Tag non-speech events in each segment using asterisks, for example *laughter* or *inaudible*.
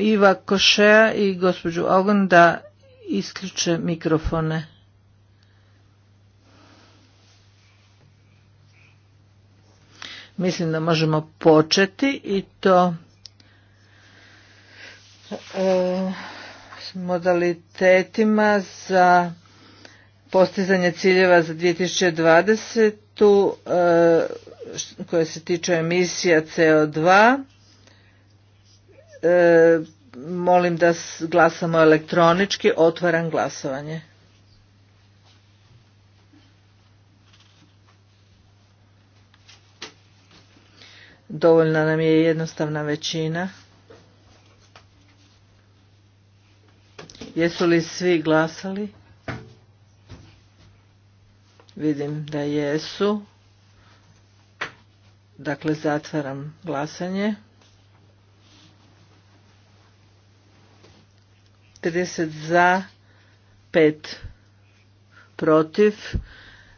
Iva Košeja i gospođu Ogon da isključe mikrofone. Mislim da možemo početi i to e, s modalitetima za postizanje ciljeva za 2020. E, koje se tiče emisija CO2 E, molim da glasamo elektronički. Otvaram glasovanje. Dovoljna nam je jednostavna većina. Jesu li svi glasali? Vidim da jesu. Dakle, zatvaram glasanje. 50 za, 5 protiv,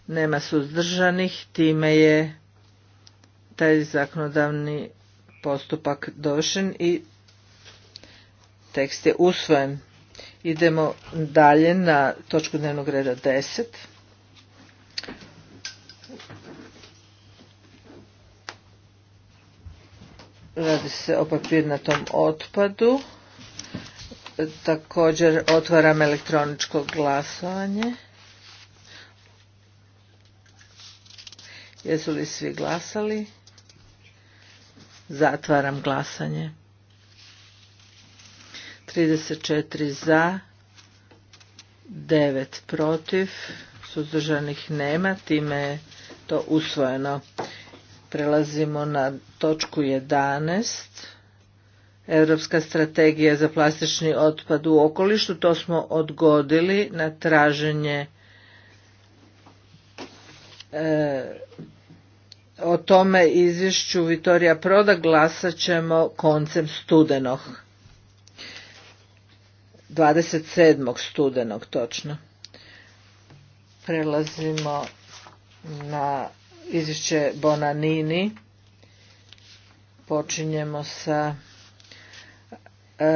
nema suzdržanih, time je taj zakonodavni postupak dovršen i tekst je usvojen. Idemo dalje na točku dnevnog reda 10. Radi se o papirnatom otpadu. Također otvaram elektroničko glasovanje. Jesu li svi glasali? Zatvaram glasanje. 34 za, 9 protiv, suzdržanih nema, time je to usvojeno. Prelazimo na točku 11. Europska strategija za plastični otpad u okolištu, To smo odgodili na traženje e, o tome izvješću Vitorija Proda glasat ćemo koncem studenog. 27. studenog točno. Prelazimo na izvješće Bonanini. Počinjemo sa E,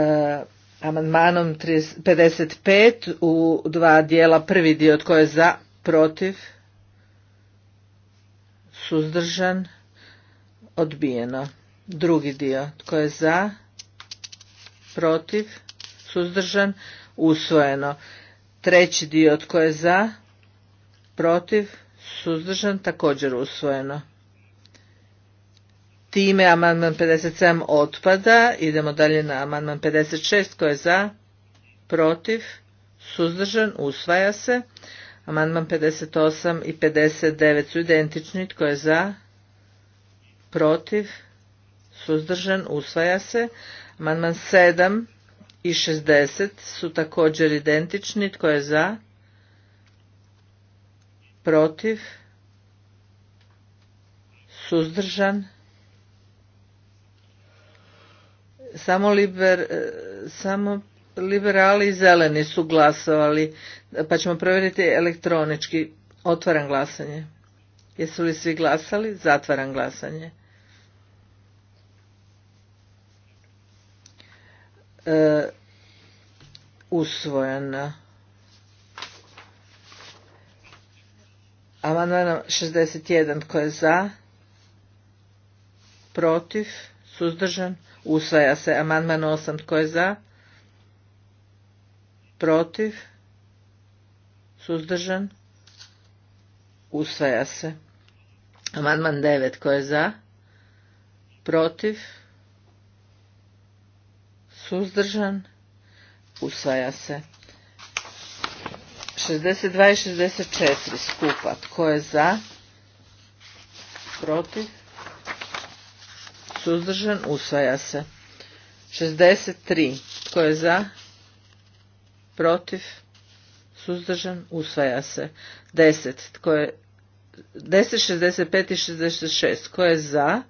amandmanom 55 u dva dijela. Prvi dio tko je za, protiv, suzdržan, odbijeno. Drugi dio tko je za, protiv, suzdržan, usvojeno. Treći dio tko je za, protiv, suzdržan, također usvojeno. Time amandman 57 otpada. Idemo dalje na amandman 56 koji je za, protiv, suzdržan, usvaja se. Amandman 58 i 59 su identični. Tko je za, protiv, suzdržan, usvaja se. Amandman 7 i 60 su također identični. Tko je za, protiv, suzdržan, Samo, liber, e, samo liberali i zeleni su glasovali, pa ćemo provjeriti elektronički. Otvaram glasanje. Jesu li svi glasali? Zatvaram glasanje. E, usvojena. Amandman 61 tko je za, protiv, suzdržan, Usvaja se amandman 8. Tko je za? Protiv? Suzdržan? Usvaja se. Amandman 9. Tko je za? Protiv? Suzdržan? Usvaja se. 62 i 64 skupa. Tko je za? Protiv? suzdržan, usvaja se. 63. Tko je za? Protiv? Suzdržan? Usvaja se. 10. Tko je... 10, 65 i 66. Tko je za?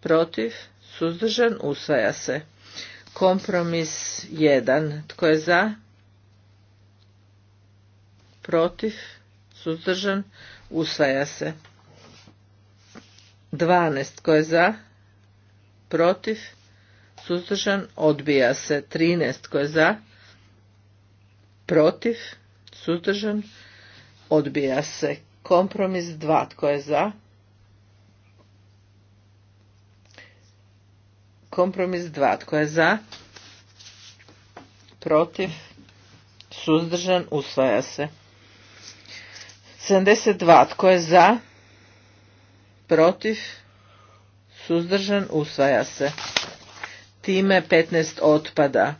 Protiv? Suzdržan? Usvaja se. Kompromis 1. Tko je za? Protiv? Suzdržan? Usvaja se. 12. Tko je za? protiv, suzdržan, odbija se. 13 tko je za, protiv, suzdržan, odbija se. Kompromis 2 tko je za, kompromis 2 tko je za, protiv, suzdržan, usvaja se. 72 tko je za, protiv, suzdržan, usvaja se. Time 15 otpada.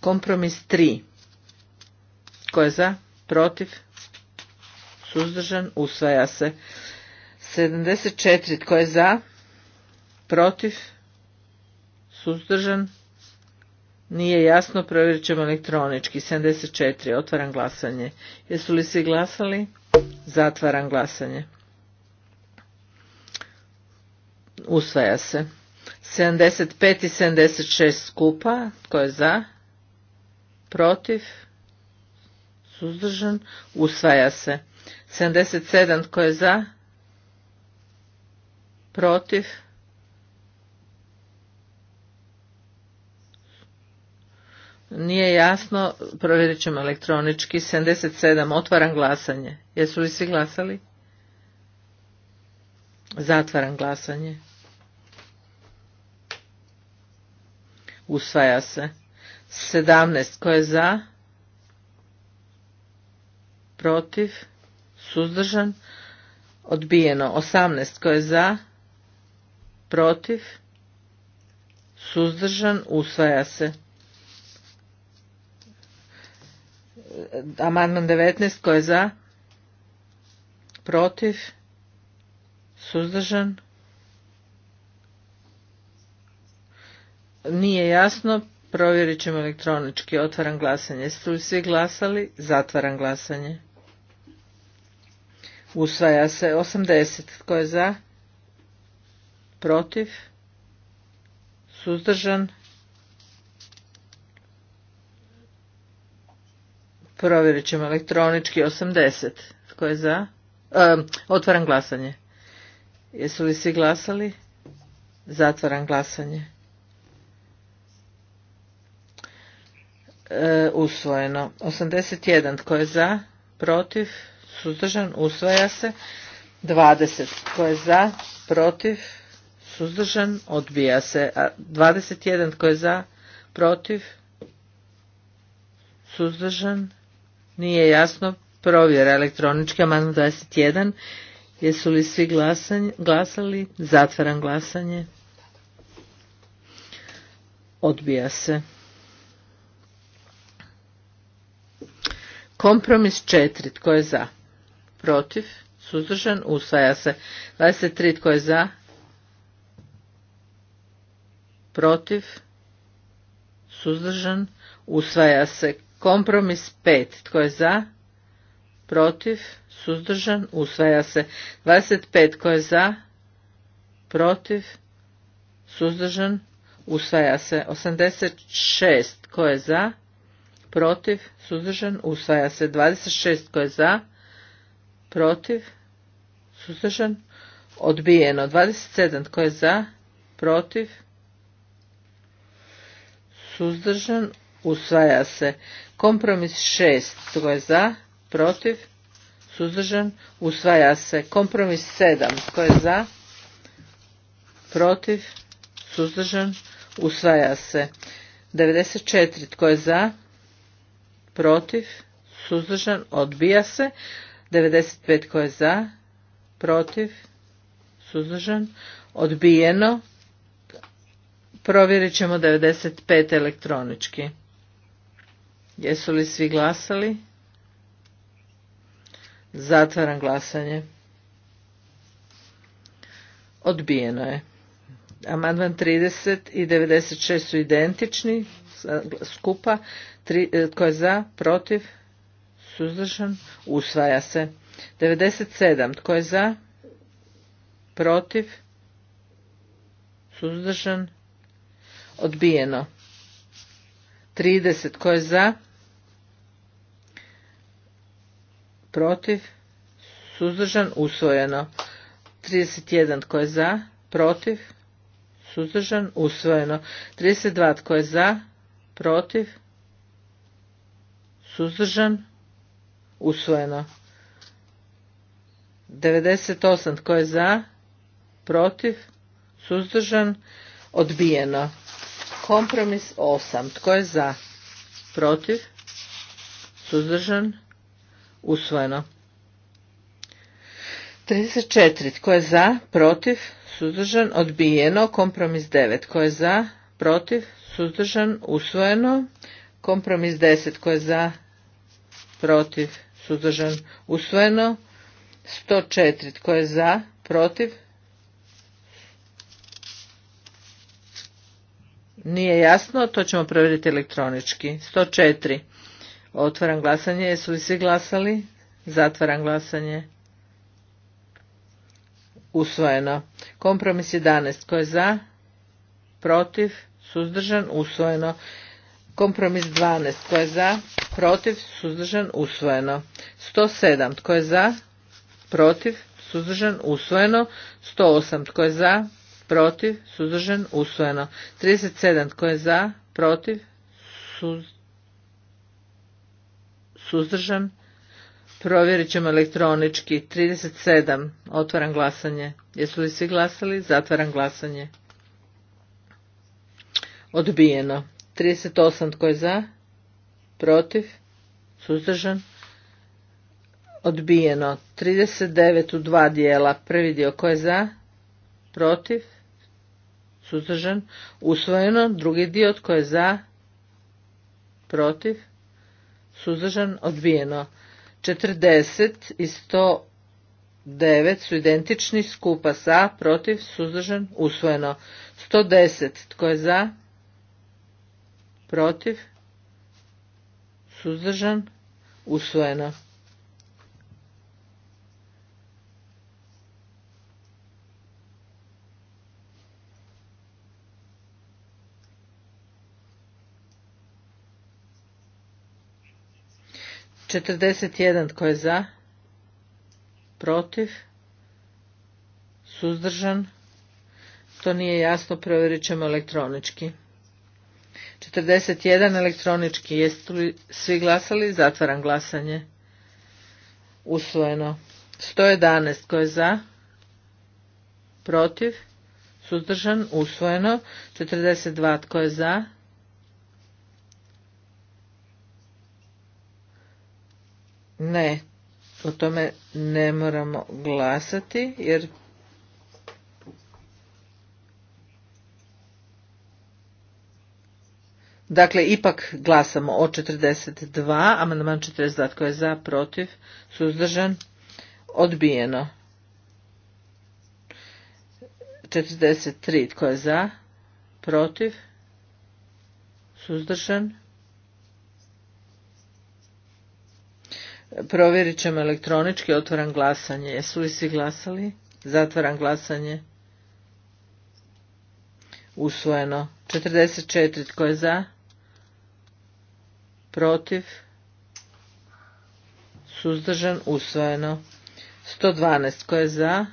Kompromis 3. Ko je za? Protiv? Suzdržan? Usvaja se. 74. Tko je za? Protiv? Suzdržan? Nije jasno, provjerit ćemo elektronički. 74. Otvaram glasanje. Jesu li svi glasali? Zatvaram glasanje. Usvaja se. 75 i 76 skupa. Tko je za? Protiv? Suzdržan? Usvaja se. 77 tko je za? Protiv? Nije jasno, provjerit ćemo elektronički. 77, otvaram glasanje. Jesu li svi glasali? Zatvaram glasanje. usvaja se. 17 tko je za, protiv, suzdržan, odbijeno. 18 tko je za, protiv, suzdržan, usvaja se. Amandman 19 tko je za, protiv, suzdržan, Nije jasno, provjerit ćemo elektronički. Otvaram glasanje. Jesu li svi glasali? Zatvaram glasanje. Usvaja se 80. Tko je za? Protiv? Suzdržan? Provjerit ćemo elektronički 80. Tko je za? otvaram glasanje. Jesu li svi glasali? Zatvaram glasanje. E, usvojeno. 81 tko je za, protiv, suzdržan, usvaja se. 20 tko je za, protiv, suzdržan, odbija se. A 21 tko je za, protiv, suzdržan, nije jasno, provjera elektronička, amandman 21. Jesu li svi glasali? Zatvaram glasanje. Odbija se. Kompromis 4. Tko je za? Protiv? Suzdržan? Usvaja se. 23. Tko je za? Protiv? Suzdržan? Usvaja se. Kompromis 5. Tko je za? Protiv? Suzdržan? Usvaja se. 25. Tko je za? Protiv? Suzdržan? Usvaja se. 86. Tko je za? protiv, suzdržan, usvaja se. 26 tko je za, protiv, suzdržan, odbijeno. 27 tko je za, protiv, suzdržan, usvaja se. Kompromis 6 tko je za, protiv, suzdržan, usvaja se. Kompromis 7 tko je za, protiv, suzdržan, usvaja se. 94 tko je za, protiv, suzdržan, odbija se. 95 koje za, protiv, suzdržan, odbijeno. Provjerit ćemo 95 elektronički. Jesu li svi glasali? Zatvaram glasanje. Odbijeno je. Amandman 30 i 96 su identični skupa. E, tko je za? Protiv? Suzdržan? Usvaja se. 97. Tko je za? Protiv? Suzdržan? Odbijeno. 30. Tko je za? Protiv? Suzdržan? Usvojeno. 31. Tko je za? Protiv? Suzdržan? Usvojeno. 32. Tko je za? protiv, suzdržan, usvojeno. 98 tko je za, protiv, suzdržan, odbijeno. Kompromis 8 tko je za, protiv, suzdržan, usvojeno. 34 tko je za, protiv, suzdržan, odbijeno. Kompromis 9 tko je za, protiv, suzdržan, usvojeno. Kompromis 10 koje je za, protiv, suzdržan, usvojeno. 104 tko je za, protiv, Nije jasno, to ćemo provjeriti elektronički. 104. Otvaram glasanje. Jesu li svi glasali? Zatvaram glasanje. Usvojeno. Kompromis 11. Ko je za? Protiv? suzdržan, usvojeno. Kompromis 12. Tko je za? Protiv? Suzdržan? Usvojeno. 107. Tko je za? Protiv? Suzdržan? Usvojeno. 108. Tko je za? Protiv? Suzdržan? Usvojeno. 37. Tko je za? Protiv? Suzdržan? Provjerit ćemo elektronički. 37. Otvaram glasanje. Jesu li svi glasali? Zatvaram glasanje. Odbijeno. 38 tko je za? Protiv? Suzdržan? Odbijeno. 39 u dva dijela. Prvi dio tko je za? Protiv? Suzdržan? Usvojeno. Drugi dio tko je za? Protiv? Suzdržan? Odbijeno. 40 i 109 su identični skupa sa, protiv, suzdržan, usvojeno. 110. Tko je za? protiv, suzdržan, usvojeno. Četrdeset jedan tko je za, protiv, suzdržan, to nije jasno, provjerit ćemo elektronički. 41 elektronički. Jeste li svi glasali? Zatvaram glasanje. Usvojeno. 111 tko je za? Protiv? Suzdržan? Usvojeno. 42 tko je za? Ne, o tome ne moramo glasati jer Dakle, ipak glasamo o 42, amandman 42, tko je za, protiv, suzdržan, odbijeno. 43, tko je za, protiv, suzdržan. Provjerit ćemo elektronički, otvoran glasanje. Jesu li svi glasali? Zatvaram glasanje. Usvojeno. 44, tko je za? protiv, suzdržan, usvojeno. 112 koje je za,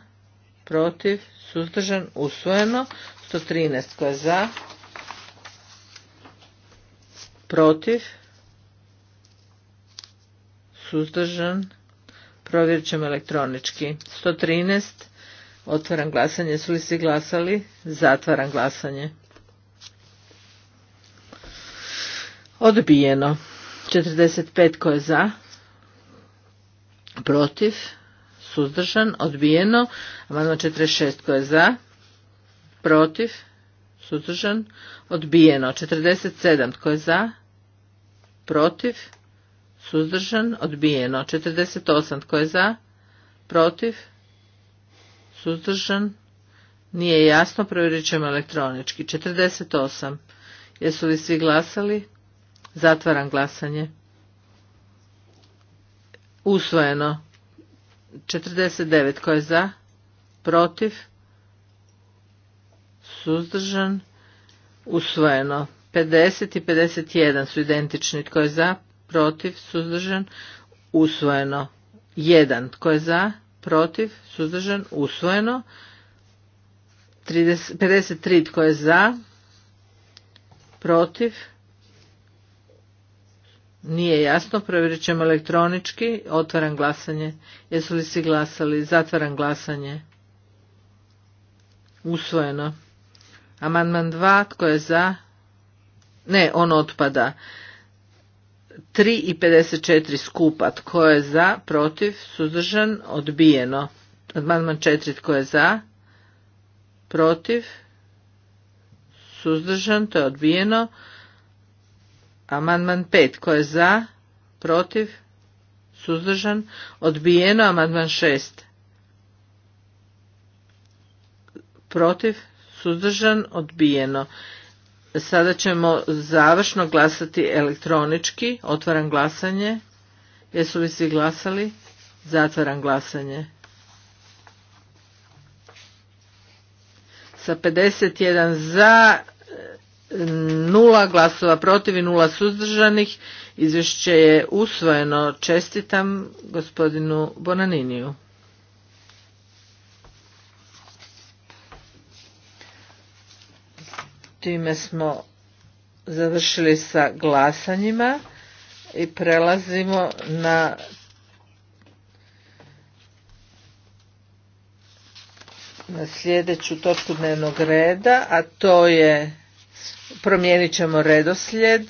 protiv, suzdržan, usvojeno. 113 koje je za, protiv, suzdržan, provjerit ćemo elektronički. 113, otvaram glasanje, su li svi glasali? Zatvaram glasanje. Odbijeno. 45 ko je za? Protiv? Suzdržan? Odbijeno. Amandman 46 ko je za? Protiv? Suzdržan? Odbijeno. 47 tko je za? Protiv? Suzdržan? Odbijeno. 48 tko je za? Protiv? Suzdržan? Nije jasno, provjerit ćemo elektronički. 48. Jesu li svi glasali? Zatvaram glasanje. Usvojeno. 49 tko je za? Protiv? Suzdržan? Usvojeno. 50 i 51 su identični. Tko je za? Protiv? Suzdržan? Usvojeno. 1 tko je za? Protiv? Suzdržan? Usvojeno. 30, 53 tko je za? Protiv? Nije jasno, provjerit ćemo elektronički. Otvaram glasanje. Jesu li svi glasali? Zatvaram glasanje. Usvojeno. Amandman 2, tko je za? Ne, on otpada. 3 i 54 skupa, tko je za, protiv, suzdržan, odbijeno. Amandman 4, tko je za? Protiv, suzdržan, to je odbijeno. Amandman 5. Ko je za? Protiv? Suzdržan? Odbijeno. Amandman 6. Protiv? Suzdržan? Odbijeno. Sada ćemo završno glasati elektronički. Otvaram glasanje. Jesu li svi glasali? Zatvaram glasanje. Sa 51 za, nula glasova protiv i nula suzdržanih. Izvješće je usvojeno. Čestitam gospodinu Bonaniniju. Time smo završili sa glasanjima i prelazimo na na sljedeću točku dnevnog reda, a to je promijenit ćemo redoslijed.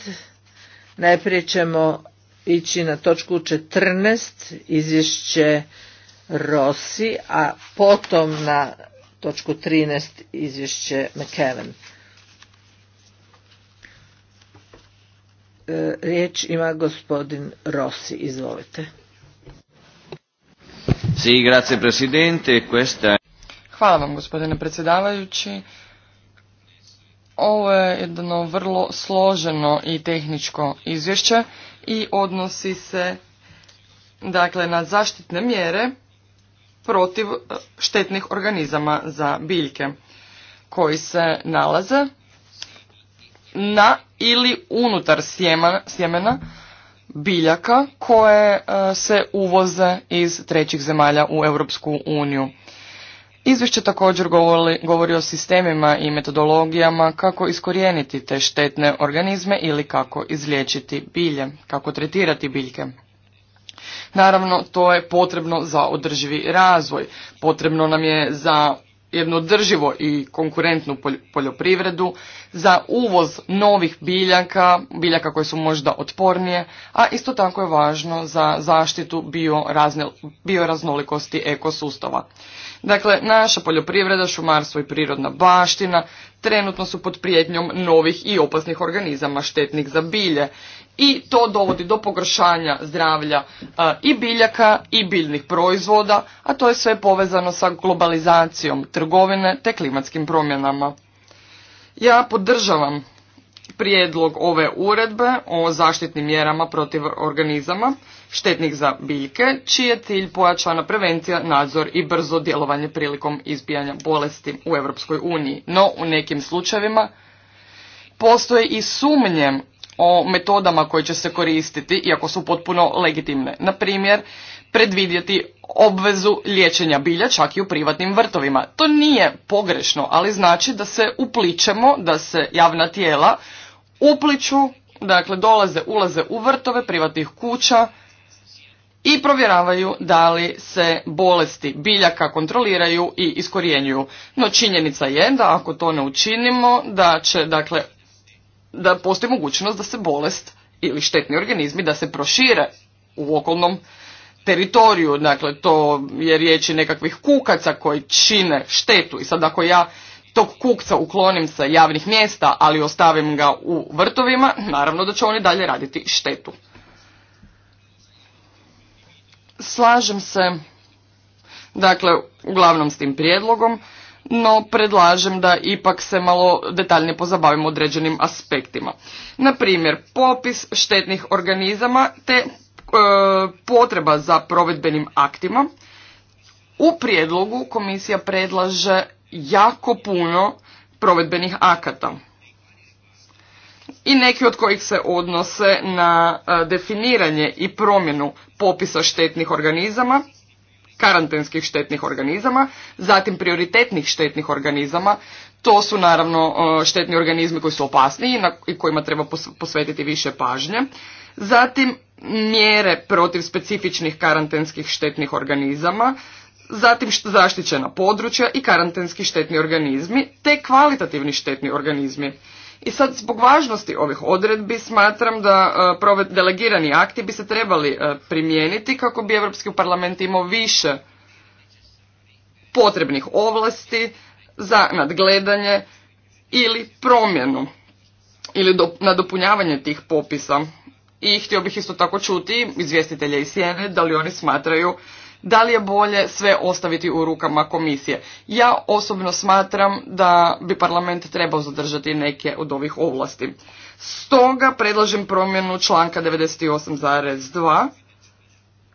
Najprije ćemo ići na točku 14, izvješće Rossi, a potom na točku 13, izvješće McKeven. E, riječ ima gospodin Rossi, izvolite. Hvala vam gospodine predsjedavajući. Ovo je jedno vrlo složeno i tehničko izvješće i odnosi se dakle na zaštitne mjere protiv e, štetnih organizama za biljke koji se nalaze na ili unutar sjemena, biljaka koje e, se uvoze iz trećih zemalja u Europsku uniju. Izvješće također govori, govori o sistemima i metodologijama kako iskorijeniti te štetne organizme ili kako izliječiti bilje, kako tretirati biljke. Naravno, to je potrebno za održivi razvoj, potrebno nam je za jednodrživo i konkurentnu poljoprivredu, za uvoz novih biljaka, biljaka koje su možda otpornije, a isto tako je važno za zaštitu bioraznolikosti ekosustava. Dakle, naša poljoprivreda, šumarstvo i prirodna baština trenutno su pod prijetnjom novih i opasnih organizama štetnih za bilje i to dovodi do pogoršanja zdravlja e, i biljaka i biljnih proizvoda, a to je sve povezano sa globalizacijom trgovine te klimatskim promjenama. Ja podržavam prijedlog ove uredbe o zaštitnim mjerama protiv organizama štetnih za biljke, čiji je cilj pojačana prevencija, nadzor i brzo djelovanje prilikom izbijanja bolesti u Europskoj uniji. No, u nekim slučajevima postoje i sumnje o metodama koje će se koristiti, iako su potpuno legitimne. Na primjer, predvidjeti obvezu liječenja bilja čak i u privatnim vrtovima. To nije pogrešno, ali znači da se upličemo, da se javna tijela upliču, dakle dolaze, ulaze u vrtove privatnih kuća, i provjeravaju da li se bolesti biljaka kontroliraju i iskorjenjuju. No činjenica je da ako to ne učinimo, da će, dakle, da postoji mogućnost da se bolest ili štetni organizmi da se prošire u okolnom teritoriju, dakle to je riječi nekakvih kukaca koji čine štetu i sad ako ja tog kukca uklonim sa javnih mjesta, ali ostavim ga u vrtovima, naravno da će oni dalje raditi štetu. Slažem se, dakle, uglavnom s tim prijedlogom, no predlažem da ipak se malo detaljnije pozabavimo određenim aspektima. Na primjer, popis štetnih organizama te e, potreba za provedbenim aktima. U prijedlogu komisija predlaže jako puno provedbenih akata i neki od kojih se odnose na e, definiranje i promjenu popisa štetnih organizama, karantenskih štetnih organizama, zatim prioritetnih štetnih organizama, to su naravno e, štetni organizmi koji su opasniji i kojima treba posvetiti više pažnje. Zatim mjere protiv specifičnih karantenskih štetnih organizama, zatim zaštićena područja i karantenski štetni organizmi te kvalitativni štetni organizmi. I sad zbog važnosti ovih odredbi smatram da e, delegirani akti bi se trebali e, primijeniti kako bi Europski parlament imao više potrebnih ovlasti za nadgledanje ili promjenu ili do, nadopunjavanje tih popisa. I htio bih isto tako čuti izvjestitelje iz Sjene da li oni smatraju da li je bolje sve ostaviti u rukama komisije. Ja osobno smatram da bi parlament trebao zadržati neke od ovih ovlasti. Stoga predlažem promjenu članka 98.2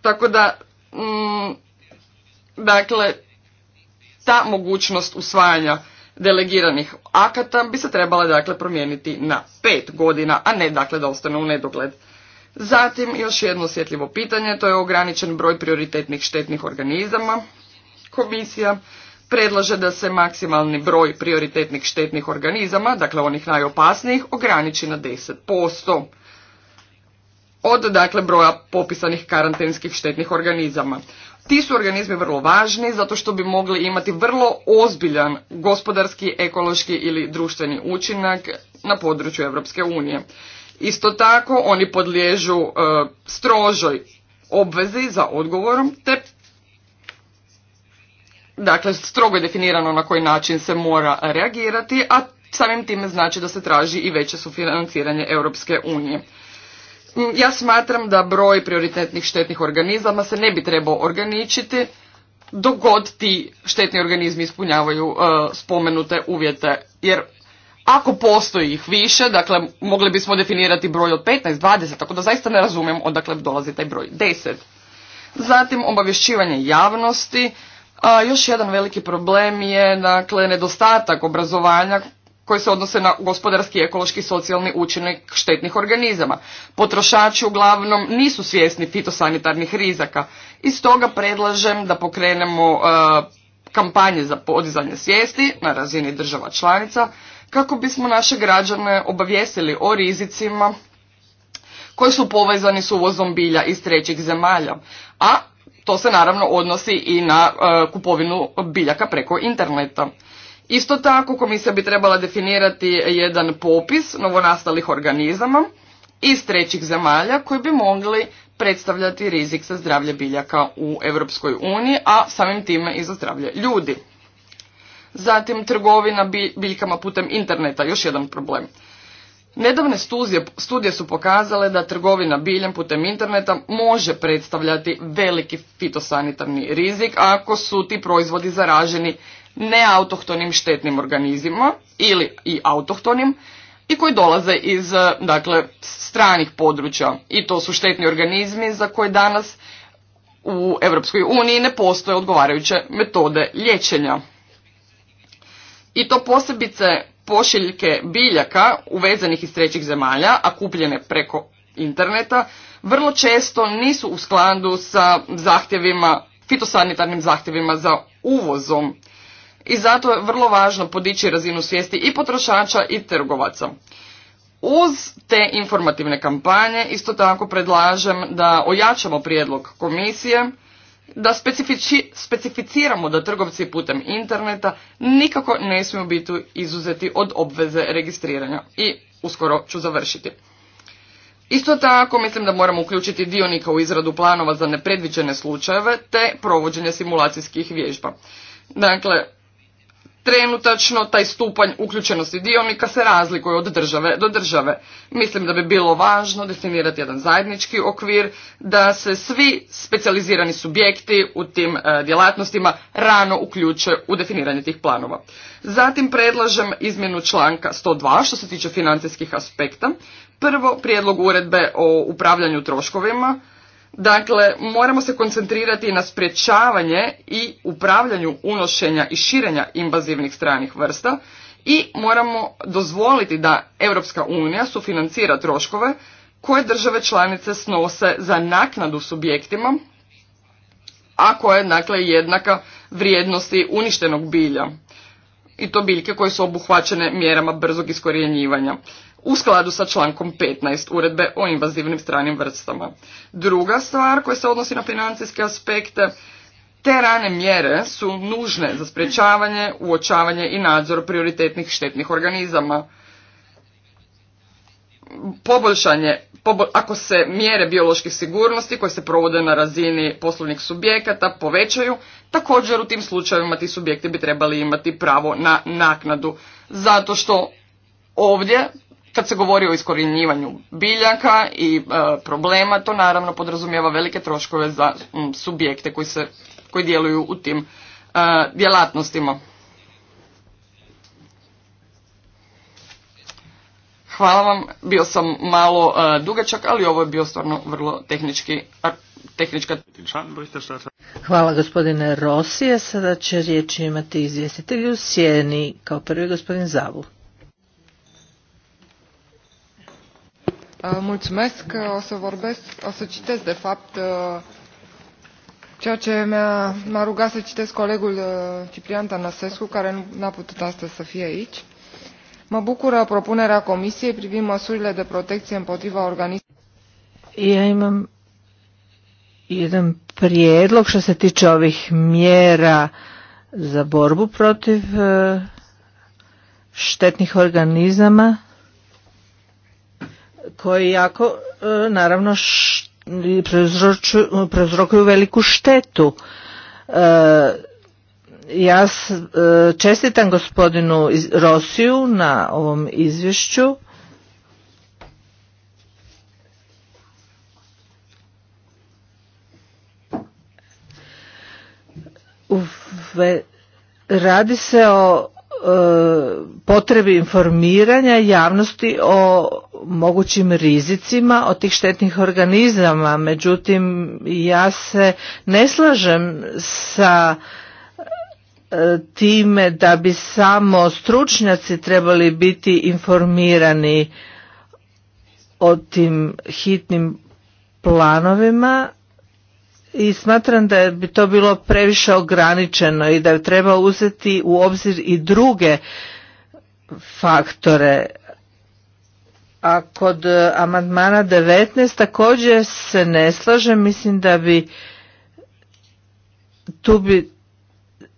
tako da mm, dakle ta mogućnost usvajanja delegiranih akata bi se trebala dakle promijeniti na pet godina, a ne dakle da ostane u nedogled. Zatim još jedno osjetljivo pitanje, to je ograničen broj prioritetnih štetnih organizama. Komisija predlaže da se maksimalni broj prioritetnih štetnih organizama, dakle onih najopasnijih, ograniči na 10%. Od dakle broja popisanih karantenskih štetnih organizama. Ti su organizmi vrlo važni zato što bi mogli imati vrlo ozbiljan gospodarski, ekološki ili društveni učinak na području Europske unije. Isto tako oni podliježu e, strožoj obvezi za odgovorom te dakle strogo je definirano na koji način se mora reagirati, a samim time znači da se traži i veće sufinanciranje Europske unije. Mm, ja smatram da broj prioritetnih štetnih organizama se ne bi trebao organičiti dok god ti štetni organizmi ispunjavaju e, spomenute uvjete jer ako postoji ih više, dakle, mogli bismo definirati broj od 15, 20, tako da zaista ne razumijem odakle dolazi taj broj 10. Zatim, obavješćivanje javnosti. A, još jedan veliki problem je, dakle, nedostatak obrazovanja koji se odnose na gospodarski, ekološki socijalni učinak štetnih organizama. Potrošači uglavnom nisu svjesni fitosanitarnih rizaka i stoga predlažem da pokrenemo kampanje za podizanje svijesti na razini država članica kako bismo naše građane obavijestili o rizicima koji su povezani s uvozom bilja iz trećih zemalja, a to se naravno odnosi i na e, kupovinu biljaka preko interneta. Isto tako komisija bi trebala definirati jedan popis novonastalih organizama iz trećih zemalja koji bi mogli predstavljati rizik za zdravlje biljaka u Europskoj uniji, a samim time i za zdravlje ljudi zatim trgovina biljkama putem interneta, još jedan problem. Nedavne studije, studije su pokazale da trgovina biljem putem interneta može predstavljati veliki fitosanitarni rizik ako su ti proizvodi zaraženi neautohtonim štetnim organizmima ili i autohtonim i koji dolaze iz dakle, stranih područja. I to su štetni organizmi za koje danas u Europskoj uniji ne postoje odgovarajuće metode liječenja i to posebice pošiljke biljaka uvezenih iz trećih zemalja, a kupljene preko interneta, vrlo često nisu u skladu sa zahtjevima, fitosanitarnim zahtjevima za uvozom. I zato je vrlo važno podići razinu svijesti i potrošača i trgovaca. Uz te informativne kampanje isto tako predlažem da ojačamo prijedlog komisije da specifici, specificiramo da trgovci putem interneta nikako ne smiju biti izuzeti od obveze registriranja. I uskoro ću završiti. Isto tako mislim da moramo uključiti dionika u izradu planova za nepredviđene slučajeve te provođenje simulacijskih vježba. Dakle, Trenutačno taj stupanj uključenosti dionika se razlikuje od države do države. Mislim da bi bilo važno definirati jedan zajednički okvir da se svi specijalizirani subjekti u tim e, djelatnostima rano uključe u definiranje tih planova. Zatim predlažem izmjenu članka 102 što se tiče financijskih aspekta. Prvo, prijedlog uredbe o upravljanju troškovima Dakle, moramo se koncentrirati na sprječavanje i upravljanju unošenja i širenja invazivnih stranih vrsta i moramo dozvoliti da Europska unija sufinancira troškove koje države članice snose za naknadu subjektima, a koja je dakle jednaka vrijednosti uništenog bilja i to biljke koje su obuhvaćene mjerama brzog iskorjenjivanja u skladu sa člankom 15 uredbe o invazivnim stranim vrstama. Druga stvar koja se odnosi na financijske aspekte, te rane mjere su nužne za sprječavanje, uočavanje i nadzor prioritetnih štetnih organizama. Poboljšanje, ako se mjere biološke sigurnosti koje se provode na razini poslovnih subjekata povećaju, također u tim slučajevima ti subjekti bi trebali imati pravo na naknadu, zato što ovdje kad se govori o iskorjenjivanju biljaka i e, problema, to naravno podrazumijeva velike troškove za subjekte koji, se, koji djeluju u tim e, djelatnostima. Hvala vam, bio sam malo e, dugačak, ali ovo je bio stvarno vrlo tehnički, tehnička. Hvala gospodine Rosije, sada će riječ imati izvjestitelju u Sjeni, kao prvi gospodin Zavu. Mulțumesc. O să vorbesc, citesc, de fapt, ceea ce m-a, rugat să citesc colegul Ciprian Tănăsescu, care nu a putut astăzi să fie aici. Mă bucură propunerea Comisiei privind măsurile de protecție împotriva organismelor. Ja imam jedan prijedlog što se tiče ovih mjera za borbu protiv štetnih organizama koji jako e, naravno prouzrokuju veliku štetu. E, ja e, čestitam gospodinu Rosiju na ovom izvješću. radi se o E, potrebi informiranja javnosti o mogućim rizicima od tih štetnih organizama. Međutim, ja se ne slažem sa e, time da bi samo stručnjaci trebali biti informirani o tim hitnim planovima i smatram da bi to bilo previše ograničeno i da treba uzeti u obzir i druge faktore. A kod e, amandmana 19 također se ne slažem, mislim da bi tu bi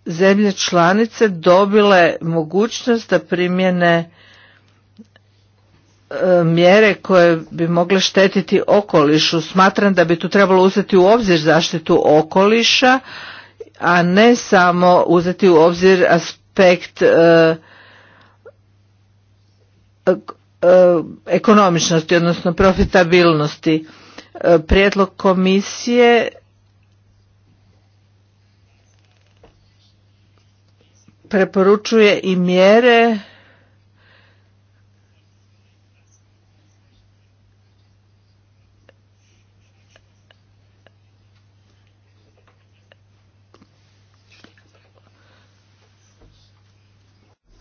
zemlje članice dobile mogućnost da primjene E, mjere koje bi mogle štetiti okolišu. Smatram da bi tu trebalo uzeti u obzir zaštitu okoliša, a ne samo uzeti u obzir aspekt e, e, ekonomičnosti, odnosno profitabilnosti. prijedlog komisije preporučuje i mjere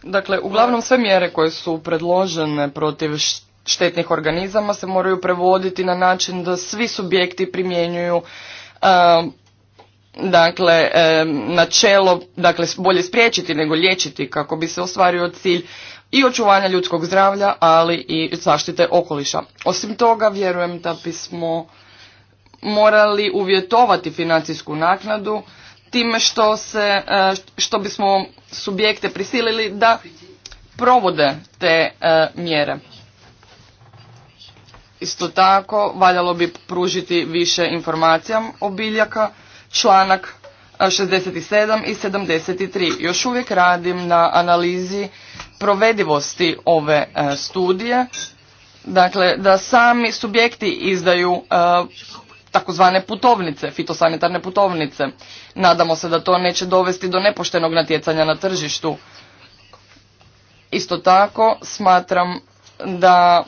Dakle, uglavnom sve mjere koje su predložene protiv štetnih organizama se moraju prevoditi na način da svi subjekti primjenjuju dakle načelo dakle bolje spriječiti nego liječiti kako bi se ostvario cilj i očuvanja ljudskog zdravlja, ali i zaštite okoliša. Osim toga, vjerujem da bismo morali uvjetovati financijsku naknadu time što, se, e, što bismo subjekte prisilili da provode te e, mjere. Isto tako, valjalo bi pružiti više informacija o biljaka, članak 67 e, i 73. Još uvijek radim na analizi provedivosti ove studije, dakle da sami subjekti izdaju takozvane putovnice, fitosanitarne putovnice. Nadamo se da to neće dovesti do nepoštenog natjecanja na tržištu. Isto tako smatram da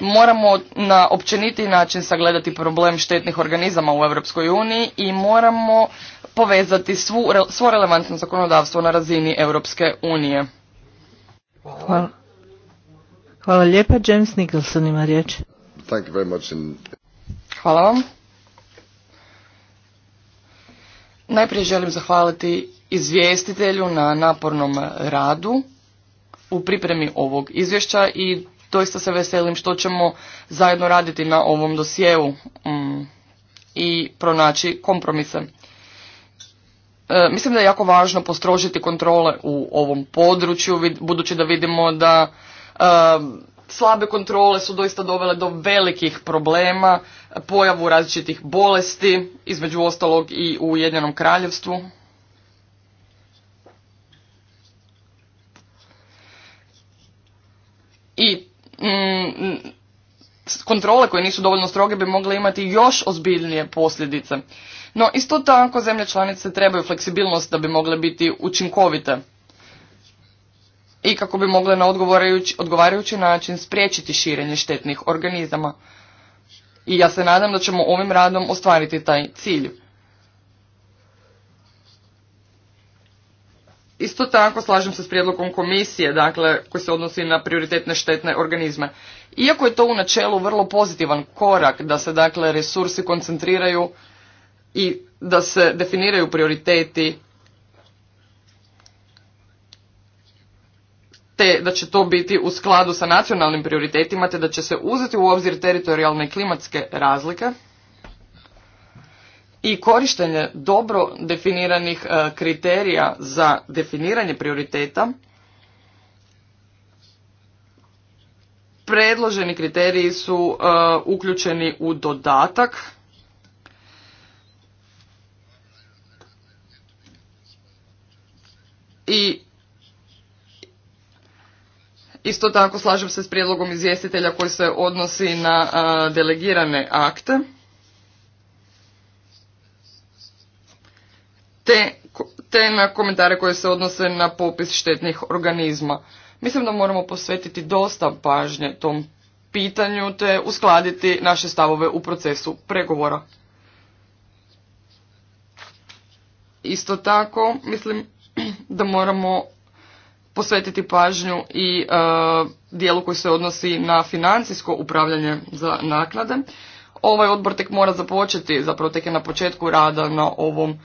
moramo na općeniti način sagledati problem štetnih organizama u Europskoj uniji i moramo povezati svu, svo relevantno zakonodavstvo na razini Europske unije. Hvala. Hvala lijepa. James Nicholson ima riječ. Hvala vam. Najprije želim zahvaliti izvjestitelju na napornom radu u pripremi ovog izvješća i doista se veselim što ćemo zajedno raditi na ovom dosjeu mm, i pronaći kompromise. E, mislim da je jako važno postrožiti kontrole u ovom području, budući da vidimo da e, slabe kontrole su doista dovele do velikih problema, pojavu različitih bolesti, između ostalog i u Ujedinjenom kraljevstvu. I mm, kontrole koje nisu dovoljno stroge bi mogle imati još ozbiljnije posljedice. No isto tako zemlje članice trebaju fleksibilnost da bi mogle biti učinkovite i kako bi mogle na odgovarajući način spriječiti širenje štetnih organizama. I ja se nadam da ćemo ovim radom ostvariti taj cilj. Isto tako slažem se s prijedlogom komisije, dakle, koji se odnosi na prioritetne štetne organizme. Iako je to u načelu vrlo pozitivan korak da se dakle resursi koncentriraju i da se definiraju prioriteti te da će to biti u skladu sa nacionalnim prioritetima, te da će se uzeti u obzir teritorijalne i klimatske razlike i korištenje dobro definiranih e, kriterija za definiranje prioriteta, predloženi kriteriji su e, uključeni u dodatak i Isto tako slažem se s prijedlogom izvjestitelja koji se odnosi na delegirane akte. Te, te na komentare koje se odnose na popis štetnih organizma. Mislim da moramo posvetiti dosta pažnje tom pitanju te uskladiti naše stavove u procesu pregovora. Isto tako mislim *clears throat* da moramo posvetiti pažnju i e, dijelu koji se odnosi na financijsko upravljanje za naknade. Ovaj odbor tek mora započeti, zapravo tek je na početku rada na ovom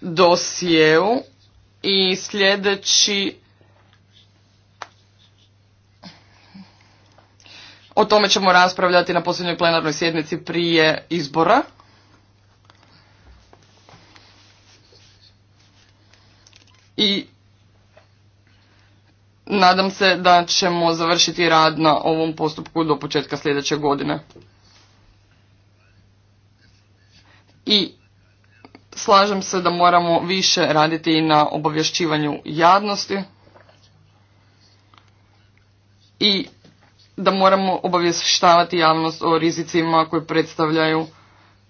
dosjeu i sljedeći O tome ćemo raspravljati na posljednjoj plenarnoj sjednici prije izbora. I nadam se da ćemo završiti rad na ovom postupku do početka sljedeće godine. I slažem se da moramo više raditi i na obavješćivanju javnosti i da moramo obavještavati javnost o rizicima koje predstavljaju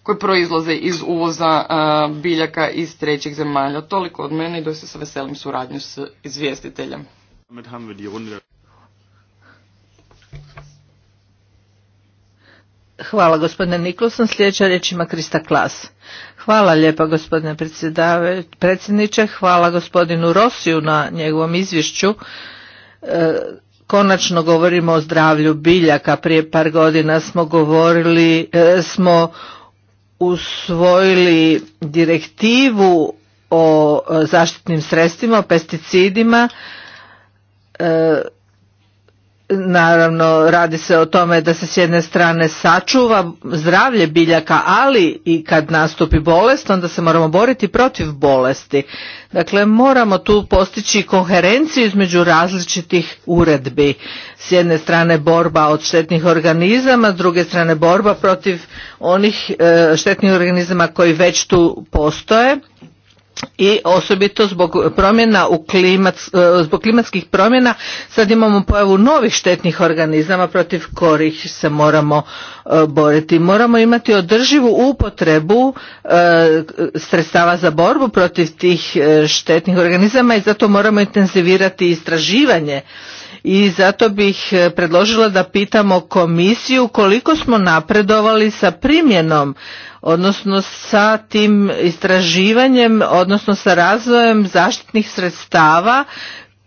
koji proizlaze iz uvoza e, biljaka iz trećih zemalja. Toliko od mene i doista se veselim suradnju s izvjestiteljem. Damit haben wir die Runde. Hvala gospodine Nikolson. Sljedeća riječ ima Krista Klas. Hvala lijepa gospodine predsjedniče. Hvala gospodinu Rosiju na njegovom izvješću. E, konačno govorimo o zdravlju biljaka. Prije par godina smo govorili, e, smo usvojili direktivu o e, zaštitnim sredstvima, o pesticidima. E, naravno radi se o tome da se s jedne strane sačuva zdravlje biljaka, ali i kad nastupi bolest, onda se moramo boriti protiv bolesti. Dakle, moramo tu postići koherenciju između različitih uredbi. S jedne strane borba od štetnih organizama, s druge strane borba protiv onih e, štetnih organizama koji već tu postoje i osobito zbog promjena u e, zbog klimatskih promjena sad imamo pojavu novih štetnih organizama protiv kojih se moramo e, boriti. Moramo imati održivu upotrebu e, sredstava za borbu protiv tih štetnih organizama i zato moramo intenzivirati istraživanje i zato bih predložila da pitamo komisiju koliko smo napredovali sa primjenom odnosno sa tim istraživanjem, odnosno sa razvojem zaštitnih sredstava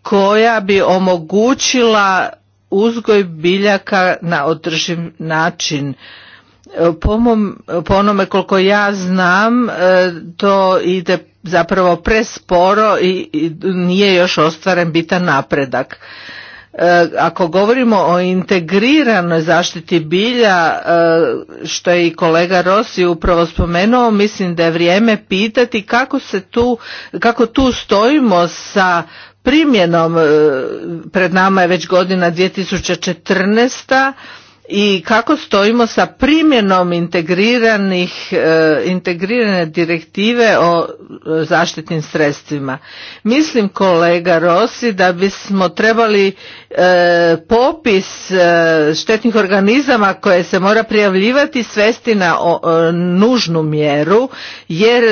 koja bi omogućila uzgoj biljaka na održiv način. Po, mom, po onome koliko ja znam, e, to ide zapravo presporo i, i nije još ostvaren bitan napredak. E, ako govorimo o integriranoj zaštiti bilja, e, što je i kolega Rossi upravo spomenuo, mislim da je vrijeme pitati kako se tu, kako tu stojimo sa primjenom, e, pred nama je već godina 2014 i kako stojimo sa primjenom e, integrirane direktive o e, zaštitnim sredstvima. Mislim kolega Rossi da bismo trebali e, popis štetnih organizama koje se mora prijavljivati svesti na nužnu mjeru jer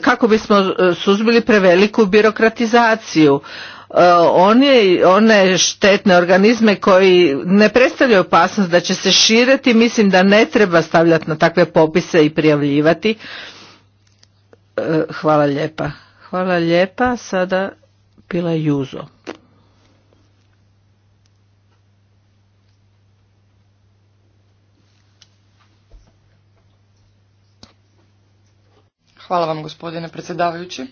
kako bismo suzbili preveliku birokratizaciju. E, one, one štetne organizme koji ne predstavljaju opasnost da će se širiti, mislim da ne treba stavljati na takve popise i prijavljivati. E, hvala lijepa. Hvala lijepa. Sada pila Juzo. Hvala vam gospodine predsjedavajući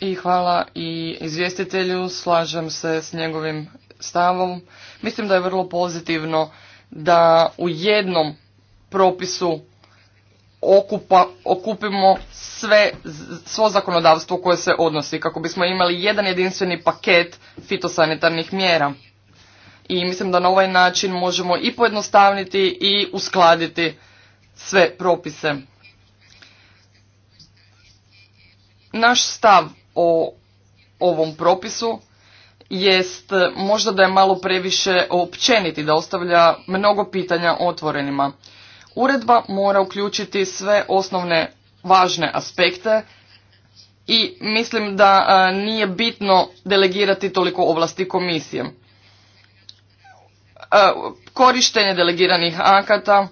i hvala i izvjestitelju, slažem se s njegovim stavom. Mislim da je vrlo pozitivno da u jednom propisu okupimo sve, svo zakonodavstvo koje se odnosi, kako bismo imali jedan jedinstveni paket fitosanitarnih mjera. I mislim da na ovaj način možemo i pojednostavniti i uskladiti sve propise. Naš stav o ovom propisu jest možda da je malo previše općeniti, da ostavlja mnogo pitanja otvorenima. Uredba mora uključiti sve osnovne važne aspekte i mislim da e, nije bitno delegirati toliko ovlasti komisije. E, korištenje delegiranih akata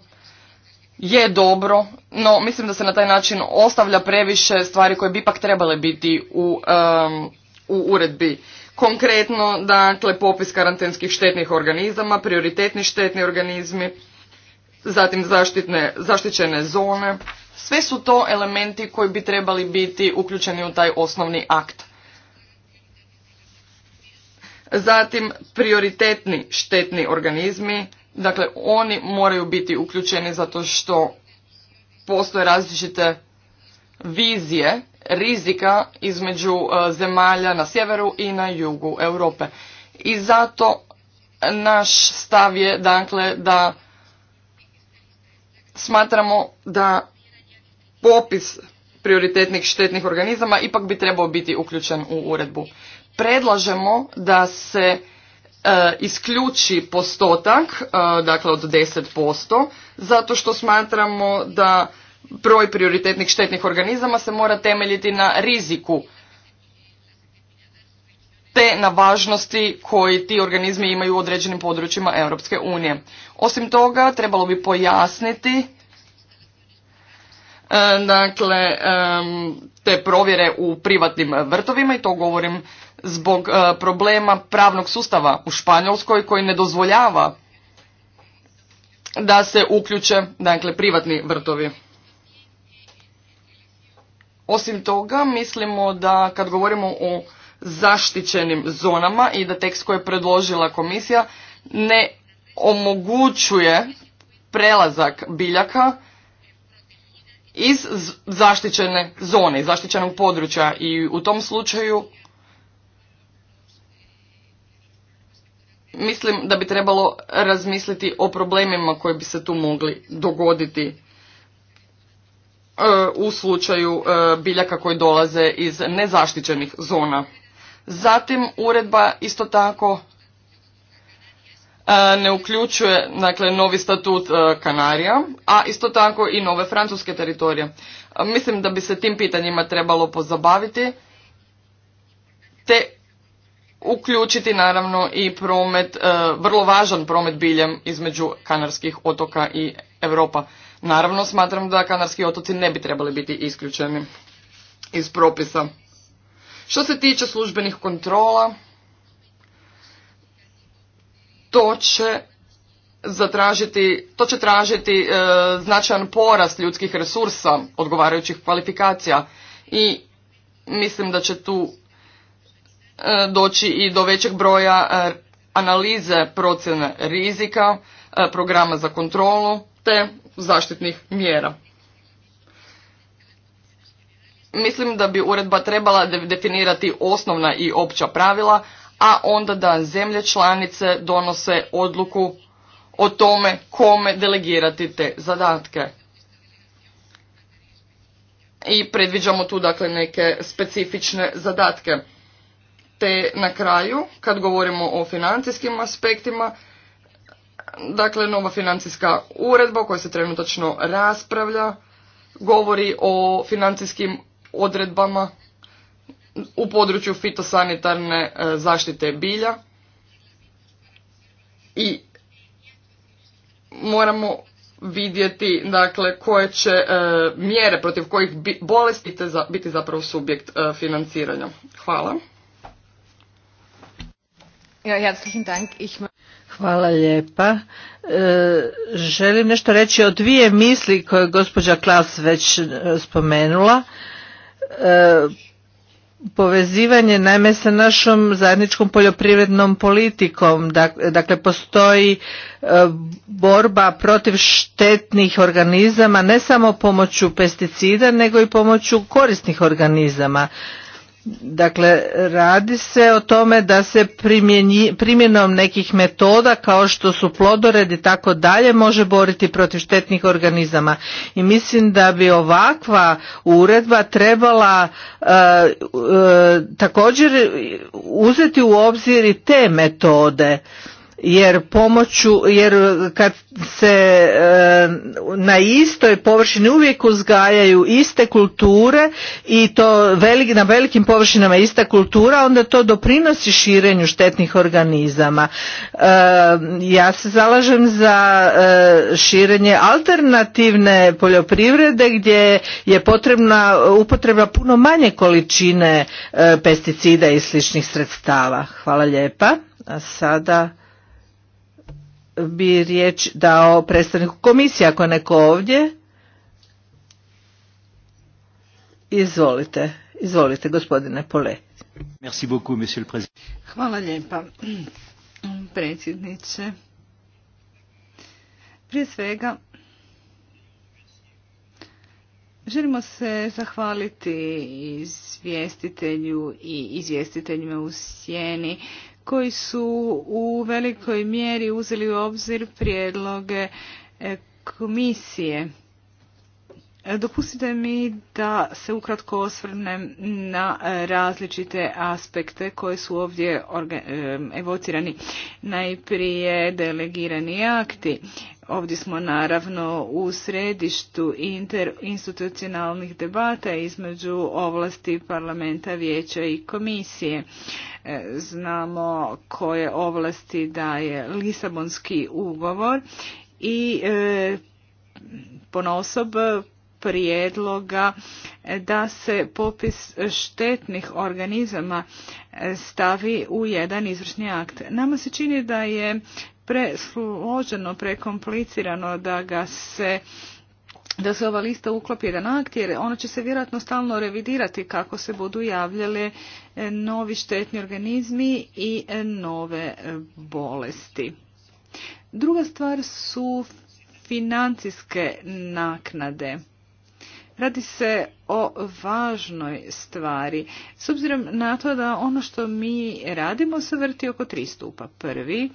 je dobro, no mislim da se na taj način ostavlja previše stvari koje bi ipak trebale biti u, u uredbi. Konkretno, dakle, popis karantenskih štetnih organizama, prioritetni štetni organizmi, zatim zaštitne, zaštićene zone. Sve su to elementi koji bi trebali biti uključeni u taj osnovni akt. Zatim prioritetni štetni organizmi, Dakle, oni moraju biti uključeni zato što postoje različite vizije rizika između e, zemalja na sjeveru i na jugu Europe. I zato naš stav je dakle da smatramo da popis prioritetnih štetnih organizama ipak bi trebao biti uključen u uredbu. Predlažemo da se E, isključi postotak, e, dakle od 10%, zato što smatramo da broj prioritetnih štetnih organizama se mora temeljiti na riziku te na važnosti koji ti organizmi imaju u određenim područjima Europske unije. Osim toga, trebalo bi pojasniti E, dakle, te provjere u privatnim vrtovima i to govorim zbog e, problema pravnog sustava u Španjolskoj koji ne dozvoljava da se uključe dakle, privatni vrtovi. Osim toga, mislimo da kad govorimo o zaštićenim zonama i da tekst koji je predložila komisija ne omogućuje prelazak biljaka iz zaštićene zone, iz zaštićenog područja i u tom slučaju mislim da bi trebalo razmisliti o problemima koji bi se tu mogli dogoditi e, u slučaju e, biljaka koji dolaze iz nezaštićenih zona. Zatim uredba isto tako E, ne uključuje dakle, novi statut e, Kanarija, a isto tako i nove francuske teritorije. E, mislim da bi se tim pitanjima trebalo pozabaviti te uključiti naravno i promet, vrlo važan promet biljem između Kanarskih otoka i Europa. Naravno smatram da Kanarski otoci ne bi trebali biti isključeni iz propisa. Što se tiče službenih kontrola, to će zatražiti, to će tražiti e, značajan porast ljudskih resursa, odgovarajućih kvalifikacija i mislim da će tu e, doći i do većeg broja e, analize procjene rizika, e, programa za kontrolu te zaštitnih mjera. Mislim da bi uredba trebala definirati osnovna i opća pravila, a onda da zemlje članice donose odluku o tome kome delegirati te zadatke. I predviđamo tu dakle neke specifične zadatke. Te na kraju, kad govorimo o financijskim aspektima, dakle nova financijska uredba koja se trenutačno raspravlja, govori o financijskim odredbama u području fitosanitarne e, zaštite bilja i moramo vidjeti dakle koje će e, mjere protiv kojih bi, bolesti biti zapravo subjekt e, financiranja. Hvala. Hvala lijepa. želim nešto reći o dvije misli koje je gospođa Klas već spomenula povezivanje naime sa našom zajedničkom poljoprivrednom politikom. Dakle, postoji e, borba protiv štetnih organizama ne samo pomoću pesticida nego i pomoću korisnih organizama. Dakle, radi se o tome da se primjenom nekih metoda kao što su plodored i tako dalje može boriti protiv štetnih organizama. I mislim da bi ovakva uredba trebala e, e, također uzeti u obzir i te metode jer pomoću jer kad se e, na istoj površini uvijek uzgajaju iste kulture i to velik, na velikim površinama ista kultura onda to doprinosi širenju štetnih organizama e, ja se zalažem za e, širenje alternativne poljoprivrede gdje je potrebna upotreba puno manje količine pesticida i sličnih sredstava hvala lijepa a sada bi riječ dao predstavniku komisije, ako je neko ovdje. Izvolite, izvolite gospodine Pole. Merci beaucoup, monsieur le Hvala lijepa, *clears throat* predsjedniče. Prije svega, Želimo se zahvaliti izvjestitelju i izvjestiteljima u sjeni koji su u velikoj mjeri uzeli u obzir prijedloge e, komisije. E, dopustite mi da se ukratko osvrnem na e, različite aspekte koje su ovdje evocirani. Najprije delegirani akti. Ovdje smo naravno u središtu interinstitucionalnih debata između ovlasti parlamenta, vijeća i komisije. E, znamo koje ovlasti daje Lisabonski ugovor i e, ponosob prijedloga e, da se popis štetnih organizama stavi u jedan izvršni akt. Nama se čini da je presloženo, prekomplicirano da ga se da se ova lista uklopi jedan akt jer ona će se vjerojatno stalno revidirati kako se budu javljale e, novi štetni organizmi i e, nove e, bolesti. Druga stvar su financijske naknade. Radi se o važnoj stvari. S obzirom na to da ono što mi radimo se vrti oko tri stupa. Prvi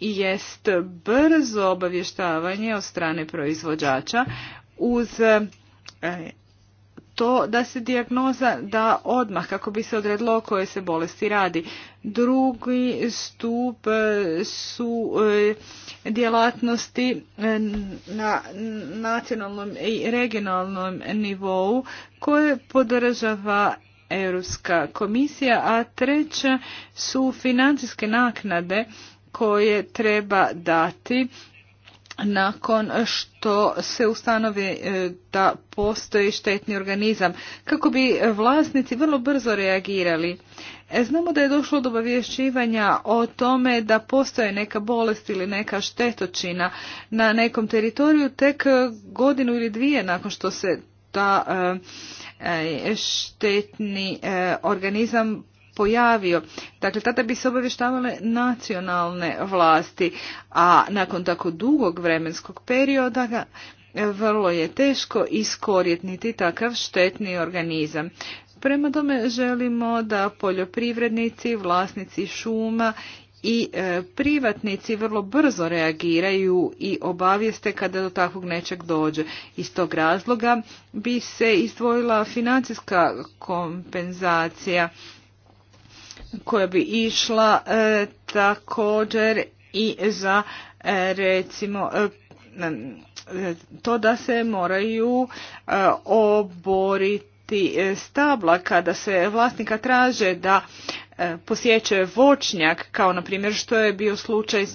jest brzo obavještavanje od strane proizvođača uz e, to da se dijagnoza da odmah kako bi se odredilo o kojoj se bolesti radi. Drugi stup e, su e, djelatnosti na nacionalnom i regionalnom nivou koje podržava Europska komisija, a treće su financijske naknade koje treba dati nakon što se ustanovi e, da postoji štetni organizam, kako bi vlasnici vrlo brzo reagirali. E, znamo da je došlo do obavješćivanja o tome da postoje neka bolest ili neka štetočina na nekom teritoriju tek e, godinu ili dvije nakon što se ta štetni organizam pojavio. Dakle, tada bi se obavještavale nacionalne vlasti, a nakon tako dugog vremenskog perioda e, vrlo je teško iskorjetniti takav štetni organizam. Prema tome želimo da poljoprivrednici, vlasnici šuma i e, privatnici vrlo brzo reagiraju i obavijeste kada do takvog nečeg dođe. Iz tog razloga bi se izdvojila financijska kompenzacija koja bi išla e, također i za e, recimo e, to da se moraju oboriti stabla kada se vlasnika traže da posjećuje voćnjak kao na primjer što je bio slučaj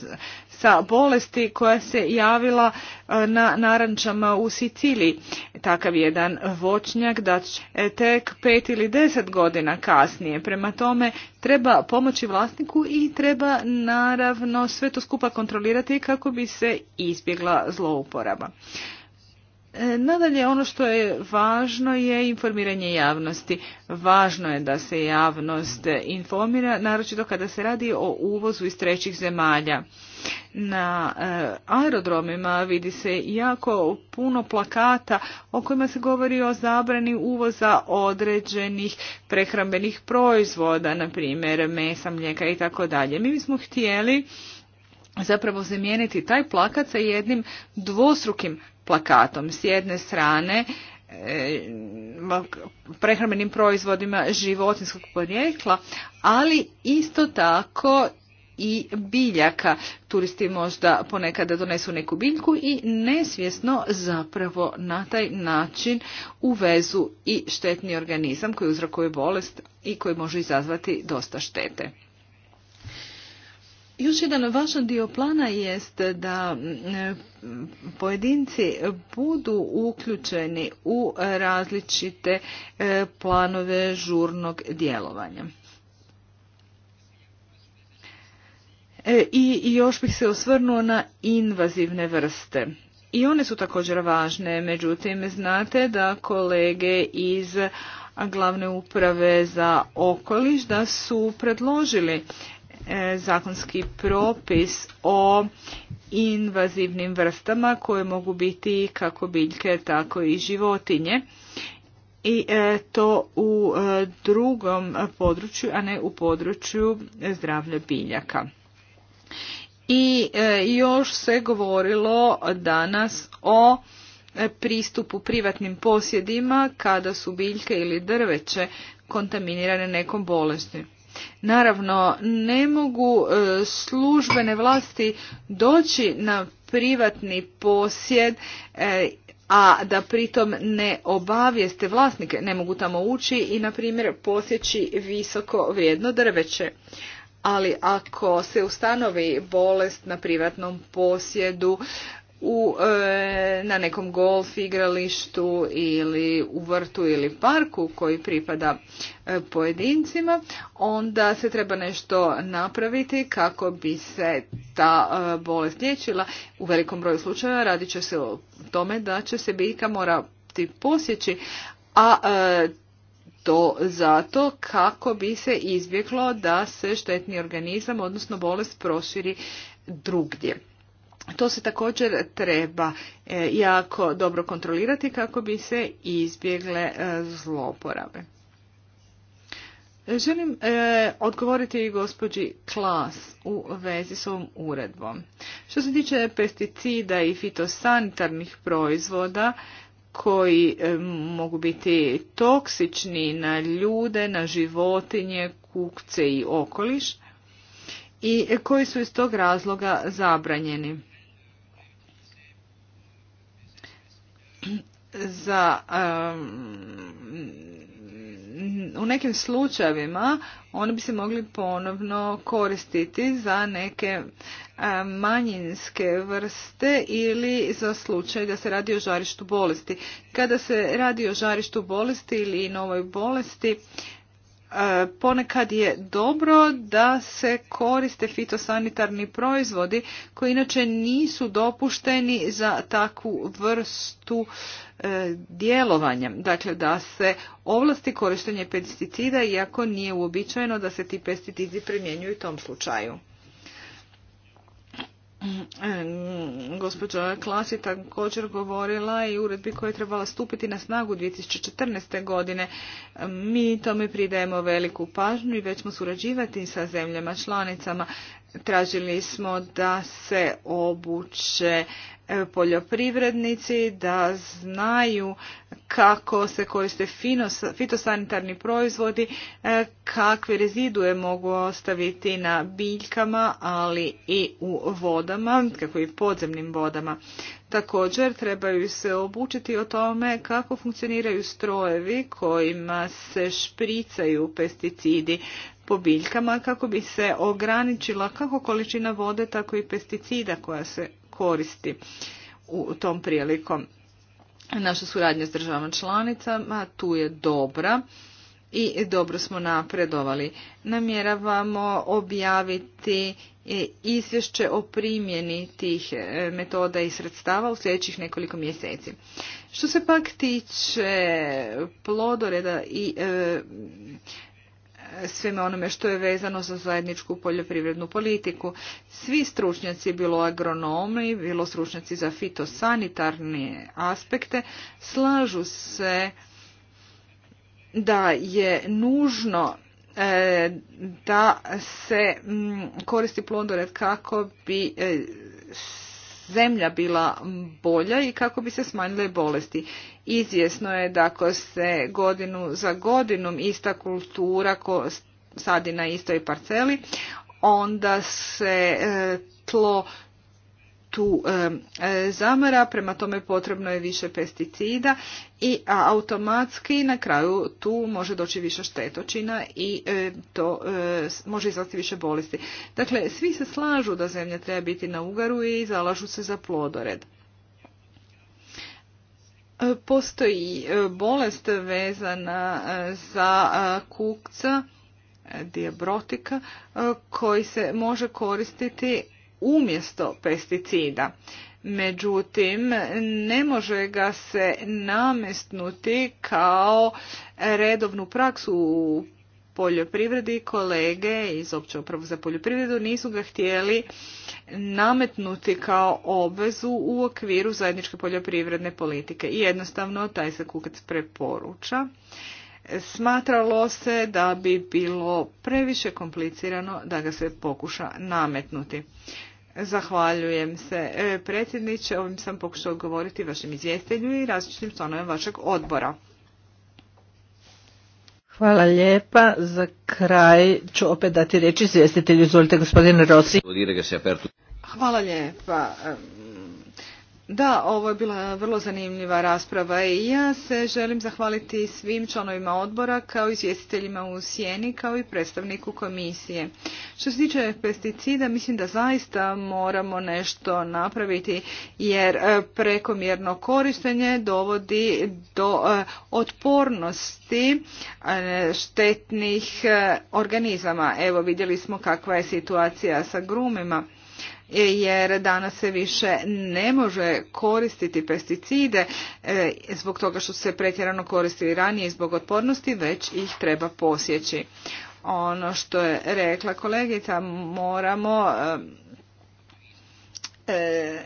bolesti koja se javila e, na narančama u Siciliji. Takav jedan voćnjak da će tek pet ili deset godina kasnije. Prema tome treba pomoći vlasniku i treba naravno sve to skupa kontrolirati kako bi se izbjegla zlouporaba. E, nadalje, ono što je važno je informiranje javnosti. Važno je da se javnost informira, naročito kada se radi o uvozu iz trećih zemalja. Na e, aerodromima vidi se jako puno plakata o kojima se govori o zabrani uvoza određenih prehrambenih proizvoda, na primjer mesa, mlijeka i tako dalje. Mi bismo htjeli zapravo zamijeniti taj plakat sa jednim dvostrukim plakatom. S jedne strane e, prehrambenim proizvodima životinskog porijekla, ali isto tako i biljaka. Turisti možda ponekada donesu neku biljku i nesvjesno zapravo na taj način uvezu i štetni organizam koji uzrokuje bolest i koji može izazvati dosta štete. Još jedan važan dio plana jest da mm, pojedinci budu uključeni u različite e, planove žurnog djelovanja. E, I još bih se osvrnuo na invazivne vrste. I one su također važne, međutim znate da kolege iz glavne uprave za okoliš da su predložili e, zakonski propis o invazivnim vrstama koje mogu biti kako biljke tako i životinje i e, to u drugom području, a ne u području zdravlja biljaka. I e, još se govorilo danas o e, pristupu privatnim posjedima kada su biljke ili drveće kontaminirane nekom bolesti. Naravno, ne mogu e, službene vlasti doći na privatni posjed, a da pritom ne obavijeste vlasnike, ne mogu tamo ući i, na primjer, posjeći visoko vrijedno drveće ali ako se ustanovi bolest na privatnom posjedu, u, e, na nekom golf igralištu ili u vrtu ili parku koji pripada e, pojedincima, onda se treba nešto napraviti kako bi se ta e, bolest liječila. U velikom broju slučajeva radit će se o tome da će se biljka morati posjeći, a to zato kako bi se izbjeglo da se štetni organizam, odnosno bolest, proširi drugdje. To se također treba e, jako dobro kontrolirati kako bi se izbjegle e, zloporabe. Želim e, odgovoriti i gospođi Klas u vezi s ovom uredbom. Što se tiče pesticida i fitosanitarnih proizvoda, koji e, mogu biti toksični na ljude, na životinje, kukce i okoliš i koji su iz tog razloga zabranjeni. Za Mm, u nekim slučajevima oni bi se mogli ponovno koristiti za neke e, manjinske vrste ili za slučaj da se radi o žarištu bolesti. Kada se radi o žarištu bolesti ili novoj bolesti, e, ponekad je dobro da se koriste fitosanitarni proizvodi koji inače nisu dopušteni za takvu vrstu E, djelovanjem. Dakle, da se ovlasti korištenje pesticida, iako nije uobičajeno da se ti pesticidi primjenjuju u tom slučaju. E, gospođa Klas je također govorila i uredbi koja je trebala stupiti na snagu 2014. godine. Mi tome pridajemo veliku pažnju i već smo surađivati sa zemljama članicama. Tražili smo da se obuče E, poljoprivrednici da znaju kako se koriste fitosanitarni proizvodi, e, kakve rezidue mogu ostaviti na biljkama, ali i u vodama, kako i podzemnim vodama. Također trebaju se obučiti o tome kako funkcioniraju strojevi kojima se špricaju pesticidi po biljkama kako bi se ograničila kako količina vode, tako i pesticida koja se koristi u tom prilikom. Naša suradnja s državama članicama tu je dobra i dobro smo napredovali. Namjeravamo objaviti izvješće o primjeni tih e, metoda i sredstava u sljedećih nekoliko mjeseci. Što se pak tiče plodoreda i e, svime onome što je vezano za zajedničku poljoprivrednu politiku. Svi stručnjaci, bilo agronomi, bilo stručnjaci za fitosanitarne aspekte, slažu se da je nužno e, da se mm, koristi plondoret kako bi e, zemlja bila bolja i kako bi se smanjile bolesti. Izvjesno je da ako se godinu za godinom ista kultura ko sadi na istoj parceli, onda se e, tlo tu e, e, zamara, prema tome potrebno je više pesticida i automatski na kraju tu može doći više štetočina i e, to može izvati više bolesti. Dakle, svi se slažu da zemlja treba biti na ugaru i zalažu se za plodored. Postoji bolest vezana za kukca, diabrotika, koji se može koristiti umjesto pesticida. Međutim, ne može ga se namestnuti kao redovnu praksu u poljoprivredi. Kolege iz opće opravo za poljoprivredu nisu ga htjeli nametnuti kao obvezu u okviru zajedničke poljoprivredne politike. I jednostavno taj se kukac preporuča. Smatralo se da bi bilo previše komplicirano da ga se pokuša nametnuti. Zahvaljujem se. E, predsjedniče, ovim sam pokušao govoriti vašem izvjestelju i različitim članovima vašeg odbora. Hvala lijepa. Za kraj ću opet dati riječ izvjestitelju. Izvolite gospodine Rossi. Hvala lijepa. Da, ovo je bila vrlo zanimljiva rasprava i ja se želim zahvaliti svim članovima odbora kao izvjestiteljima u Sjeni kao i predstavniku komisije. Što se tiče pesticida, mislim da zaista moramo nešto napraviti jer e, prekomjerno korištenje dovodi do e, otpornosti e, štetnih organizama. Evo vidjeli smo kakva je situacija sa grumima jer danas se više ne može koristiti pesticide e, zbog toga što se pretjerano koristili ranije i zbog otpornosti, već ih treba posjeći. Ono što je rekla kolegica, moramo e,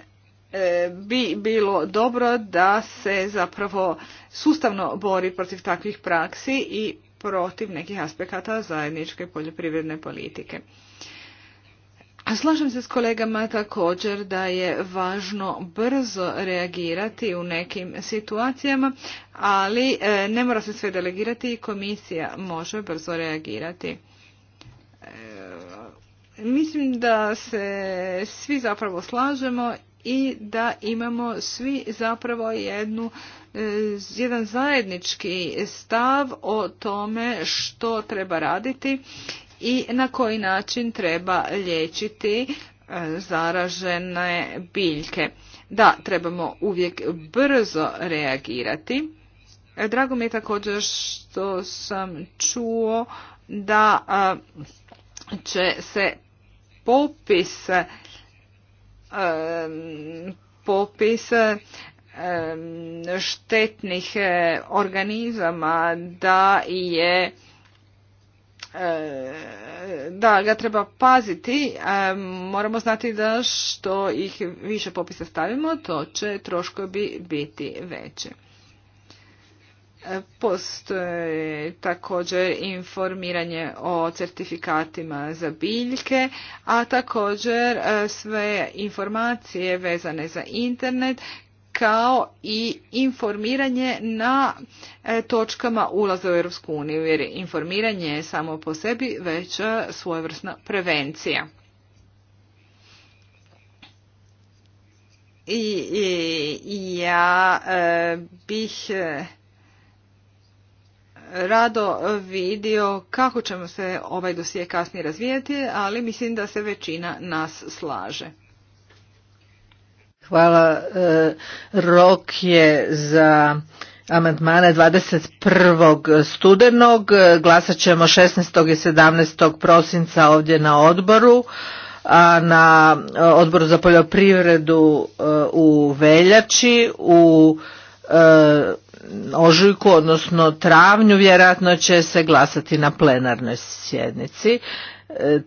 e, bi bilo dobro da se zapravo sustavno bori protiv takvih praksi i protiv nekih aspekata zajedničke poljoprivredne politike. A slažem se s kolegama također da je važno brzo reagirati u nekim situacijama, ali e, ne mora se sve delegirati i komisija može brzo reagirati. E, mislim da se svi zapravo slažemo i da imamo svi zapravo jednu, e, jedan zajednički stav o tome što treba raditi i na koji način treba liječiti e, zaražene biljke. Da, trebamo uvijek brzo reagirati. E, drago mi je također što sam čuo da će se popis e, popis štetnih organizama da je E, da ga treba paziti, e, moramo znati da što ih više popisa stavimo, to će troškovi biti veće. Postoje također informiranje o certifikatima za biljke, a također e, sve informacije vezane za internet kao i informiranje na e, točkama ulaza u Europsku uniju, jer informiranje je samo po sebi već e, svojevrsna prevencija. I, ja e, bih rado vidio kako ćemo se ovaj dosije kasnije razvijeti, ali mislim da se većina nas slaže. Hvala. E, rok je za amandmane 21. studenog. Glasat ćemo 16. i 17. prosinca ovdje na odboru a na e, odboru za poljoprivredu e, u Veljači u ožujku, odnosno travnju, vjerojatno će se glasati na plenarnoj sjednici.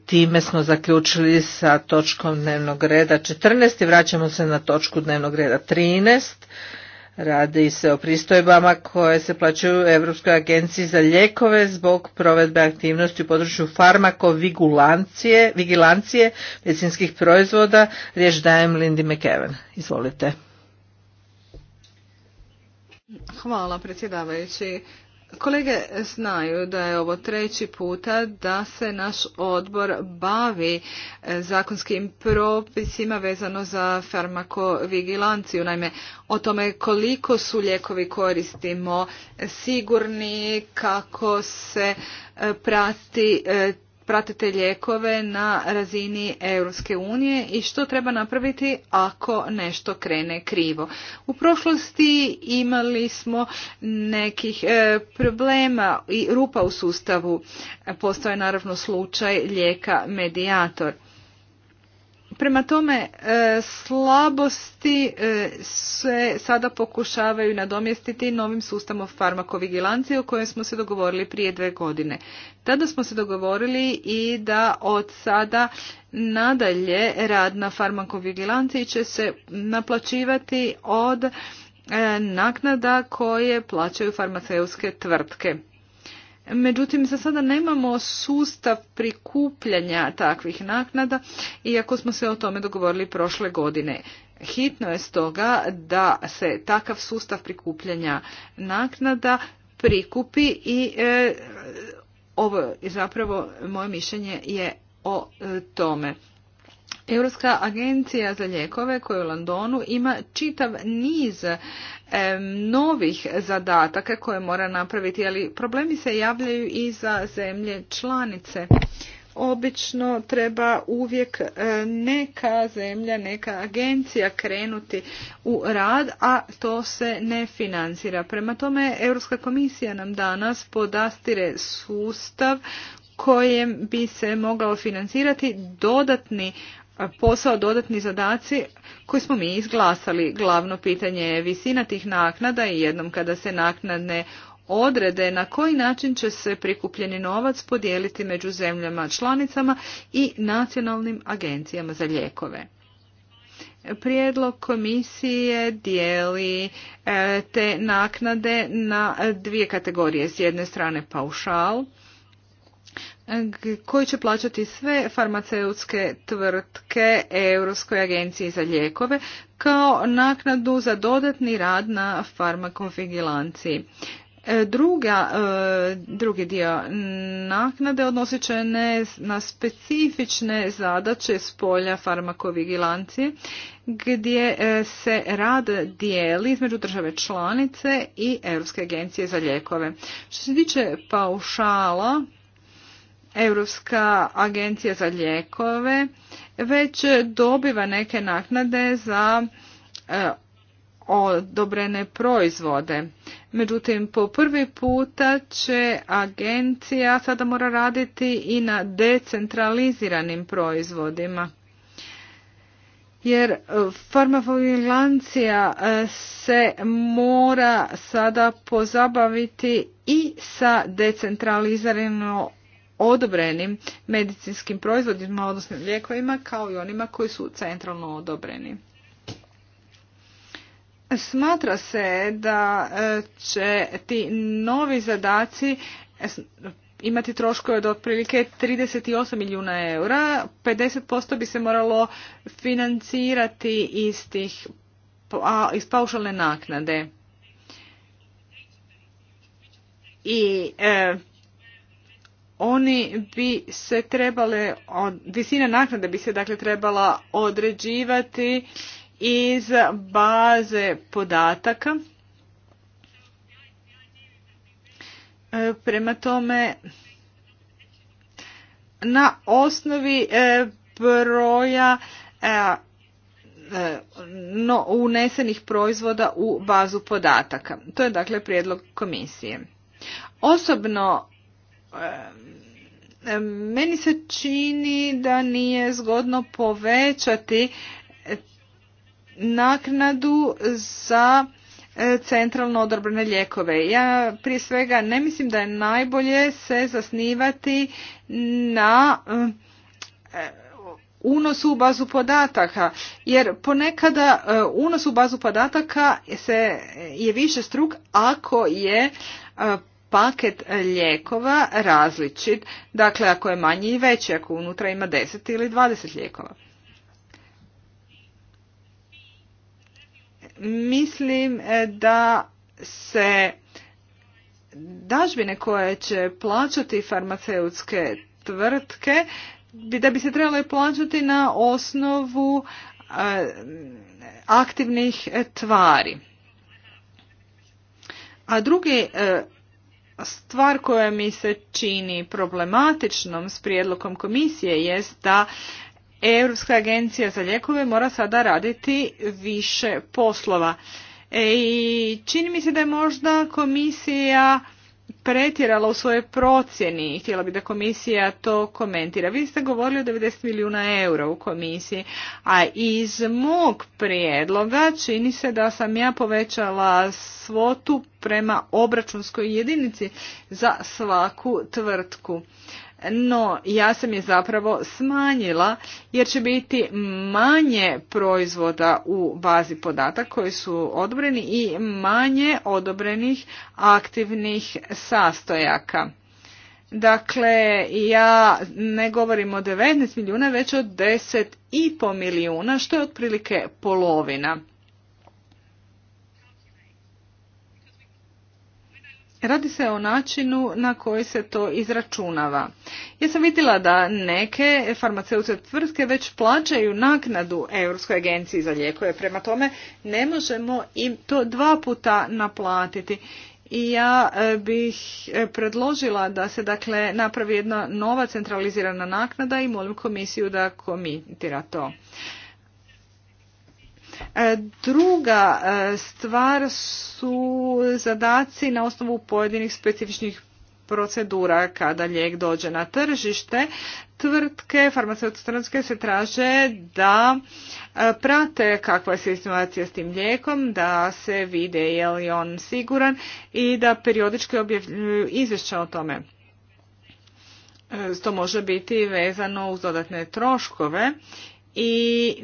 Time smo zaključili sa točkom dnevnog reda 14 vraćamo se na točku dnevnog reda 13. Radi se o pristojbama koje se plaćaju Europskoj agenciji za ljekove zbog provedbe aktivnosti u području farmakovigilancije vigilancije medicinskih proizvoda. Riječ dajem Lindy McEwen. Izvolite. Hvala predsjedavajući. Kolege znaju da je ovo treći puta da se naš odbor bavi e, zakonskim propisima vezano za farmakovigilanciju. Naime, o tome koliko su lijekovi koristimo sigurni, kako se e, prati e, pratite lijekove na razini Europske unije i što treba napraviti ako nešto krene krivo. U prošlosti imali smo nekih e, problema i rupa u sustavu. Postoje naravno slučaj lijeka Mediator. Prema tome, e, slabosti e, se sada pokušavaju nadomjestiti novim sustavom farmakovigilancije o kojem smo se dogovorili prije dve godine. Tada smo se dogovorili i da od sada nadalje rad na farmakovigilanciji će se naplaćivati od e, naknada koje plaćaju farmaceutske tvrtke. Međutim, za sada nemamo sustav prikupljanja takvih naknada, iako smo se o tome dogovorili prošle godine. Hitno je stoga da se takav sustav prikupljanja naknada prikupi i e, ovo je zapravo moje mišljenje je o e, tome. Europska agencija za lijekove koja je u Londonu ima čitav niz novih zadataka koje mora napraviti, ali problemi se javljaju i za zemlje članice. Obično treba uvijek e, neka zemlja, neka agencija krenuti u rad, a to se ne financira. Prema tome, Europska komisija nam danas podastire sustav kojem bi se mogao financirati dodatni posao dodatni zadaci koji smo mi izglasali. Glavno pitanje je visina tih naknada i jednom kada se naknadne odrede na koji način će se prikupljeni novac podijeliti među zemljama članicama i nacionalnim agencijama za lijekove. Prijedlog komisije dijeli e, te naknade na dvije kategorije. S jedne strane paušal, koji će plaćati sve farmaceutske tvrtke Europskoj agenciji za lijekove kao naknadu za dodatni rad na farmakovigilanciji. E, druga, e, drugi dio naknade odnosit će na specifične zadaće s polja farmakovigilancije gdje e, se rad dijeli između države članice i Europske agencije za lijekove. Što se tiče paušala, Europska agencija za lijekove već dobiva neke naknade za e, odobrene proizvode. Međutim, po prvi puta će agencija sada mora raditi i na decentraliziranim proizvodima. Jer farmakovigilancija e, se mora sada pozabaviti i sa decentralizirano odobrenim medicinskim proizvodima, odnosno lijekovima, kao i onima koji su centralno odobreni. Smatra se da e, će ti novi zadaci e, imati troškove od otprilike 38 milijuna eura, 50% bi se moralo financirati iz, tih, pa, iz paušalne naknade. I e, oni bi se trebale, visina naknade bi se dakle trebala određivati iz baze podataka. E, prema tome, na osnovi e, broja e, no, unesenih proizvoda u bazu podataka. To je dakle prijedlog komisije. Osobno meni se čini da nije zgodno povećati naknadu za e, centralno odobrene lijekove. Ja prije svega ne mislim da je najbolje se zasnivati na e, unosu u bazu podataka, jer ponekada e, unos u bazu podataka se je više struk ako je paket lijekova različit, dakle ako je manji i veći, ako unutra ima 10 ili 20 lijekova. Mislim e, da se dažbine koje će plaćati farmaceutske tvrtke da bi se trebale plaćati na osnovu e, aktivnih tvari. A drugi e, stvar koja mi se čini problematičnom s prijedlogom komisije jest da Europska agencija za lijekove mora sada raditi više poslova. E, I čini mi se da je možda komisija pretjerala u svojoj procjeni i htjela bi da komisija to komentira. Vi ste govorili o 90 milijuna eura u komisiji, a iz mog prijedloga čini se da sam ja povećala svotu prema obračunskoj jedinici za svaku tvrtku no ja sam je zapravo smanjila jer će biti manje proizvoda u bazi podataka koji su odobreni i manje odobrenih aktivnih sastojaka. Dakle, ja ne govorim o 19 milijuna, već o 10,5 milijuna, što je otprilike polovina. Radi se o načinu na koji se to izračunava. Ja sam vidjela da neke farmaceutske tvrtke već plaćaju naknadu Europskoj agenciji za lijekove, prema tome ne možemo im to dva puta naplatiti. I ja e, bih e, predložila da se dakle napravi jedna nova centralizirana naknada i molim komisiju da komitira to. E, druga e, stvar su zadaci na osnovu pojedinih specifičnih procedura kada lijek dođe na tržište. Tvrtke, farmaceutske se traže da e, prate kakva je situacija s tim lijekom, da se vide je li on siguran i da periodički objavljuju izvješća o tome. To može biti vezano uz dodatne troškove i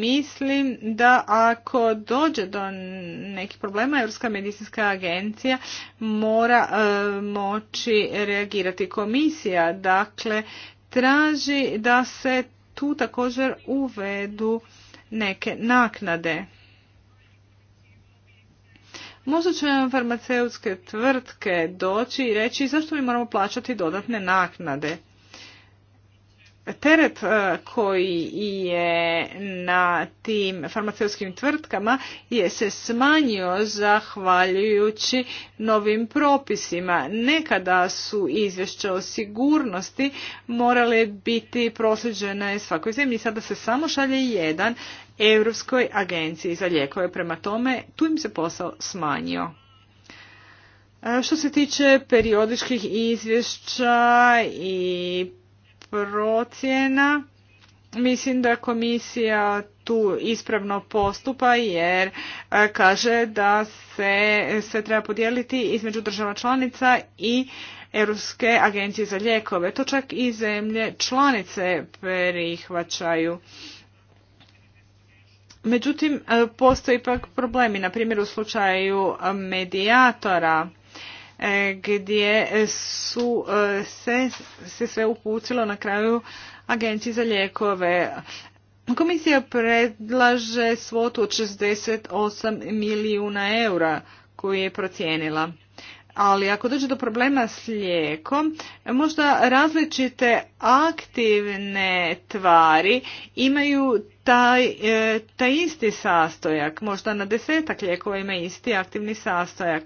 mislim da ako dođe do nekih problema Europska medicinska agencija mora e, moći reagirati komisija dakle traži da se tu također uvedu neke naknade Možda će vam farmaceutske tvrtke doći i reći zašto mi moramo plaćati dodatne naknade teret e, koji je na tim farmaceutskim tvrtkama je se smanjio zahvaljujući novim propisima. Nekada su izvješća o sigurnosti morale biti prosuđene svakoj zemlji. Sada se samo šalje jedan Europskoj agenciji za lijekove. Prema tome, tu im se posao smanjio. E, što se tiče periodičkih izvješća i procjena. Mislim da komisija tu ispravno postupa jer e, kaže da se sve treba podijeliti između država članica i Europske agencije za lijekove. To čak i zemlje članice prihvaćaju. Međutim, e, postoji ipak problemi, na primjer u slučaju medijatora E, gdje su e, se, sve upucilo na kraju agenciji za lijekove. Komisija predlaže svotu od 68 milijuna eura koju je procijenila. Ali ako dođe do problema s lijekom, možda različite aktivne tvari imaju taj, e, taj isti sastojak. Možda na desetak lijekova ima isti aktivni sastojak.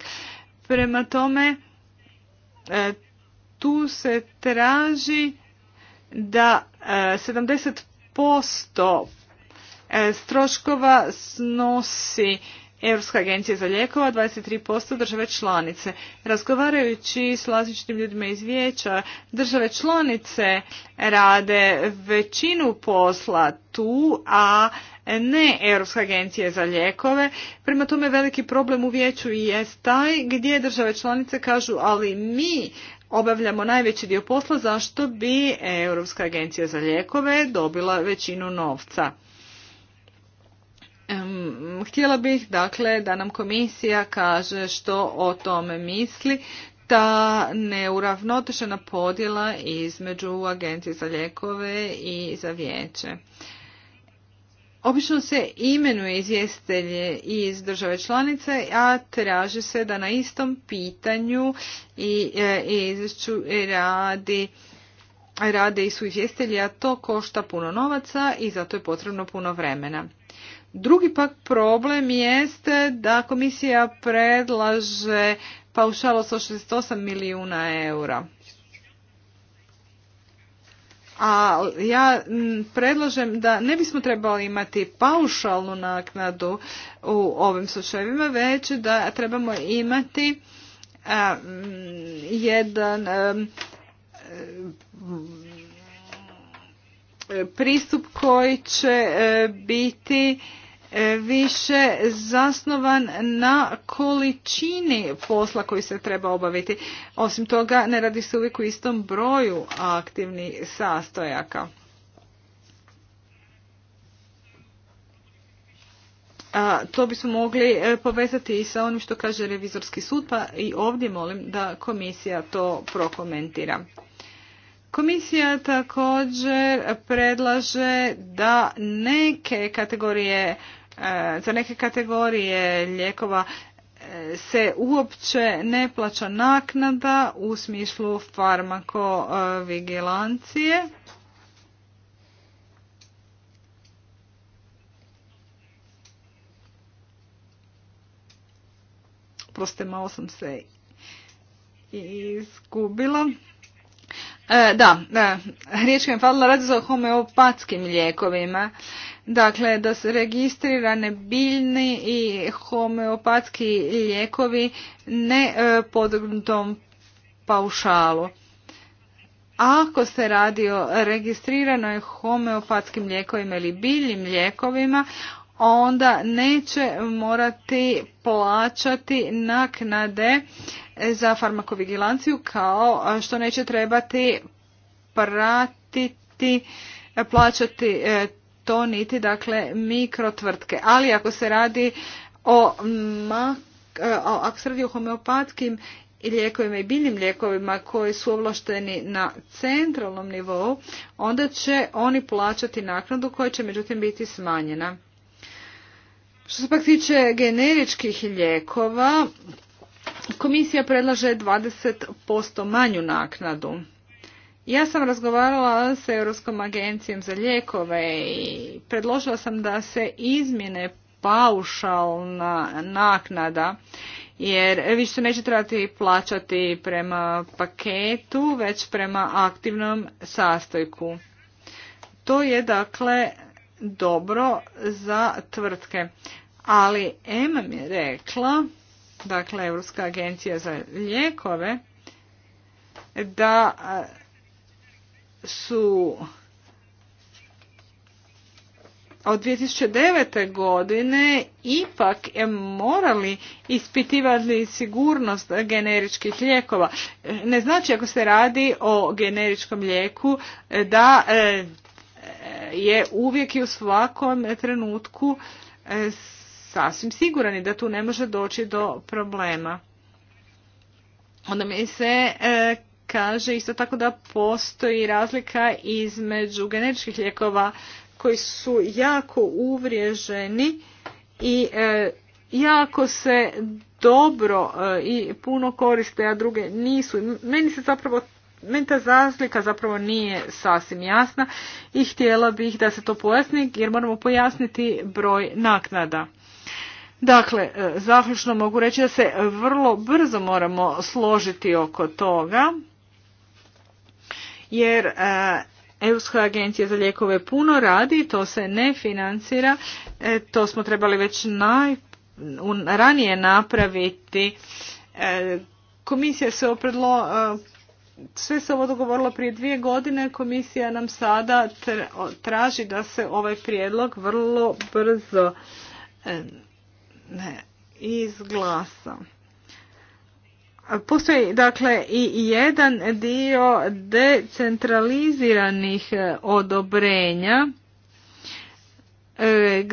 Prema tome, e, tu se traži da 70% e, e, stroškova snosi Europska agencija za lijekova, 23% države članice. Razgovarajući s različitim ljudima iz vijeća, države članice rade većinu posla tu, a ne Europske agencije za lijekove. Prema tome veliki problem u vijeću i jest taj gdje države članice kažu ali mi obavljamo najveći dio posla zašto bi Europska agencija za lijekove dobila većinu novca. Htjela bih dakle da nam komisija kaže što o tome misli ta neuravnotežena podjela između agencije za lijekove i za vijeće. Obično se imenuje izvjestitelje iz države članice, a traži se da na istom pitanju i e, izvješću radi rade i su izvjestitelji, a to košta puno novaca i zato je potrebno puno vremena. Drugi pak problem jeste da komisija predlaže paušal od 68 milijuna eura a ja predlažem da ne bismo trebali imati paušalnu naknadu u ovim slučajevima, već da trebamo imati jedan pristup koji će e, biti E, više zasnovan na količini posla koji se treba obaviti. Osim toga, ne radi se uvijek u istom broju aktivnih sastojaka. A, to bismo mogli e, povezati i sa onim što kaže revizorski sud, pa i ovdje molim da komisija to prokomentira. Komisija također predlaže da neke kategorije, e, za neke kategorije lijekova e, se uopće ne plaća naknada u smislu farmakovigilancije. Proste malo sam se izgubila. E, da, da, e, riječ je falila radi se o homeopatskim lijekovima. Dakle, da se registrirane biljni i homeopatski lijekovi ne e, paušalu. Ako se radi o registriranoj homeopatskim lijekovima ili biljnim lijekovima, onda neće morati plaćati naknade za farmakovigilanciju kao što neće trebati pratiti, plaćati e, to niti dakle mikrotvrtke. Ali ako se radi o, e, ako se radi o homeopatskim i lijekovima i biljnim lijekovima koji su ovlašteni na centralnom nivou, onda će oni plaćati naknadu koja će međutim biti smanjena. Što se pak tiče generičkih lijekova, komisija predlaže 20% manju naknadu. Ja sam razgovarala s Europskom agencijom za lijekove i predložila sam da se izmjene paušalna naknada jer više neće trebati plaćati prema paketu već prema aktivnom sastojku. To je dakle dobro za tvrtke. Ali EMA mi je rekla, dakle Europska agencija za lijekove, da su od 2009. godine ipak morali ispitivati sigurnost generičkih lijekova. Ne znači ako se radi o generičkom lijeku da e, je uvijek i u svakom trenutku e, sasvim siguran i da tu ne može doći do problema. Onda mi se e, kaže isto tako da postoji razlika između generičkih lijekova koji su jako uvriježeni i e, jako se dobro i puno koriste, a druge nisu. Meni se zapravo ta razlika zapravo nije sasvim jasna i htjela bih da se to pojasni jer moramo pojasniti broj naknada. Dakle, e, zaključno mogu reći da se vrlo brzo moramo složiti oko toga jer e, Europska agencija za lijekove puno radi, to se ne financira, e, to smo trebali već ranije napraviti. komisija se opredlo, sve se ovo dogovorilo prije dvije godine, komisija nam sada traži da se ovaj prijedlog vrlo brzo e, ne, izglasa. Postoji dakle i jedan dio decentraliziranih e, odobrenja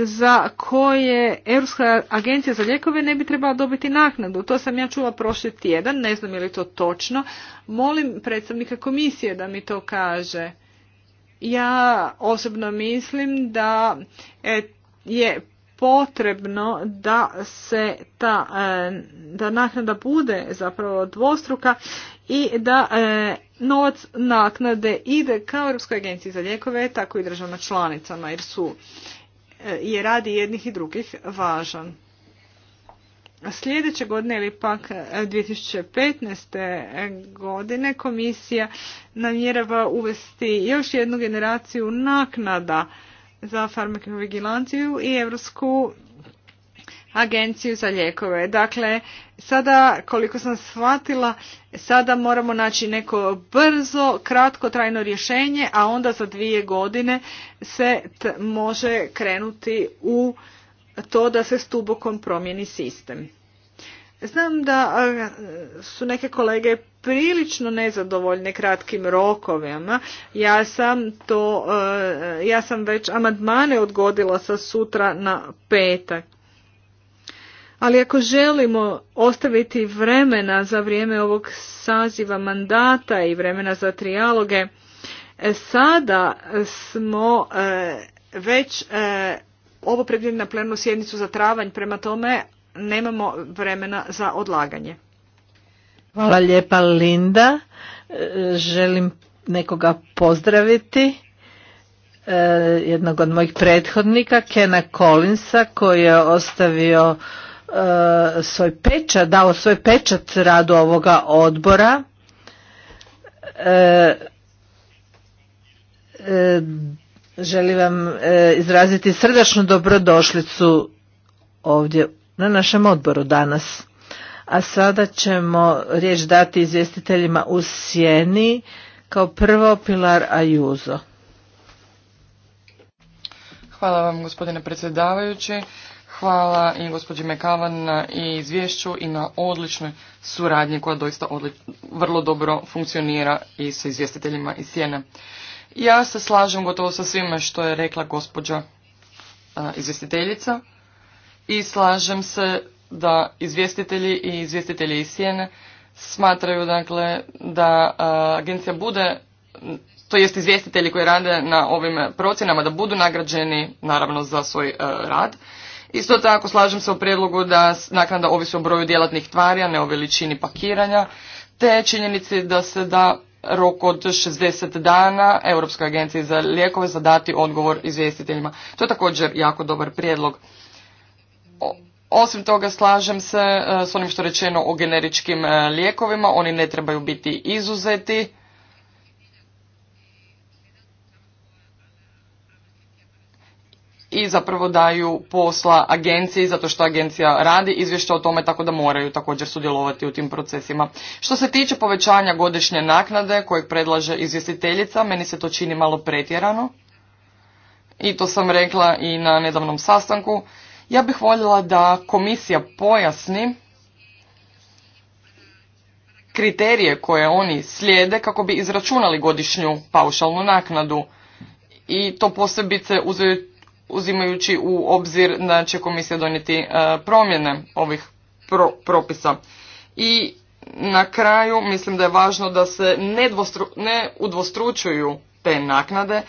za koje Europska agencija za lijekove ne bi trebala dobiti naknadu. To sam ja čula prošli tjedan, ne znam je li to točno. Molim predstavnika komisije da mi to kaže. Ja osobno mislim da e, je potrebno da se ta e, da naknada bude zapravo dvostruka i da e, novac naknade ide kao Europskoj agenciji za lijekove, tako i državama članicama jer su je radi jednih i drugih važan. Sljedeće godine ili pak 2015. Eh, godine komisija namjerava uvesti još jednu generaciju naknada za farmakovigilanciju i evropsku agenciju za lijekove. Dakle, sada, koliko sam shvatila, sada moramo naći neko brzo, kratkotrajno rješenje, a onda za dvije godine se može krenuti u to da se s tubokom promijeni sistem. Znam da su neke kolege prilično nezadovoljne kratkim rokovima. Ja sam to, e, ja sam već amandmane odgodila sa sutra na petak ali ako želimo ostaviti vremena za vrijeme ovog saziva mandata i vremena za trijaloge, e, sada smo e, već e, ovo predvijeli na plenarnu sjednicu za travanj, prema tome nemamo vremena za odlaganje. Hvala lijepa Linda, želim nekoga pozdraviti jednog od mojih prethodnika, Kena Collinsa, koji je ostavio E, svoj pečat, dao svoj pečat radu ovoga odbora. E, e, želim vam izraziti srdačnu dobrodošlicu ovdje na našem odboru danas. A sada ćemo riječ dati izvjestiteljima u sjeni kao prvo Pilar Ajuzo. Hvala vam gospodine predsjedavajući. Hvala i gospođi Mekavan na i izvješću i na odličnoj suradnji koja doista vrlo dobro funkcionira i sa izvjestiteljima iz Sjene. Ja se slažem gotovo sa svime što je rekla gospođa izvjestiteljica i slažem se da izvjestitelji i izvjestitelji iz Sjene smatraju dakle da agencija bude to jest izvjestitelji koji rade na ovim procjenama da budu nagrađeni naravno za svoj rad Isto tako slažem se u prijedlogu da naknada ovisi o broju djelatnih tvari, a ne o veličini pakiranja, te činjenici da se da rok od 60 dana Europskoj agenciji za lijekove za dati odgovor izvjestiteljima. To je također jako dobar prijedlog. Osim toga slažem se e, s onim što je rečeno o generičkim e, lijekovima, oni ne trebaju biti izuzeti i zapravo daju posla agenciji zato što agencija radi izvješća o tome tako da moraju također sudjelovati u tim procesima. Što se tiče povećanja godišnje naknade kojeg predlaže izvjestiteljica, meni se to čini malo pretjerano i to sam rekla i na nedavnom sastanku. Ja bih voljela da komisija pojasni kriterije koje oni slijede kako bi izračunali godišnju paušalnu naknadu i to posebice uzeti uzimajući u obzir da će komisija donijeti e, promjene ovih propisa. I na kraju mislim da je važno da se ne, ne udvostručuju te naknade,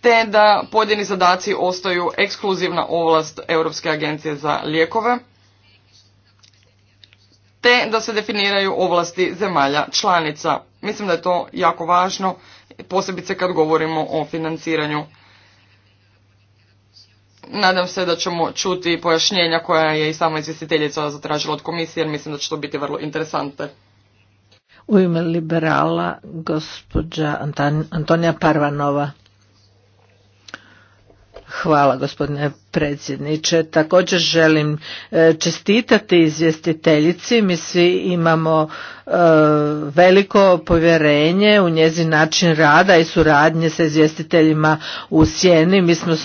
te da pojedini zadaci ostaju ekskluzivna ovlast Europske agencije za lijekove, te da se definiraju ovlasti zemalja članica. Mislim da je to jako važno, posebice kad govorimo o financiranju Nadam se da ćemo čuti pojašnjenja koja je i sama izvjestiteljica zatražila od komisije, jer mislim da će to biti vrlo interesante. U ime liberala gospođa Antonija Parvanova. Hvala gospodine predsjedniče. Također želim e, čestitati izvjestiteljici. Mi svi imamo e, veliko povjerenje u njezin način rada i suradnje sa izvjestiteljima u Sjeni. Mi smo s,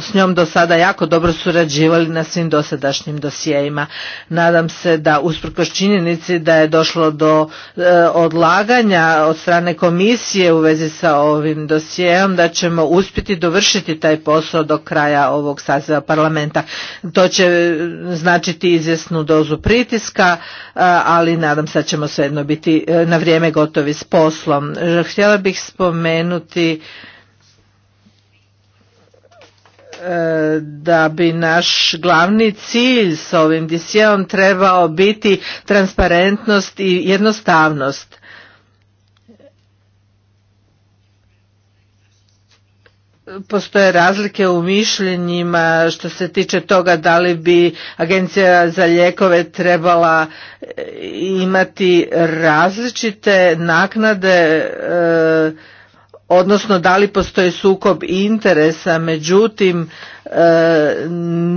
s njom do sada jako dobro surađivali na svim dosadašnjim dosijejima. Nadam se da usprkos činjenici da je došlo do e, odlaganja od strane komisije u vezi sa ovim dosijejom da ćemo uspjeti dovršiti taj posao do kraja ovog ovog saziva parlamenta. To će značiti izvjesnu dozu pritiska, ali nadam se da ćemo svejedno biti e, na vrijeme gotovi s poslom. Htjela bih spomenuti e, da bi naš glavni cilj s ovim disijevom trebao biti transparentnost i jednostavnost postoje razlike u mišljenjima što se tiče toga da li bi agencija za lijekove trebala e, imati različite naknade e, odnosno da li postoji sukob interesa međutim e,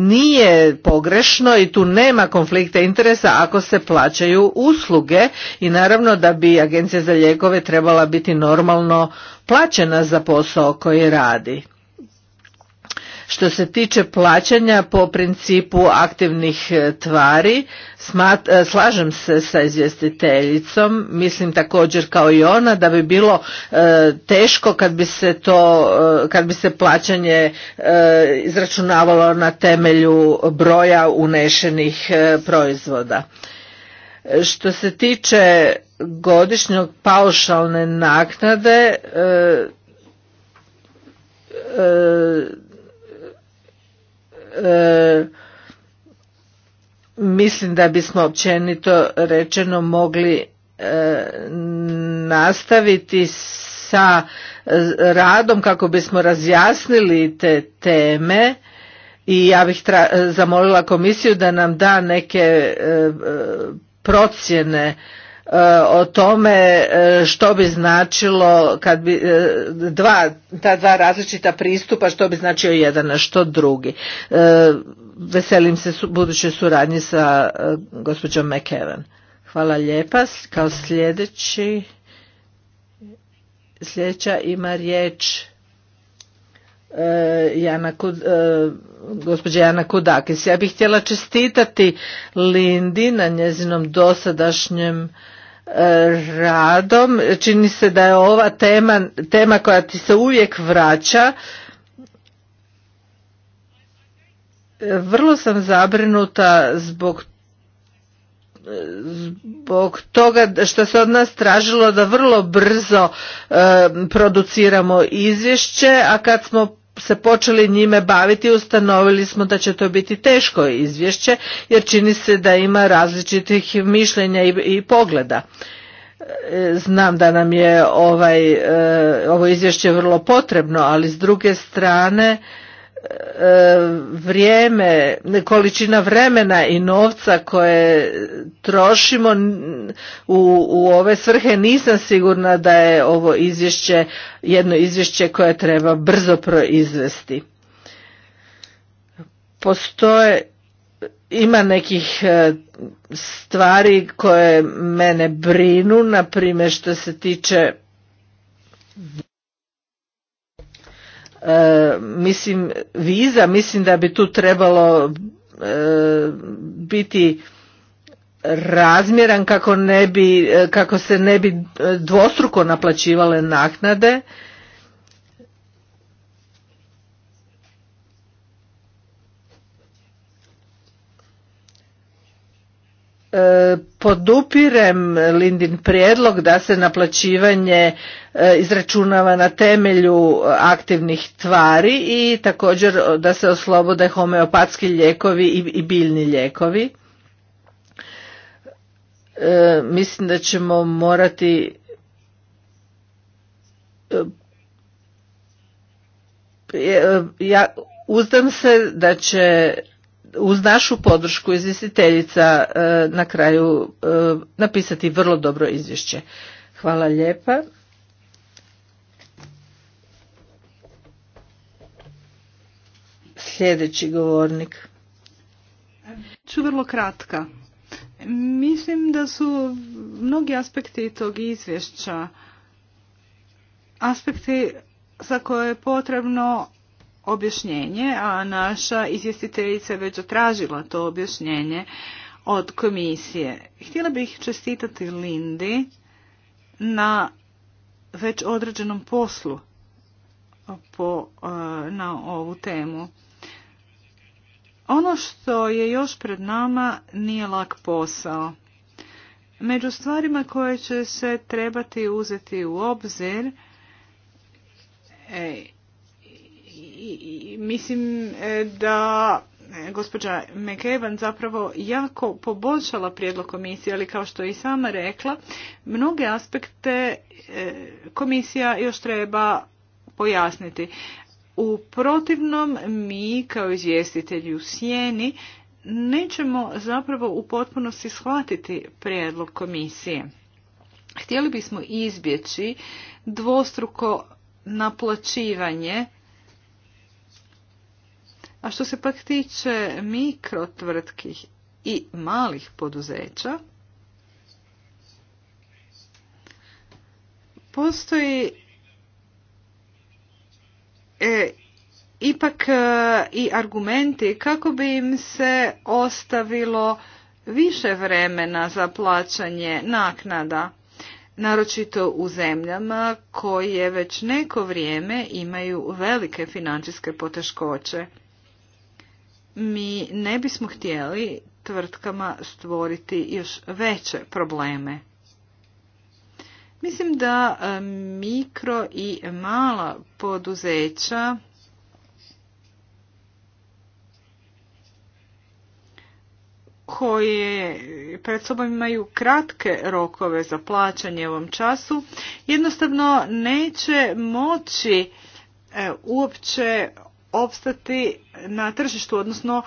nije pogrešno i tu nema konflikta interesa ako se plaćaju usluge i naravno da bi agencija za lijekove trebala biti normalno plaćena za posao koji radi što se tiče plaćanja po principu aktivnih e, tvari, e, slažem se sa izvjestiteljicom, mislim također kao i ona da bi bilo e, teško kad bi se to, kad bi se plaćanje izračunavalo na temelju broja unešenih proizvoda. Što se tiče godišnjog paušalne naknade, E, mislim da bismo općenito rečeno mogli e, nastaviti sa radom kako bismo razjasnili te teme i ja bih tra zamolila komisiju da nam da neke e, procjene o tome e, što bi značilo kad bi e, dva, ta dva različita pristupa što bi značio jedan a što drugi. E, veselim se budućoj suradnji sa gospođom McEwan. Hvala lijepa. Kao sljedeći sljedeća ima riječ Jana Kud, gospođa Jana Kudakis. Ja bih htjela čestitati Lindi na njezinom dosadašnjem radom. Čini se da je ova tema, tema koja ti se uvijek vraća. Vrlo sam zabrinuta zbog zbog toga što se od nas tražilo da vrlo brzo eh, produciramo izvješće, a kad smo se počeli njime baviti ustanovili smo da će to biti teško izvješće jer čini se da ima različitih mišljenja i, pogleda e, znam da nam je ovaj, e, ovo izvješće vrlo potrebno ali s druge strane vrijeme, količina vremena i novca koje trošimo u, u ove svrhe nisam sigurna da je ovo izvješće jedno izvješće koje treba brzo proizvesti. Postoje ima nekih e, stvari koje mene brinu, na primjer što se tiče E, mislim viza mislim da bi tu trebalo e, biti razmjeran kako ne bi e, kako se ne bi dvostruko naplaćivale naknade E, podupirem Lindin prijedlog da se naplaćivanje e, izračunava na temelju aktivnih tvari i također da se oslobode homeopatski lijekovi i biljni lijekovi. E, mislim da ćemo morati ja uzdam se da će uz našu podršku izvjestiteljica e, na kraju e, napisati vrlo dobro izvješće. Hvala lijepa. Sljedeći govornik. Ću vrlo kratka. Mislim da su mnogi aspekti tog izvješća aspekti za koje je potrebno objašnjenje, a naša izvjestiteljica je već to objašnjenje od komisije. Htjela bih čestitati Lindi na već određenom poslu po, e, na ovu temu. Ono što je još pred nama nije lak posao. Među stvarima koje će se trebati uzeti u obzir, ej, i mislim e, da e, gospođa McEvan zapravo jako poboljšala prijedlog komisije, ali kao što je i sama rekla, mnoge aspekte e, komisija još treba pojasniti. U protivnom mi kao izvjestitelji u sjeni nećemo zapravo u potpunosti shvatiti prijedlog komisije. Htjeli bismo izbjeći dvostruko naplaćivanje a što se pak tiče mikrotvrtkih i malih poduzeća, postoji e, ipak e, i argumenti kako bi im se ostavilo više vremena za plaćanje naknada, naročito u zemljama koje već neko vrijeme imaju velike financijske poteškoće mi ne bismo htjeli tvrtkama stvoriti još veće probleme. Mislim da e, mikro i mala poduzeća koje pred sobom imaju kratke rokove za plaćanje u ovom času, jednostavno neće moći e, uopće opstati na tržištu, odnosno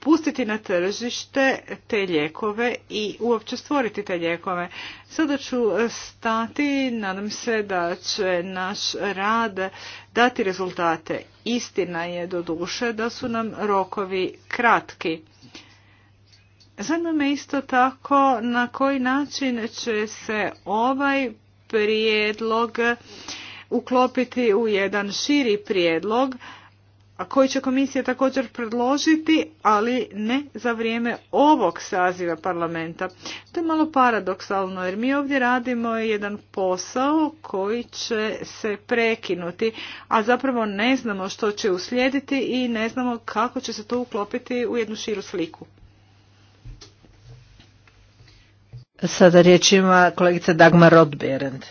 pustiti na tržište te lijekove i uopće stvoriti te lijekove. Sada ću e, stati, nadam se da će naš rad dati rezultate. Istina je do duše da su nam rokovi kratki. Zanima me isto tako na koji način će se ovaj prijedlog uklopiti u jedan širi prijedlog a koji će komisija također predložiti, ali ne za vrijeme ovog saziva parlamenta. To je malo paradoksalno jer mi ovdje radimo jedan posao koji će se prekinuti, a zapravo ne znamo što će uslijediti i ne znamo kako će se to uklopiti u jednu širu sliku. Sada riječ ima kolegica Dagmar Rodberend.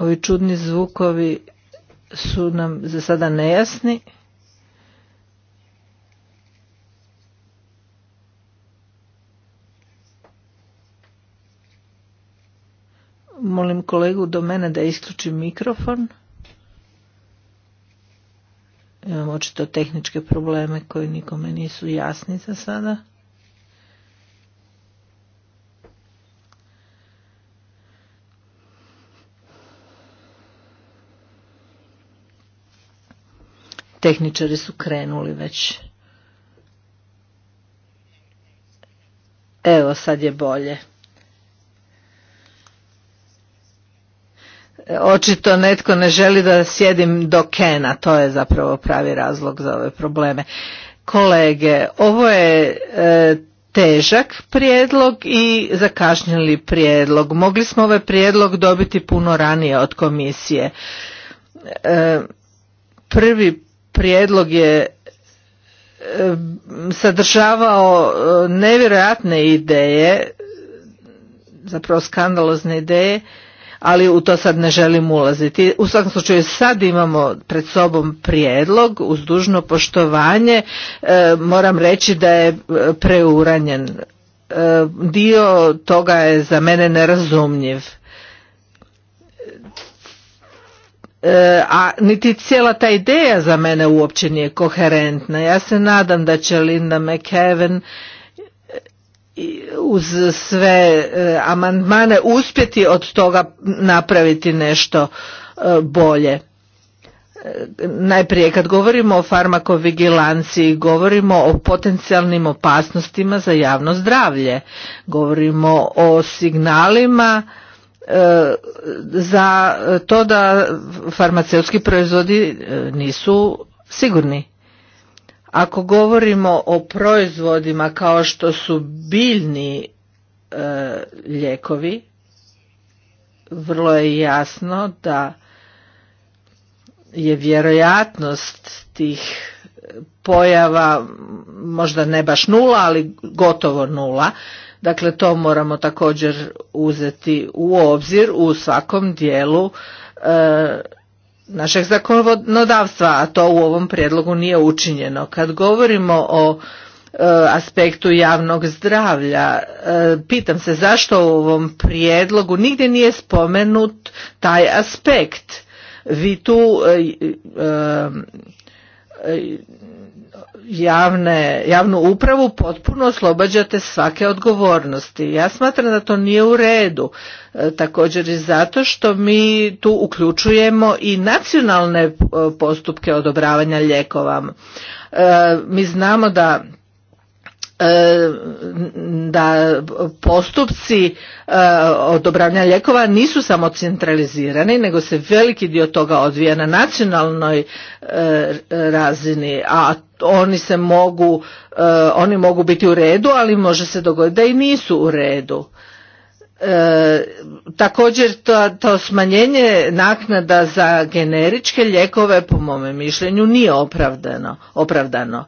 Ovi čudni zvukovi su nam za sada nejasni. Molim kolegu do mene da isključi mikrofon. Imamo očito tehničke probleme koji nikome nisu jasni za sada. tehničari su krenuli već. Evo, sad je bolje. E, očito netko ne želi da sjedim do Kena, to je zapravo pravi razlog za ove probleme. Kolege, ovo je e, težak prijedlog i zakašnjeli prijedlog. Mogli smo ovaj prijedlog dobiti puno ranije od komisije. E, prvi prijedlog je e, sadržavao e, nevjerojatne ideje, zapravo skandalozne ideje, ali u to sad ne želim ulaziti. U svakom slučaju sad imamo pred sobom prijedlog uz dužno poštovanje. E, moram reći da je preuranjen. dio toga je za mene nerazumljiv. E, a niti cijela ta ideja za mene uopće nije koherentna. Ja se nadam da će Linda McHaven e, uz sve e, amandmane uspjeti od toga napraviti nešto bolje. Najprije kad govorimo o farmakovigilanciji, govorimo o potencijalnim opasnostima za javno zdravlje, govorimo o signalima E, za to da farmaceutski proizvodi e, nisu sigurni. Ako govorimo o proizvodima kao što su biljni e, lijekovi, vrlo je jasno da je vjerojatnost tih pojava možda ne baš nula, ali gotovo nula. Dakle, to moramo također uzeti u obzir u svakom dijelu e, našeg zakonodavstva, a to u ovom prijedlogu nije učinjeno. Kad govorimo o e, aspektu javnog zdravlja, e, pitam se zašto u ovom prijedlogu nigdje nije spomenut taj aspekt. Vi tu javne, javnu upravu potpuno oslobađate svake odgovornosti. Ja smatram da to nije u redu. E, također i zato što mi tu uključujemo i nacionalne e, postupke odobravanja ljekova. E, mi znamo da E, da postupci e, odobravanja lijekova nisu samo centralizirani nego se veliki dio toga odvija na nacionalnoj e, razini a oni se mogu oni mogu biti u redu ali može se dogoditi da i nisu u redu također to, to smanjenje naknada za generičke lijekove po mome mišljenju nije opravdano, opravdano.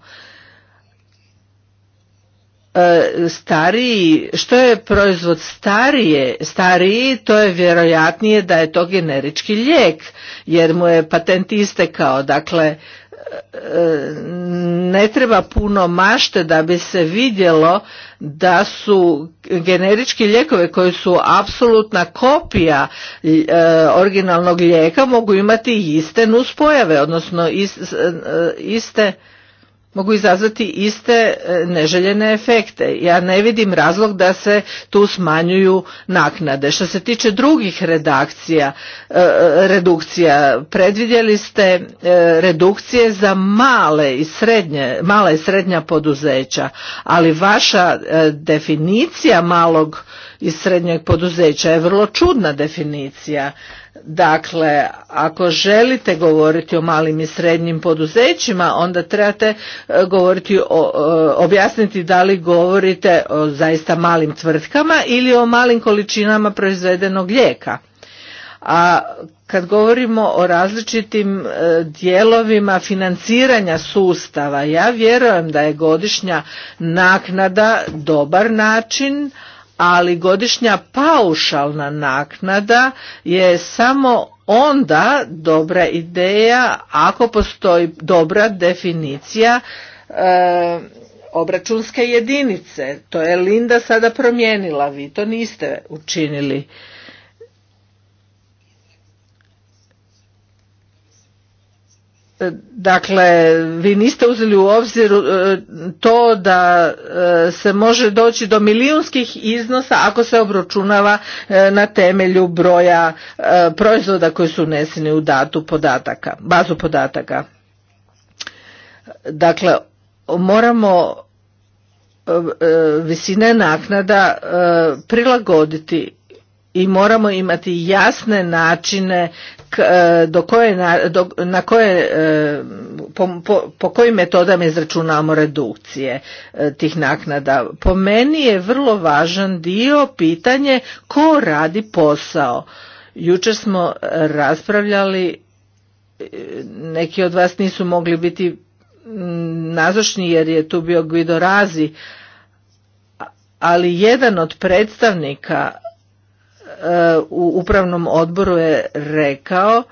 E, stariji, što je proizvod starije, stariji, to je vjerojatnije da je to generički lijek, jer mu je patent istekao, dakle, e, ne treba puno mašte da bi se vidjelo da su generički lijekove koji su apsolutna kopija e, originalnog lijeka mogu imati iste nuspojave, odnosno iste mogu izazvati iste e, neželjene efekte. Ja ne vidim razlog da se tu smanjuju naknade. Što se tiče drugih redakcija, e, e, redukcija, predvidjeli ste redukcije za male i srednje, mala i srednja poduzeća, ali vaša definicija malog iz srednjeg poduzeća je vrlo čudna definicija. Dakle, ako želite govoriti o malim i srednjim poduzećima, onda trebate e, govoriti o, e, objasniti da li govorite o zaista malim tvrtkama ili o malim količinama proizvedenog lijeka. A kad govorimo o različitim e, dijelovima financiranja sustava, ja vjerujem da je godišnja naknada dobar način, ali godišnja paušalna naknada je samo onda dobra ideja ako postoji dobra definicija eh, obračunske jedinice. To je Linda sada promijenila, vi to niste učinili. Dakle, vi niste uzeli u obzir e, to da e, se može doći do milijunskih iznosa ako se obračunava e, na temelju broja proizvoda koji su uneseni u datu podataka, bazu podataka. Dakle, moramo visine naknada prilagoditi i moramo imati jasne načine E, do koje, na koje, e, po, kojim metodama izračunamo redukcije e, tih naknada. Po meni je vrlo važan dio pitanje ko radi posao. Jučer smo raspravljali, neki od vas nisu mogli biti nazočni jer je tu bio Guido Razi, ali jedan od predstavnika E, u upravnom odboru je rekao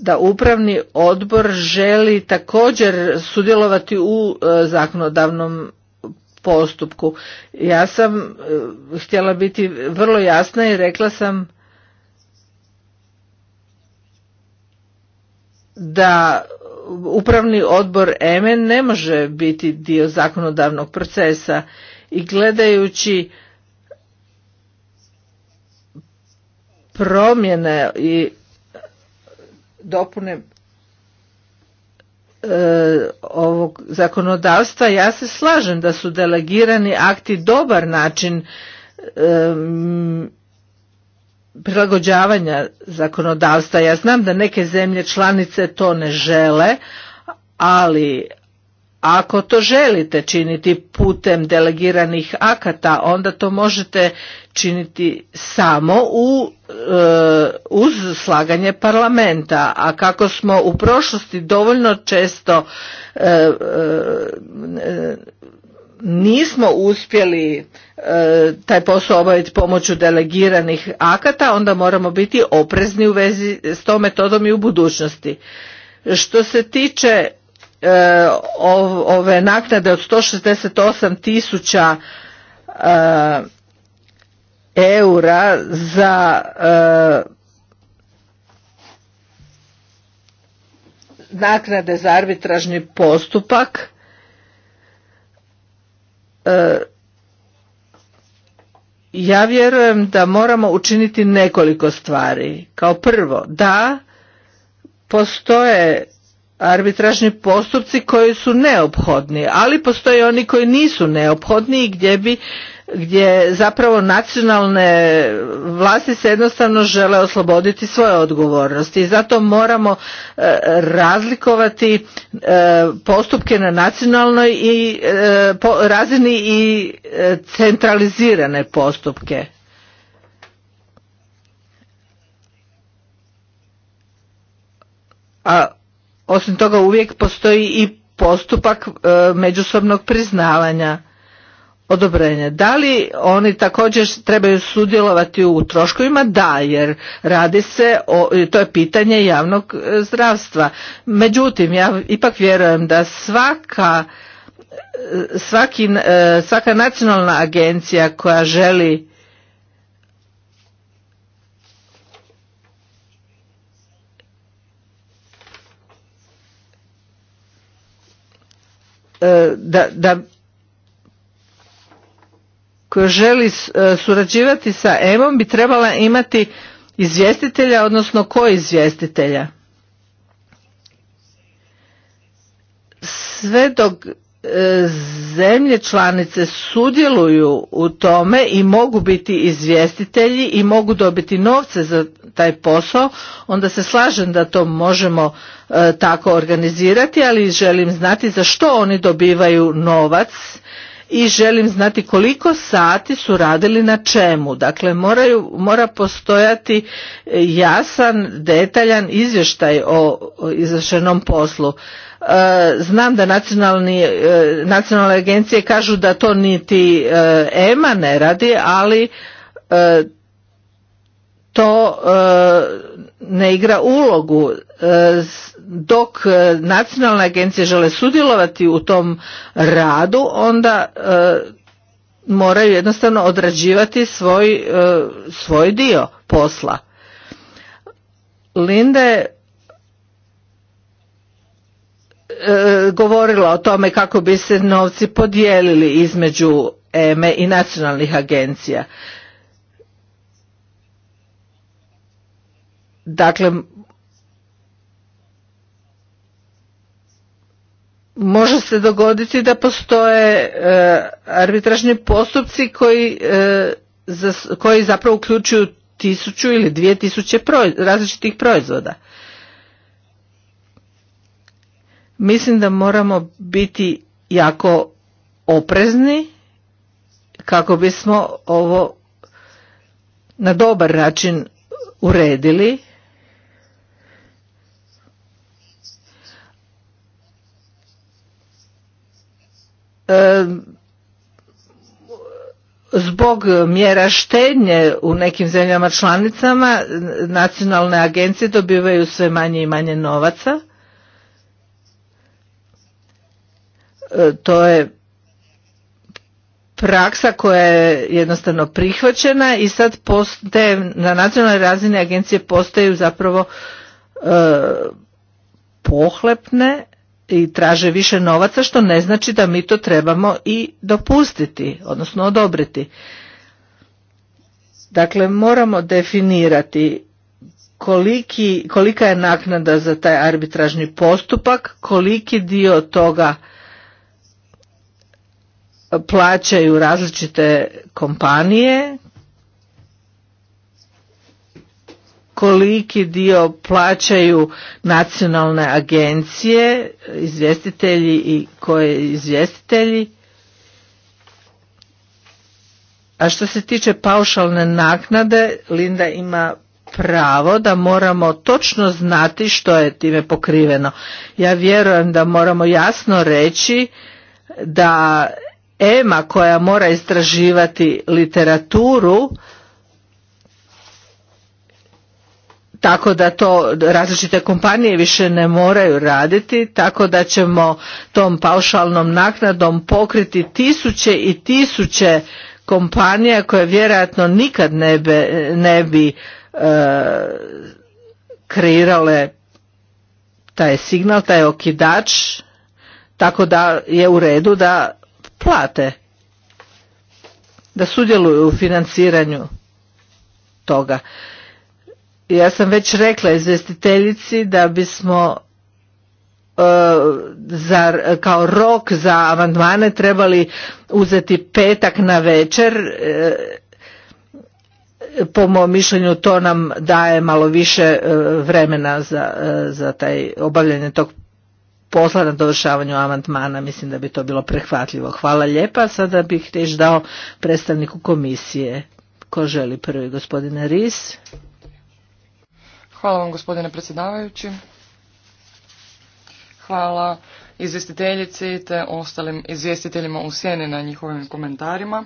da upravni odbor želi također sudjelovati u e, zakonodavnom postupku. Ja sam e, htjela biti vrlo jasna i rekla sam da upravni odbor EME ne može biti dio zakonodavnog procesa i gledajući promjene i dopune e, ovog zakonodavstva ja se slažem da su delegirani akti dobar način e, prilagođavanja zakonodavstva ja znam da neke zemlje članice to ne žele ali ako to želite činiti putem delegiranih akata, onda to možete činiti samo u, e, uz slaganje parlamenta. A kako smo u prošlosti dovoljno često e, e, nismo uspjeli taj posao obaviti pomoću delegiranih akata, onda moramo biti oprezni u vezi s tom metodom i u budućnosti. Što se tiče E, ove naknade od 168 tisuća e, eura za e, naknade za arbitražni postupak ja vjerujem da moramo učiniti nekoliko stvari. Kao prvo, da postoje arbitražni postupci koji su neophodni, ali postoje oni koji nisu neophodni i gdje bi gdje zapravo nacionalne vlasti se jednostavno žele osloboditi svoje odgovornosti i zato moramo e, razlikovati e, postupke na nacionalnoj i e, razini i centralizirane postupke. A osim toga uvijek postoji i postupak e, međusobnog priznavanja odobrenja. Da li oni također trebaju sudjelovati u troškovima? Da, jer radi se o, to je pitanje javnog e, zdravstva. Međutim, ja ipak vjerujem da svaka e, svaki, svaka nacionalna agencija koja želi E, da, da želi e, surađivati sa EMOM bi trebala imati izvjestitelja, odnosno ko izvjestitelja. Sve dok E, zemlje članice sudjeluju u tome i mogu biti izvjestitelji i mogu dobiti novce za taj posao, onda se slažem da to možemo e, tako organizirati, ali želim znati za što oni dobivaju novac i želim znati koliko sati su radili na čemu. Dakle, moraju, mora postojati jasan, detaljan izvještaj o izvršenom poslu. E, znam da e, nacionalne agencije kažu da to niti e, EMA ne radi, ali to ne igra ulogu dok nacionalne agencije žele sudjelovati u tom radu onda moraju jednostavno odrađivati svoj, dio posla. Linde... E, govorila o tome kako bi se novci podijelili između EME e i nacionalnih agencija. Dakle, može se dogoditi da postoje e, arbitražni postupci koji, zapravo uključuju tisuću ili dvije tisuće različitih proizvoda. Mislim da moramo biti jako oprezni kako bismo ovo na dobar način uredili. Zbog mjera štednje u nekim zemljama članicama nacionalne agencije dobivaju sve manje i manje novaca. E, to je praksa koja je jednostavno prihvaćena i sad te na nacionalnoj razini agencije postaju zapravo e, pohlepne i traže više novaca što ne znači da mi to trebamo i dopustiti, odnosno odobriti. Dakle, moramo definirati koliki, kolika je naknada za taj arbitražni postupak, koliki dio toga plaćaju različite kompanije koliki dio plaćaju nacionalne agencije, izvjestitelji i koje izvjestitelji. A što se tiče paušalne naknade, Linda ima pravo da moramo točno znati što je time pokriveno. Ja vjerujem da moramo jasno reći da EMA koja mora istraživati literaturu tako da to različite kompanije više ne moraju raditi, tako da ćemo tom paušalnom naknadom pokriti tisuće i tisuće kompanija koje vjerojatno nikad ne bi, ne bi e, kreirale taj signal, taj okidač, tako da je u redu da plate, da sudjeluju u financiranju toga. Ja sam već rekla izvjestiteljici da bismo e, za, kao rok za amandmane trebali uzeti petak na večer. E, po mom mišljenju to nam daje malo više e, vremena za, za taj obavljanje tog posla na dovršavanju amandmana, mislim da bi to bilo prehvatljivo. Hvala lijepa, sada bih teš dao predstavniku komisije. Ko želi prvi, gospodine Ris? Hvala vam gospodine predsjedavajući. Hvala izvjestiteljici te ostalim izvjestiteljima u sjeni na njihovim komentarima.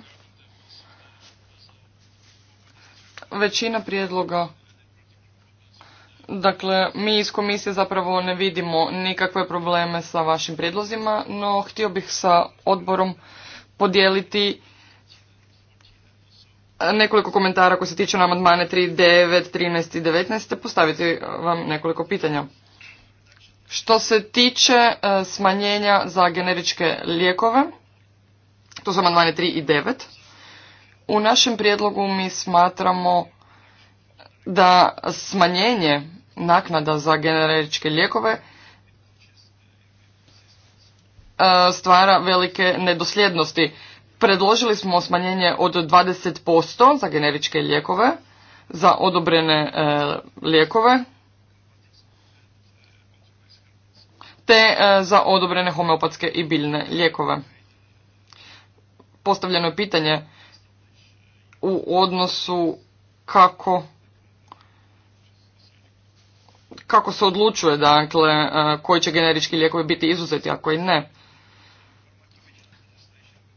Većina prijedloga Dakle, mi iz komisije zapravo ne vidimo nikakve probleme sa vašim prijedlozima, no htio bih sa odborom podijeliti nekoliko komentara koji se tiču na amandmane 3, 9, 13 i 19, postaviti vam nekoliko pitanja. Što se tiče e, smanjenja za generičke lijekove, to su amandmane 3 i 9, u našem prijedlogu mi smatramo da smanjenje naknada za generičke lijekove e, stvara velike nedosljednosti. Predložili smo smanjenje od 20% za generičke lijekove, za odobrene e, lijekove, te e, za odobrene homeopatske i biljne lijekove. Postavljeno je pitanje u odnosu kako kako se odlučuje dakle e, koji će generički lijekovi biti izuzeti, a koji ne.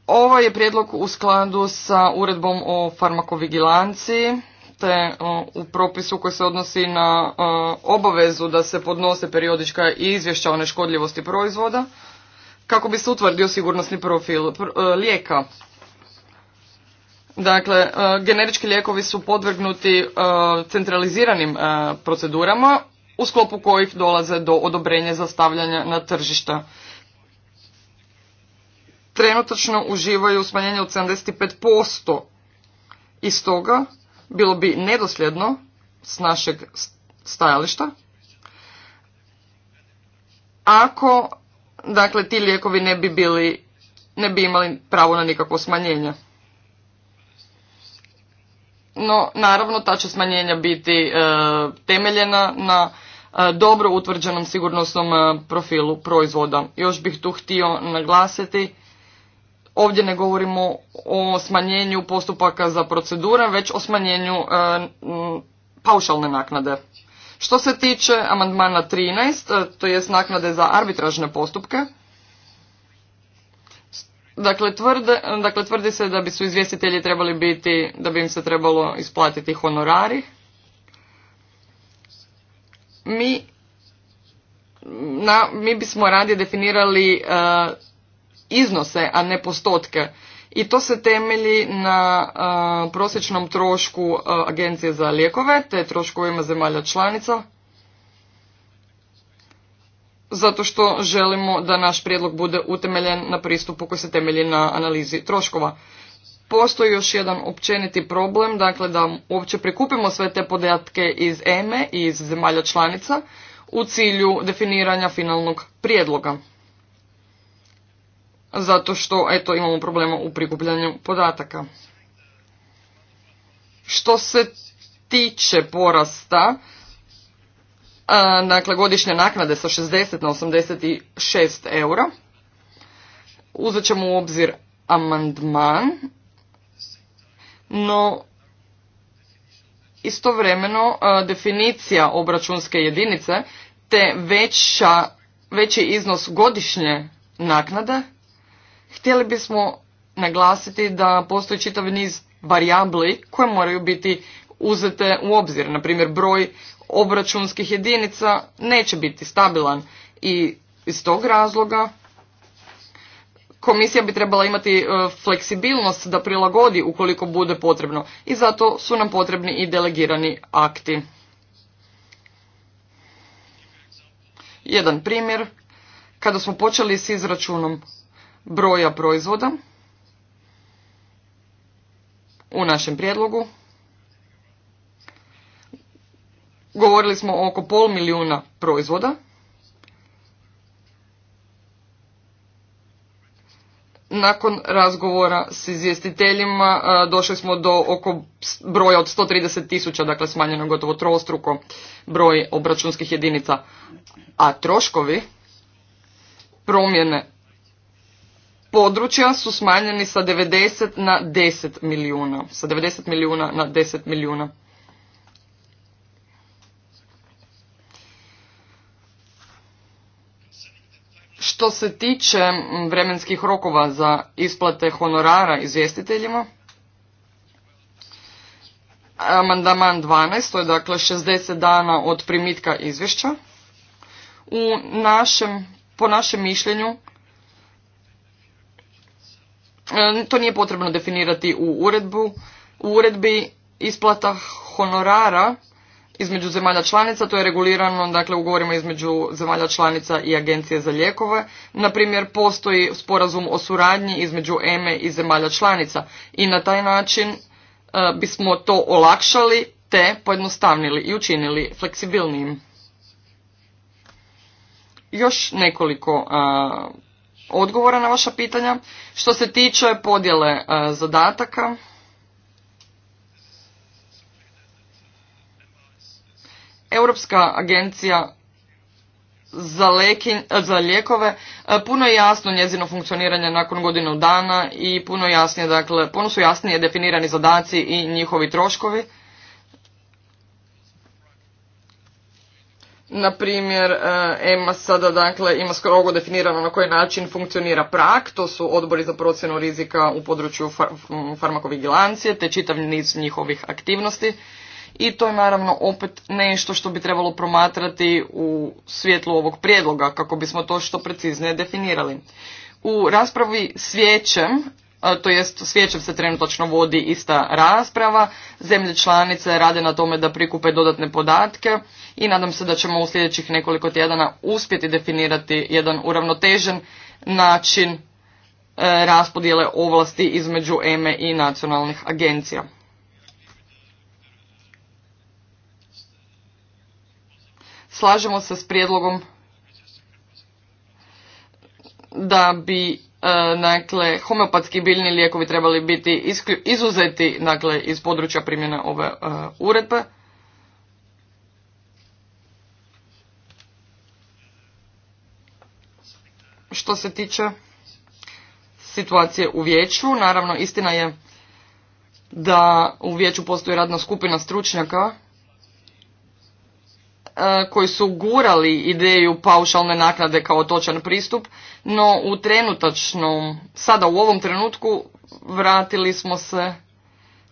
Ovo ovaj je prijedlog u skladu sa uredbom o farmakovigilanciji te e, u propisu koji se odnosi na e, obavezu da se podnose periodička izvješća o neškodljivosti proizvoda kako bi se utvrdio sigurnosni profil lijeka. Dakle, generički lijekovi su podvrgnuti centraliziranim procedurama u sklopu kojih dolaze do odobrenja za stavljanje na tržišta. Trenutačno uživaju smanjenje od 75% Iz toga bilo bi nedosljedno s našeg stajališta ako dakle ti lijekovi ne bi bili ne bi imali pravo na nikakvo smanjenje. No, naravno, ta će smanjenja biti e, temeljena na E, dobro utvrđenom sigurnosnom e, profilu proizvoda. Još bih tu htio naglasiti, ovdje ne govorimo o smanjenju postupaka za procedure, već o smanjenju e, paušalne naknade. Što se tiče amandmana 13, to je naknade za arbitražne postupke, Dakle, dakle, tvrdi se da bi su izvjestitelji trebali biti, da bi im se trebalo isplatiti honorari mi, na, mi bismo radije definirali e, iznose, a ne postotke. I to se temelji na e, prosječnom trošku e, Agencije za lijekove, te troškovima zemalja članica, zato što želimo da naš prijedlog bude utemeljen na pristupu koji se temelji na analizi troškova. Postoji još jedan općeniti problem, dakle da uopće prikupimo sve te podatke iz EME i iz zemalja članica u cilju definiranja finalnog prijedloga. Zato što, eto, imamo problema u prikupljanju podataka. Što se tiče porasta, a, dakle godišnje naknade sa 60 na 86 eura, uzet ćemo u obzir amandman no istovremeno e, definicija obračunske jedinice te veća, veći iznos godišnje naknade, htjeli bismo naglasiti da postoji čitav niz varijabli koje moraju biti uzete u obzir. Na primjer, broj obračunskih jedinica neće biti stabilan i iz tog razloga komisija bi trebala imati e, fleksibilnost da prilagodi ukoliko bude potrebno i zato su nam potrebni i delegirani akti. Jedan primjer, kada smo počeli s izračunom broja proizvoda u našem prijedlogu, govorili smo oko pol milijuna proizvoda Nakon razgovora s izvjestiteljima e, došli smo do oko broja od 130 tisuća, dakle smanjeno gotovo trostruko broj obračunskih jedinica. A troškovi promjene područja su smanjeni sa 90 na 10 milijuna. Sa 90 milijuna na 10 milijuna. Što se tiče vremenskih rokova za isplate honorara izvjestiteljima, amandaman 12, to je dakle 60 dana od primitka izvješća, u našem, po našem mišljenju e, to nije potrebno definirati u uredbu. U uredbi isplata honorara između zemalja članica, to je regulirano dakle, ugovorima između zemalja članica i Agencije za lijekove. Naprimjer, postoji sporazum o suradnji između EME i zemalja članica i na taj način e, bismo to olakšali te pojednostavnili i učinili fleksibilnijim. Još nekoliko e, odgovora na vaša pitanja. Što se tiče podjele e, zadataka, Europska agencija za, leki, za lijekove e, puno je jasno njezino funkcioniranje nakon godinu dana i puno jasnije, dakle, puno su jasnije definirani zadaci i njihovi troškovi. Na primjer, EMA sada dakle, ima skrogo definirano na koji način funkcionira prak, to su odbori za procjenu rizika u području far farmakovigilancije te čitav niz njihovih aktivnosti i to je naravno opet nešto što bi trebalo promatrati u svjetlu ovog prijedloga kako bismo to što preciznije definirali. U raspravi s to jest Svjećem se trenutačno vodi ista rasprava, zemlje članice rade na tome da prikupe dodatne podatke i nadam se da ćemo u sljedećih nekoliko tjedana uspjeti definirati jedan uravnotežen način e, raspodjele ovlasti između EME i nacionalnih agencija. slažemo se s prijedlogom da bi e, dakle, homeopatski biljni lijekovi trebali biti izuzeti dakle, iz područja primjene ove e, uredbe. Što se tiče situacije u vijeću, naravno istina je da u vijeću postoji radna skupina stručnjaka E, koji su gurali ideju paušalne naknade kao točan pristup, no u trenutačnom, sada u ovom trenutku vratili smo se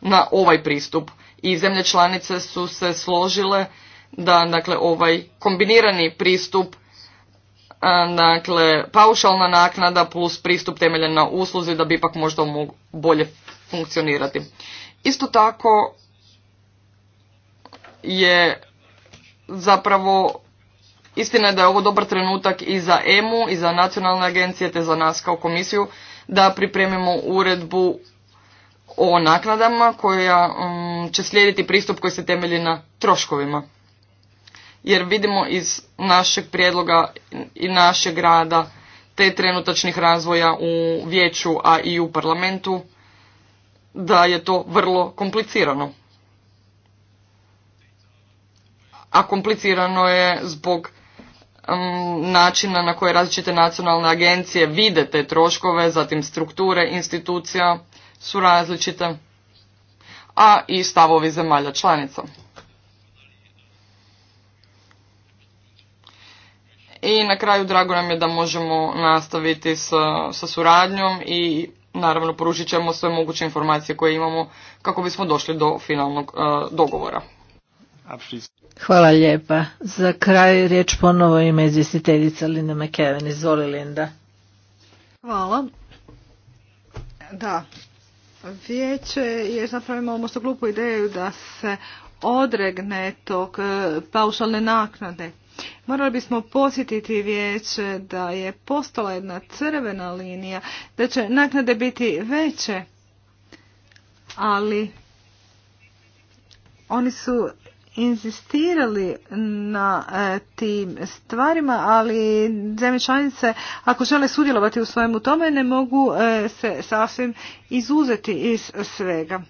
na ovaj pristup i zemlje članice su se složile da dakle ovaj kombinirani pristup e, dakle paušalna naknada plus pristup temeljen na usluzi da bi ipak možda mogu bolje funkcionirati. Isto tako je zapravo istina je da je ovo dobar trenutak i za EMU i za nacionalne agencije te za nas kao komisiju da pripremimo uredbu o naknadama koja mm, će slijediti pristup koji se temelji na troškovima. Jer vidimo iz našeg prijedloga i našeg rada te trenutačnih razvoja u vijeću, a i u parlamentu, da je to vrlo komplicirano. a komplicirano je zbog mm, načina na koje različite nacionalne agencije vide te troškove, zatim strukture institucija su različite, a i stavovi zemalja članica. I na kraju drago nam je da možemo nastaviti sa, sa suradnjom i naravno poručit ćemo sve moguće informacije koje imamo kako bismo došli do finalnog e, dogovora. Hvala lijepa. Za kraj riječ ponovo ima izvjestiteljica Linda McKeven. Izvoli Linda. Hvala. Da, vijeće je zapravo imao možda glupu ideju da se odregne tog e, paušalne naknade. Morali bismo posjetiti vijeće da je postala jedna crvena linija, da će naknade biti veće, ali oni su inzistirali na e, tim stvarima, ali zemlje članice ako žele sudjelovati u svojemu tome ne mogu e, se sasvim izuzeti iz svega.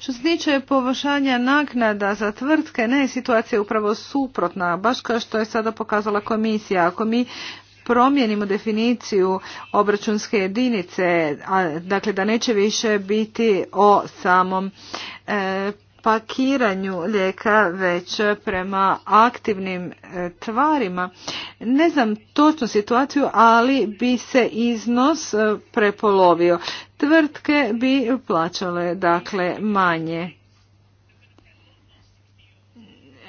Što se tiče poboljšanja naknada za tvrtke, ne, situacija je upravo suprotna, baš kao što je sada pokazala komisija. Ako mi promijenimo definiciju obračunske jedinice, dakle da neće više biti o samom e, pakiranju lijeka već prema aktivnim e, tvarima. Ne znam točnu situaciju, ali bi se iznos e, prepolovio. Tvrtke bi plaćale dakle manje.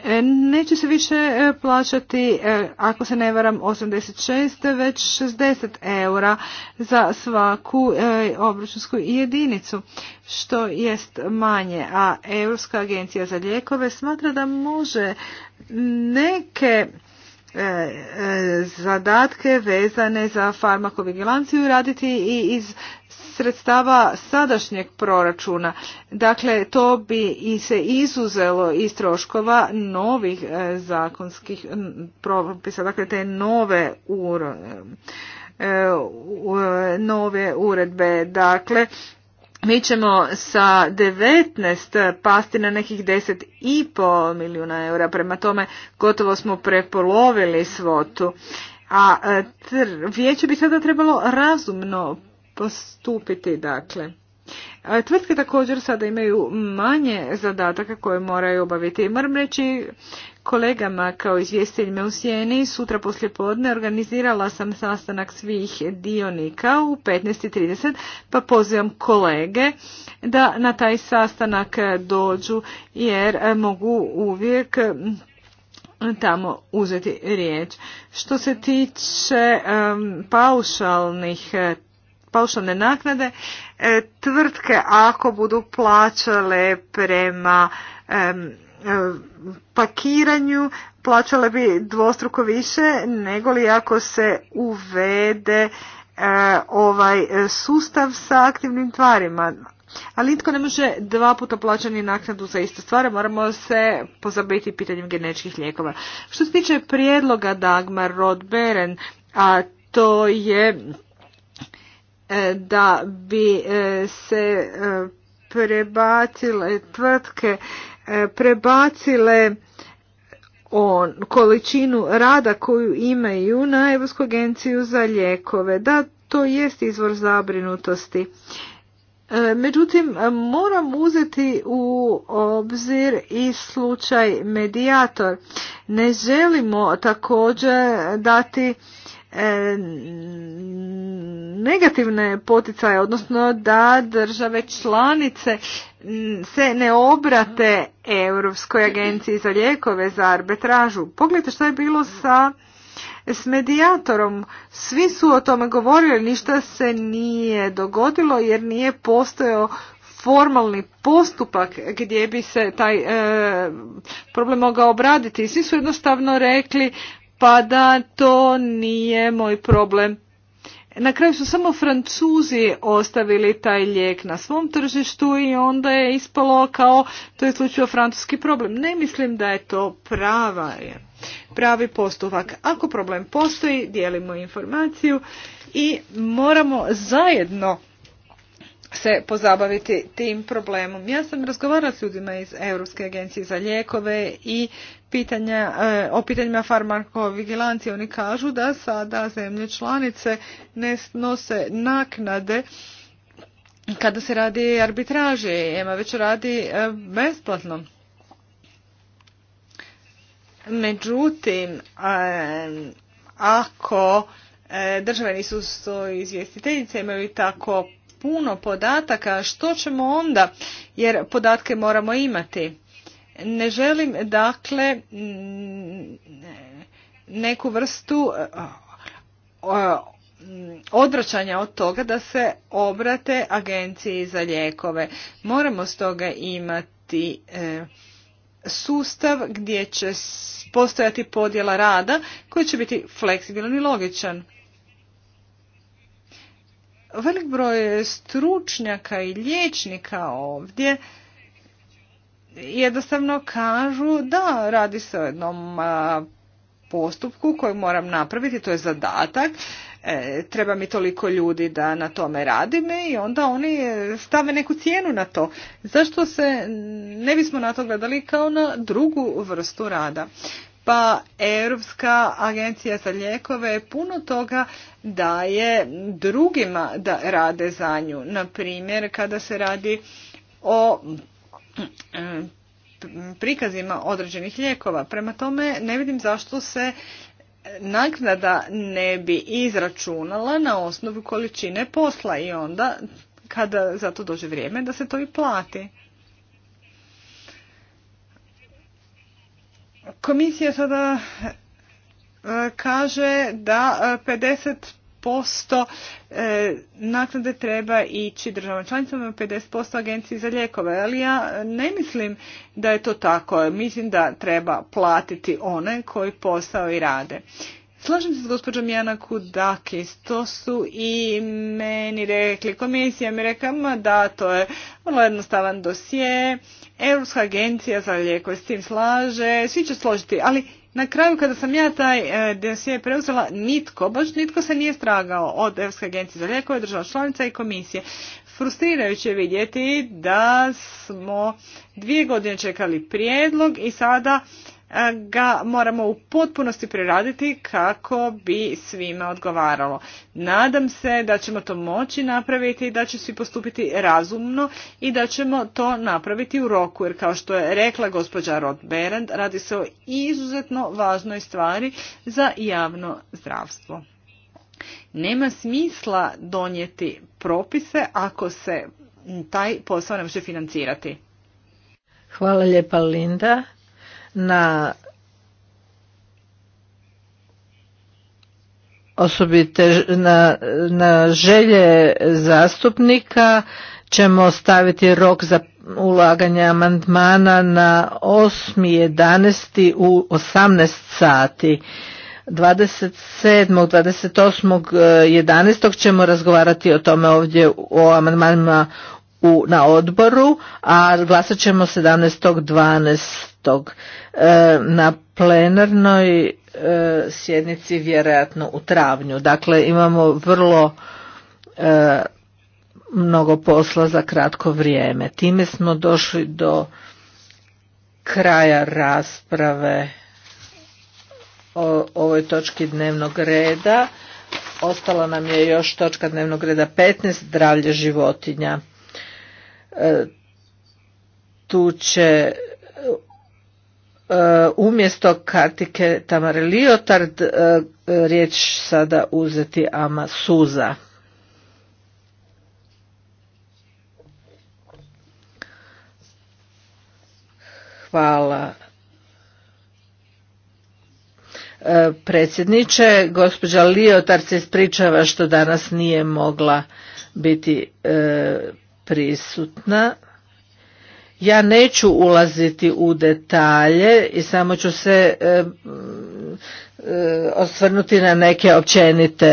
E, neće se više e, plaćati, e, ako se ne varam, 86, već 60 eura za svaku obračunsku jedinicu, što jest manje, a Europska agencija za lijekove smatra da može neke E, e, zadatke vezane za farmakovigilanciju raditi i iz sredstava sadašnjeg proračuna. Dakle, to bi i se izuzelo iz troškova novih e, zakonskih propisa, dakle te nove nove uredbe. Dakle, mi ćemo sa 19 pasti na nekih 10,5 milijuna eura. Prema tome gotovo smo prepolovili svotu. A e, vijeće bi sada trebalo razumno postupiti, dakle. Tvrtke također sada imaju manje zadataka koje moraju obaviti. Moram reći kolegama kao izvjestiteljima u Sjeni, sutra poslje podne organizirala sam sastanak svih dionika u 15.30, pa pozivam kolege da na taj sastanak dođu jer mogu uvijek tamo uzeti riječ. Što se tiče paušalnih paušalne naknade, E, tvrtke ako budu plaćale prema e, pakiranju plaćale bi dvostruko više nego li ako se uvede e, ovaj sustav sa aktivnim tvarima. Ali nitko ne može dva puta plaćati naknadu za iste stvari, moramo se pozabiti pitanjem genetičkih lijekova. Što se tiče prijedloga Dagmar Rodberen, a to je E, da bi e, se e, prebacile tvrtke prebacile on, količinu rada koju imaju na Europsku agenciju za lijekove. Da, to jest izvor zabrinutosti. Međutim, moram uzeti u obzir i slučaj medijator. Ne želimo također dati E, negativne poticaje, odnosno da države članice se ne obrate Europskoj agenciji za lijekove za arbitražu. Pogledajte što je bilo sa s medijatorom. Svi su o tome govorili, ništa se nije dogodilo jer nije postojao formalni postupak gdje bi se taj e, problem mogao obraditi. Svi su jednostavno rekli pa da, to nije moj problem. Na kraju su samo Francuzi ostavili taj lijek na svom tržištu i onda je ispalo kao to je slučio francuski problem. Ne mislim da je to prava, pravi postupak. Ako problem postoji, dijelimo informaciju i moramo zajedno se pozabaviti tim problemom. Ja sam razgovarala s ljudima iz Europske agencije za lijekove i pitanja, eh, o pitanjima farmakovigilancije. Oni kažu da sada zemlje članice ne snose naknade kada se radi arbitraže, EMA već radi eh, besplatno. Međutim, eh, ako države nisu svoje izvjestiteljice, imaju tako puno podataka, što ćemo onda? Jer podatke moramo imati. Ne želim dakle mm, neku vrstu e, odvraćanja od toga da se obrate agenciji za lijekove. Moramo stoga imati e, sustav gdje će postojati podjela rada koji će biti fleksibilan i logičan velik broj stručnjaka i liječnika ovdje jednostavno kažu da radi se o jednom postupku koji moram napraviti, to je zadatak, e, treba mi toliko ljudi da na tome radim i onda oni stave neku cijenu na to. Zašto se ne bismo na to gledali kao na drugu vrstu rada? pa Europska agencija za lijekove puno toga daje drugima da rade za nju. Na primjer, kada se radi o mm, prikazima određenih lijekova. Prema tome, ne vidim zašto se naknada ne bi izračunala na osnovu količine posla i onda kada za to dođe vrijeme da se to i plati. Komisija sada e, kaže da 50% e, e, naknade treba ići državama članicama, 50% agenciji za lijekove. Ali ja ne mislim da je to tako. Mislim da treba platiti one koji posao i rade. Slažem se s gospođom Jana Kudakis, to su i meni rekli, komisija mi rekla, da, to je vrlo jednostavan dosje Europska agencija za lijekove s tim slaže, svi će složiti, ali na kraju kada sam ja taj e, preuzela, nitko, baš nitko se nije stragao od Europske agencije za lijekove, država članica i komisije. Frustrirajuće je vidjeti da smo dvije godine čekali prijedlog i sada ga moramo u potpunosti preraditi kako bi svima odgovaralo. Nadam se da ćemo to moći napraviti i da će svi postupiti razumno i da ćemo to napraviti u roku, jer kao što je rekla gospođa Rod Berend, radi se o izuzetno važnoj stvari za javno zdravstvo. Nema smisla donijeti propise ako se taj posao ne može financirati. Hvala lijepa Linda na osobite na, na želje zastupnika ćemo staviti rok za ulaganje amandmana na 8.11. u 18 sati. 27. 28. E, ćemo razgovarati o tome ovdje o amandmanima u, na odboru, a glasat ćemo 17. 12. E, na plenarnoj e, sjednici vjerojatno u travnju. Dakle, imamo vrlo e, mnogo posla za kratko vrijeme. Time smo došli do kraja rasprave o ovoj točki dnevnog reda. Ostala nam je još točka dnevnog reda 15, zdravlje životinja. Tu će E, umjesto Kartike Tamare Liotard e, riječ sada uzeti Ama Suza. Hvala e, predsjedniče. Gospođa Liotar se ispričava što danas nije mogla biti prisutna. Ja neću ulaziti u detalje i samo ću se e, e osvrnuti na neke općenite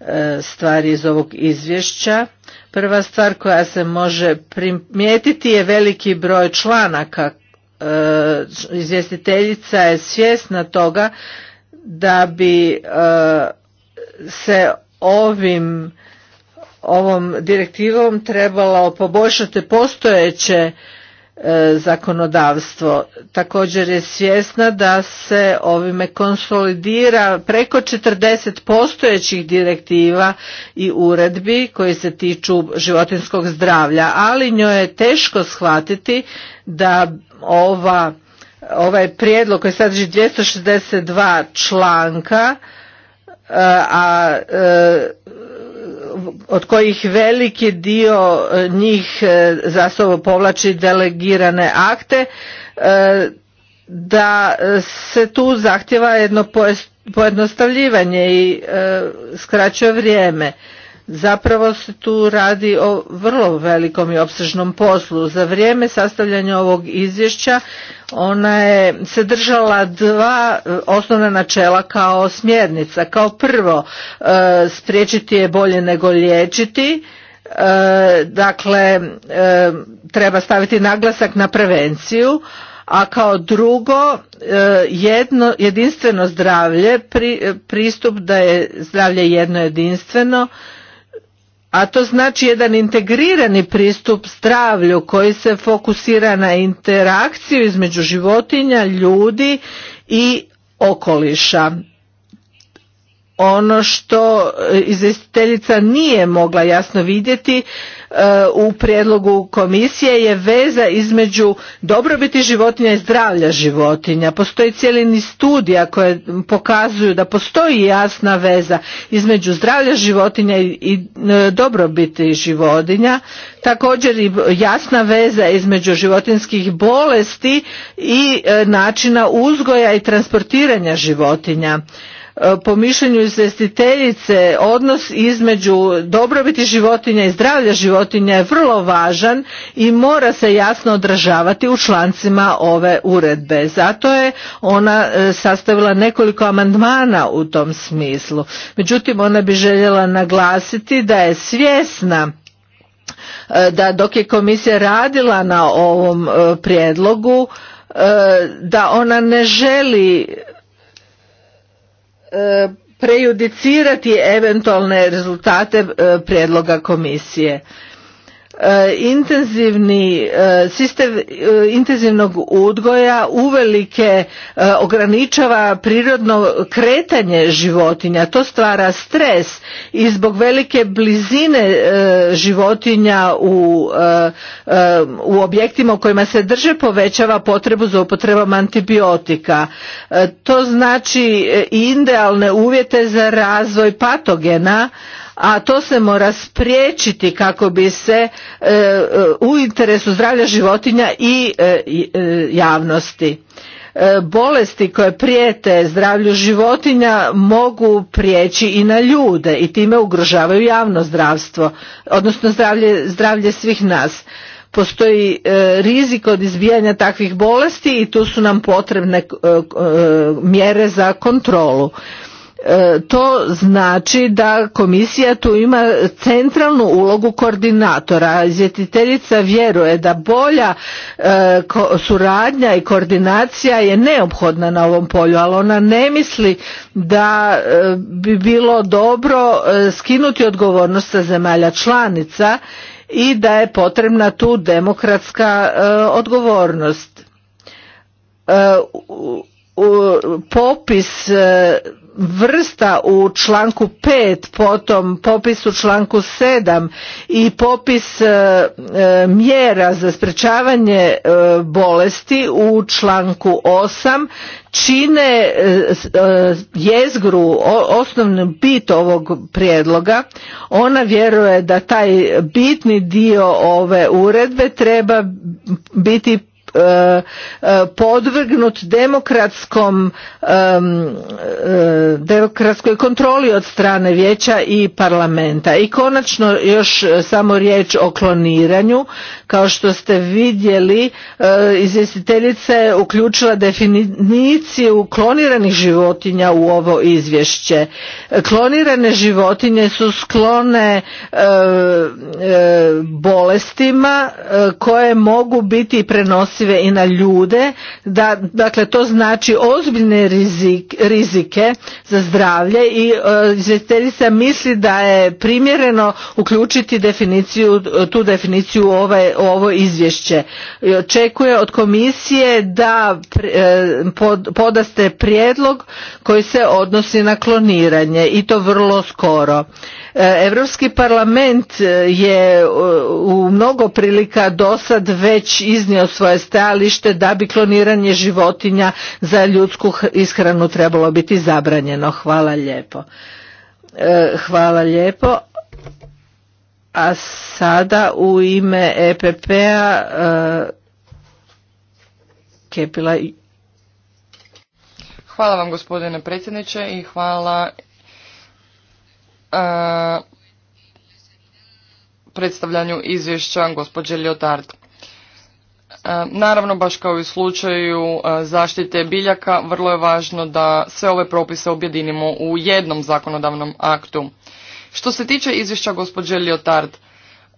e, stvari iz ovog izvješća. Prva stvar koja se može primijetiti je veliki broj članaka. E, izvjestiteljica je svjesna toga da bi se ovim ovom direktivom trebalo poboljšati postojeće E, zakonodavstvo. Također je svjesna da se ovime konsolidira preko 40 postojećih direktiva i uredbi koji se tiču životinskog zdravlja, ali njoj je teško shvatiti da ova, ovaj prijedlog koji sadrži 262 članka e, a, a e, od kojih veliki dio e, njih e, za povlači delegirane akte e, da se tu zahtjeva jedno pojednostavljivanje i skraćuje vrijeme Zapravo se tu radi o vrlo velikom i opsežnom poslu. Za vrijeme sastavljanja ovog izvješća ona je se dva e, osnovna načela kao smjernica. Kao prvo, e, spriječiti je bolje nego liječiti. E, dakle, treba staviti naglasak na prevenciju a kao drugo jedno, jedinstveno zdravlje, pristup da je zdravlje jedno jedinstveno a to znači jedan integrirani pristup zdravlju koji se fokusira na interakciju između životinja, ljudi i okoliša ono što e, izvjestiteljica nije mogla jasno vidjeti e, u prijedlogu komisije je veza između dobrobiti životinja i zdravlja životinja. Postoji cijeli niz studija koje pokazuju da postoji jasna veza između zdravlja životinja i e, dobrobiti životinja. Također i jasna veza između životinskih bolesti i načina uzgoja i transportiranja životinja. E, po mišljenju izvjestiteljice odnos između dobrobiti životinja i zdravlja životinja je vrlo važan i mora se jasno odražavati u člancima ove uredbe. Zato je ona e, sastavila nekoliko amandmana u tom smislu. Međutim, ona bi željela naglasiti da je svjesna e, da dok je komisija radila na ovom prijedlogu da ona ne želi E, prejudicirati eventualne rezultate e, prijedloga komisije E, intenzivni e, sistem e, intenzivnog udgoja uvelike ograničava prirodno kretanje životinja to stvara stres i zbog velike blizine životinja u, u objektima u kojima se drže povećava potrebu za upotrebom antibiotika to znači idealne uvjete za razvoj patogena a to se mora spriječiti kako bi se e, e, u interesu zdravlja životinja i e, javnosti bolesti koje prijete zdravlju životinja mogu prijeći i na ljude i time ugrožavaju javno zdravstvo odnosno zdravlje, zdravlje svih nas postoji rizik od izbijanja takvih bolesti i tu su nam potrebne mjere za kontrolu E, to znači da komisija tu ima centralnu ulogu koordinatora. Izvjetiteljica vjeruje da bolja e, suradnja i koordinacija je neophodna na ovom polju, ali ona ne misli da e, bi bilo dobro skinuti odgovornost sa zemalja članica i da je potrebna tu demokratska odgovornost. U popis vrsta u članku 5, potom popis u članku 7 i popis e, e, mjera za sprečavanje e, bolesti u članku 8 čine jezgru osnovnu bit ovog prijedloga. Ona vjeruje da taj bitni dio ove uredbe treba biti E, e, podvrgnut demokratskom e, demokratskoj kontroli od strane vijeća i parlamenta i konačno još samo riječ o kloniranju kao što ste vidjeli izvjestiteljica je uključila definiciju kloniranih životinja u ovo izvješće klonirane životinje su sklone bolestima koje mogu biti prenosi i na ljude, da, dakle to znači ozbiljne rizike za zdravlje i e, izvjestiteljica misli da je primjereno uključiti definiciju, tu definiciju u ovaj, ovo izvješće. I očekuje od komisije da e, pod, podaste prijedlog koji se odnosi na kloniranje i to vrlo skoro. Europski parlament e, je u mnogo prilika do sad već iznio svoje stajalište da bi kloniranje životinja za ljudsku ishranu trebalo biti zabranjeno. Hvala lijepo. E, hvala lijepo. A sada u ime EPP-a e, Kepila Hvala vam gospodine predsjedniče i hvala e, predstavljanju izvješća gospođe Ljotard. E, naravno, baš kao i u slučaju e, zaštite biljaka, vrlo je važno da sve ove propise objedinimo u jednom zakonodavnom aktu. Što se tiče izvješća gospođe Liotard,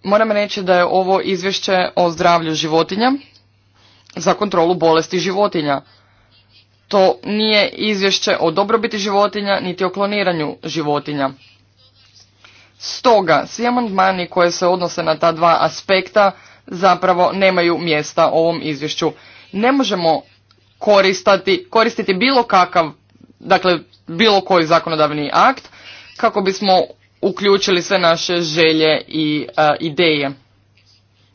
moram reći da je ovo izvješće o zdravlju životinja za kontrolu bolesti životinja. To nije izvješće o dobrobiti životinja niti o kloniranju životinja. Stoga, svi amandmani koje se odnose na ta dva aspekta zapravo nemaju mjesta ovom izvješću. Ne možemo koristati, koristiti bilo kakav, dakle bilo koji zakonodavni akt kako bismo uključili sve naše želje i e, ideje.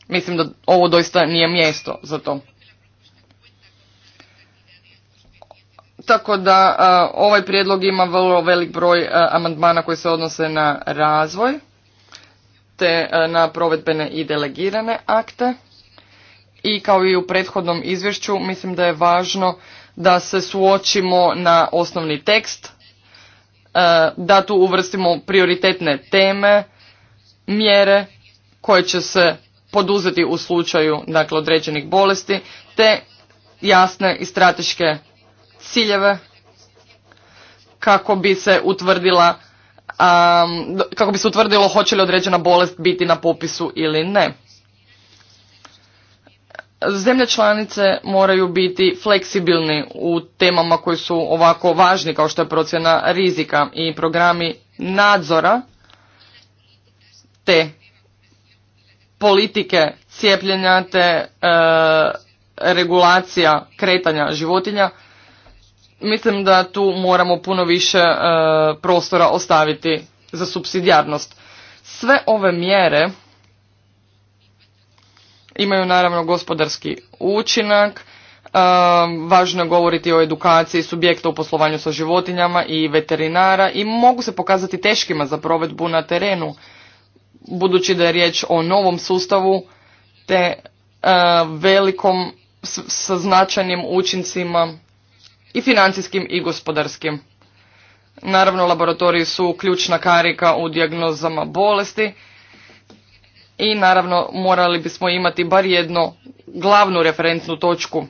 Mislim da ovo doista nije mjesto za to. Tako da e, ovaj prijedlog ima vrlo velik broj e, amandmana koji se odnose na razvoj te e, na provedbene i delegirane akte. I kao i u prethodnom izvješću mislim da je važno da se suočimo na osnovni tekst, e, da tu uvrstimo prioritetne teme, mjere koje će se poduzeti u slučaju dakle, određenih bolesti, te jasne i strateške ciljeve kako bi se utvrdila kako bi se utvrdilo hoće li određena bolest biti na popisu ili ne. Zemlje članice moraju biti fleksibilni u temama koji su ovako važni kao što je procjena rizika i programi nadzora te politike cijepljenja te e, regulacija kretanja životinja mislim da tu moramo puno više e, prostora ostaviti za subsidijarnost. Sve ove mjere imaju naravno gospodarski učinak, e, važno je govoriti o edukaciji subjekta u poslovanju sa životinjama i veterinara i mogu se pokazati teškima za provedbu na terenu, budući da je riječ o novom sustavu te e, velikom sa značajnim učincima i financijskim i gospodarskim. Naravno, laboratoriji su ključna karika u dijagnozama bolesti i naravno morali bismo imati bar jednu glavnu referentnu točku.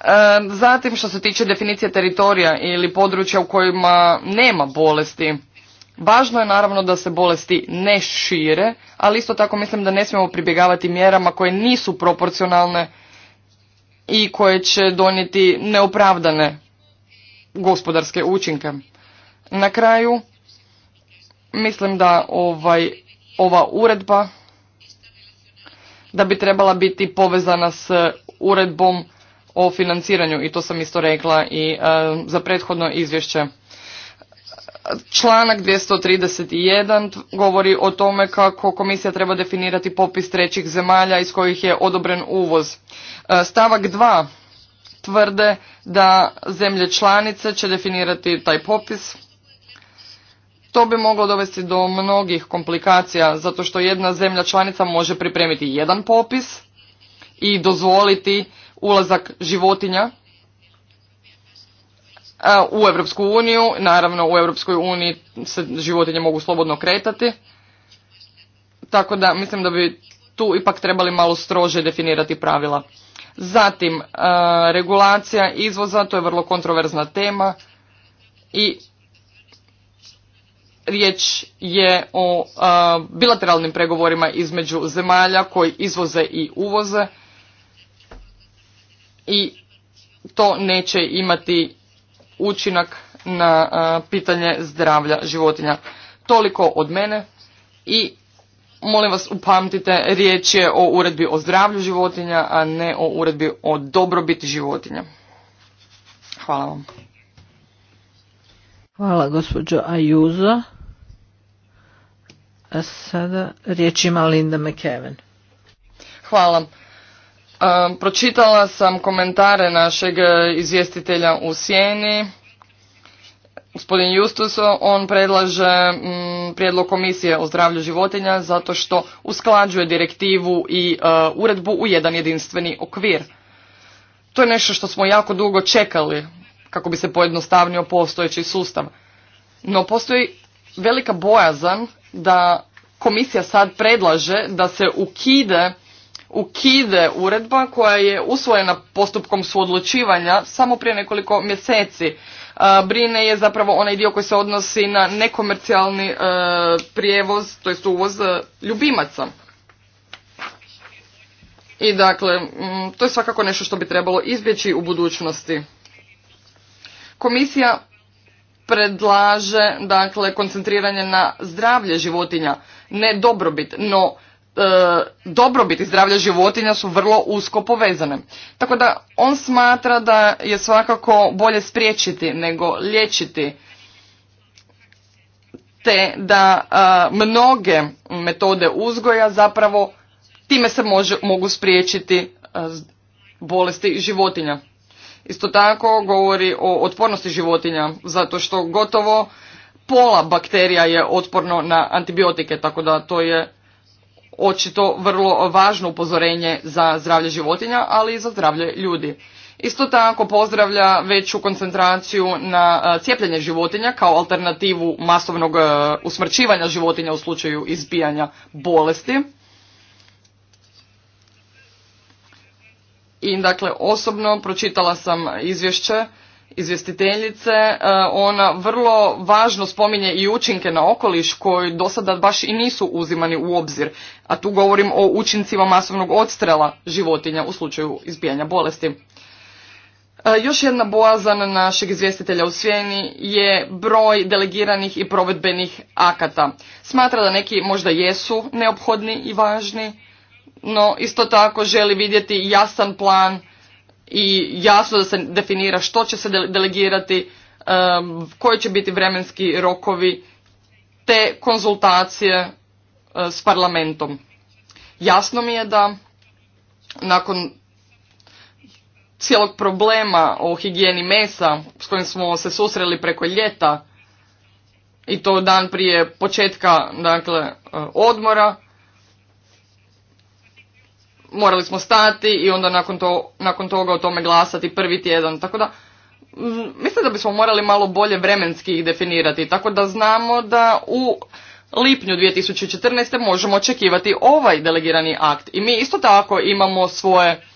E, zatim što se tiče definicije teritorija ili područja u kojima nema bolesti, Važno je naravno da se bolesti ne šire, ali isto tako mislim da ne smijemo pribjegavati mjerama koje nisu proporcionalne i koje će donijeti neopravdane gospodarske učinke. Na kraju, mislim da ovaj, ova uredba da bi trebala biti povezana s uredbom o financiranju i to sam isto rekla i e, za prethodno izvješće. Članak 231 govori o tome kako komisija treba definirati popis trećih zemalja iz kojih je odobren uvoz. E, stavak 2 tvrde da zemlje članice će definirati taj popis. To bi moglo dovesti do mnogih komplikacija, zato što jedna zemlja članica može pripremiti jedan popis i dozvoliti ulazak životinja u Europsku uniju, naravno u Europskoj uniji se životinje mogu slobodno kretati, tako da mislim da bi tu ipak trebali malo strože definirati pravila. Zatim, regulacija izvoza, to je vrlo kontroverzna tema i riječ je o bilateralnim pregovorima između zemalja koji izvoze i uvoze i to neće imati učinak na pitanje zdravlja životinja. Toliko od mene i molim vas upamtite, riječ je o uredbi o zdravlju životinja, a ne o uredbi o dobrobiti životinja. Hvala vam. Hvala gospođo Ajuzo. A sada riječ ima Linda McKeven. Hvala. Pročitala sam komentare našeg e, izvjestitelja u Sjeni. Gospodin Justus, on predlaže mm, prijedlog komisije o zdravlju životinja zato što usklađuje direktivu i e, uredbu u jedan jedinstveni okvir. To je nešto što smo jako dugo čekali kako bi se pojednostavnio postojeći sustav. No postoji velika bojazan da komisija sad predlaže da se ukide ukide uredba koja je usvojena postupkom suodlučivanja samo prije nekoliko mjeseci. E, brine je zapravo onaj dio koji se odnosi na nekomercijalni e, prijevoz, to jest uvoz e, ljubimaca. I dakle, to je svakako nešto što bi trebalo izbjeći u budućnosti. Komisija predlaže dakle koncentriranje na zdravlje životinja, ne dobrobit, no E, dobrobit zdravlja životinja su vrlo usko povezane. Tako da on smatra da je svakako bolje spriječiti nego liječiti te da e, mnoge metode uzgoja zapravo time se mogu spriječiti e, bolesti životinja. Isto tako govori o otpornosti životinja, zato što gotovo pola bakterija je otporno na antibiotike, tako da to je očito vrlo važno upozorenje za zdravlje životinja, ali i za zdravlje ljudi. Isto tako pozdravlja veću koncentraciju na e, cijepljenje životinja kao alternativu masovnog e, usmrćivanja životinja u slučaju izbijanja bolesti. I dakle, osobno pročitala sam izvješće izvjestiteljice, e, ona vrlo važno spominje i učinke na okoliš koji do sada baš i nisu uzimani u obzir, a tu govorim o učincima masovnog odstrela životinja u slučaju izbijanja bolesti. E, još jedna boazana našeg izvjestitelja u Svijeni je broj delegiranih i provedbenih akata. Smatra da neki možda jesu neophodni i važni, no isto tako želi vidjeti jasan plan i jasno da se definira što će se delegirati, um, koji će biti vremenski rokovi, te konzultacije uh, s parlamentom. Jasno mi je da nakon cijelog problema o higijeni mesa s kojim smo se susreli preko ljeta i to dan prije početka dakle, uh, odmora, morali smo stati i onda nakon, to, nakon toga o tome glasati prvi tjedan. Tako da mislim da bismo morali malo bolje vremenski ih definirati, tako da znamo da u lipnju 2014. možemo očekivati ovaj delegirani akt. I mi isto tako imamo svoje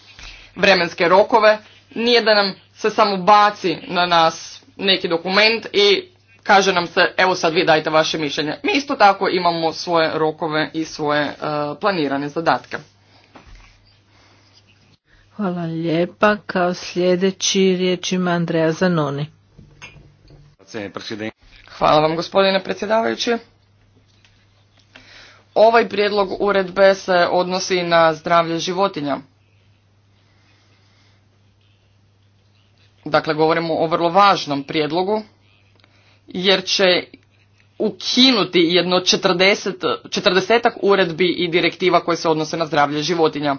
vremenske rokove, nije da nam se samo baci na nas neki dokument i kaže nam se evo sad vi dajte vaše mišljenje. Mi isto tako imamo svoje rokove i svoje e, planirane zadatke. Hvala lijepa. Kao sljedeći riječ ima Andreja Zanoni. Hvala vam gospodine predsjedavajući. Ovaj prijedlog uredbe se odnosi na zdravlje životinja. Dakle, govorimo o vrlo važnom prijedlogu, jer će ukinuti jedno 40, uredbi i direktiva koje se odnose na zdravlje životinja.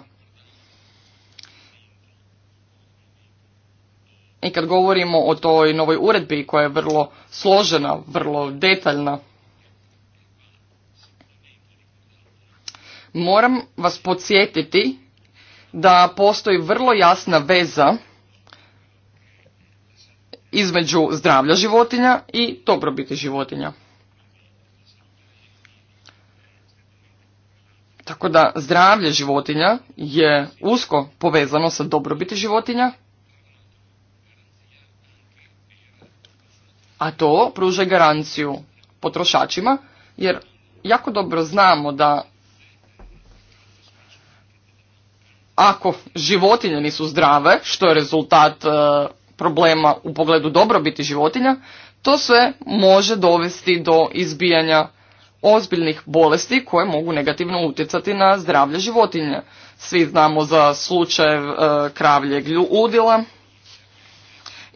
I kad govorimo o toj novoj uredbi koja je vrlo složena, vrlo detaljna, moram vas podsjetiti da postoji vrlo jasna veza između zdravlja životinja i dobrobiti životinja. Tako da zdravlje životinja je usko povezano sa dobrobiti životinja a to pruža garanciju potrošačima jer jako dobro znamo da ako životinje nisu zdrave, što je rezultat e, problema u pogledu dobrobiti životinja, to sve može dovesti do izbijanja ozbiljnih bolesti koje mogu negativno utjecati na zdravlje životinje. Svi znamo za slučaj e, kravljeg ludila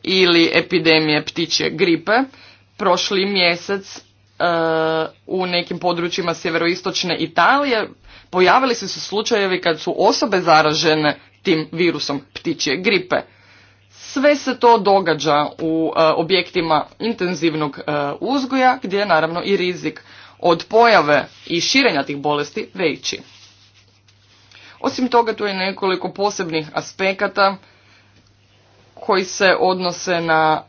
ili epidemije ptičje gripe prošli mjesec e, u nekim područjima sjeveroistočne Italije pojavili su se slučajevi kad su osobe zaražene tim virusom ptičje gripe. Sve se to događa u e, objektima intenzivnog e, uzgoja gdje je naravno i rizik od pojave i širenja tih bolesti veći. Osim toga tu je nekoliko posebnih aspekata koji se odnose na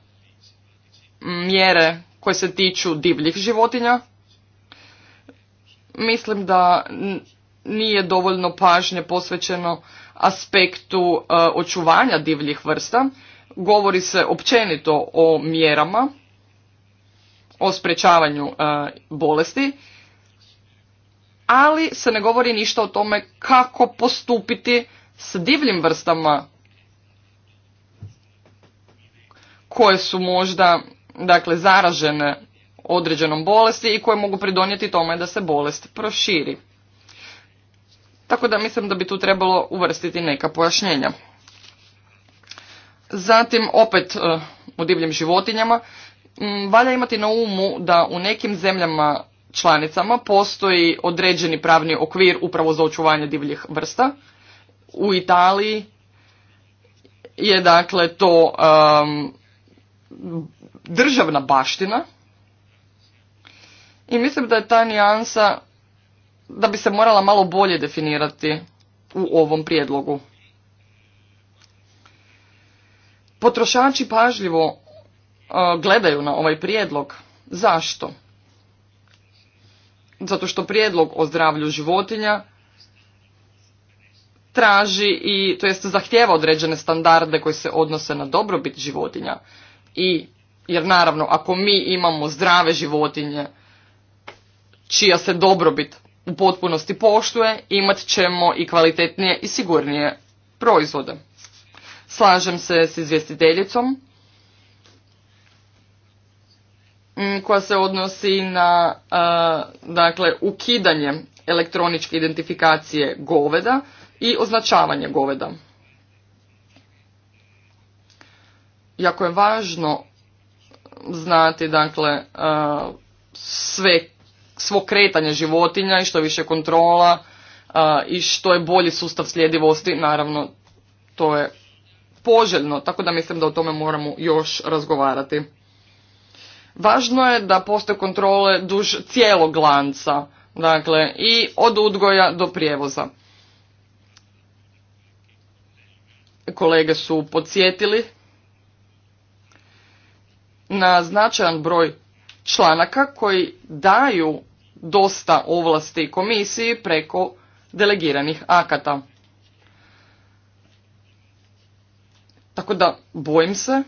mjere koje se tiču divljih životinja. Mislim da nije dovoljno pažnje posvećeno aspektu e, očuvanja divljih vrsta. Govori se općenito o mjerama, o sprečavanju e, bolesti, ali se ne govori ništa o tome kako postupiti s divljim vrstama koje su možda dakle zaražene određenom bolesti i koje mogu pridonijeti tome da se bolest proširi. Tako da mislim da bi tu trebalo uvrstiti neka pojašnjenja. Zatim opet eh, u divljim životinjama mm, valja imati na umu da u nekim zemljama članicama postoji određeni pravni okvir upravo za očuvanje divljih vrsta. U Italiji je dakle to državna baština i mislim da je ta nijansa da bi se morala malo bolje definirati u ovom prijedlogu. Potrošači pažljivo e, gledaju na ovaj prijedlog. Zašto? Zato što prijedlog o zdravlju životinja traži i, to jest zahtjeva određene standarde koji se odnose na dobrobit životinja i jer naravno ako mi imamo zdrave životinje čija se dobrobit u potpunosti poštuje, imat ćemo i kvalitetnije i sigurnije proizvode. Slažem se s izvjestiteljicom mm, koja se odnosi na dakle ukidanje elektroničke identifikacije goveda i označavanje goveda. jako je važno znati dakle e, sve, svo kretanje životinja i što više kontrola e, i što je bolji sustav sljedivosti, naravno to je poželjno, tako da mislim da o tome moramo još razgovarati. Važno je da postoje kontrole duž cijelog lanca, dakle i od udgoja do prijevoza. Kolege su podsjetili na značajan broj članaka koji daju dosta ovlasti komisiji preko delegiranih akata. Tako da bojim se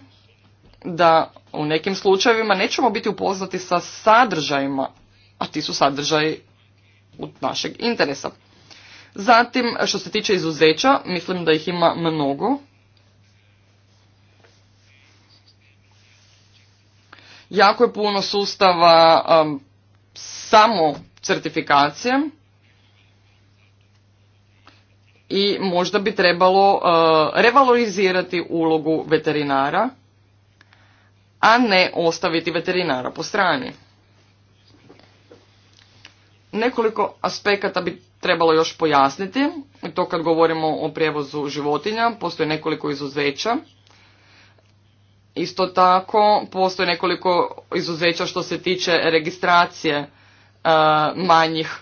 da u nekim slučajevima nećemo biti upoznati sa sadržajima, a ti su sadržaji od našeg interesa. Zatim, što se tiče izuzeća, mislim da ih ima mnogo. Jako je puno sustava um, samo certifikacije i možda bi trebalo uh, revalorizirati ulogu veterinara, a ne ostaviti veterinara po strani. Nekoliko aspekata bi trebalo još pojasniti, to kad govorimo o prijevozu životinja, postoje nekoliko izuzeća Isto tako, postoji nekoliko izuzeća što se tiče registracije e, manjih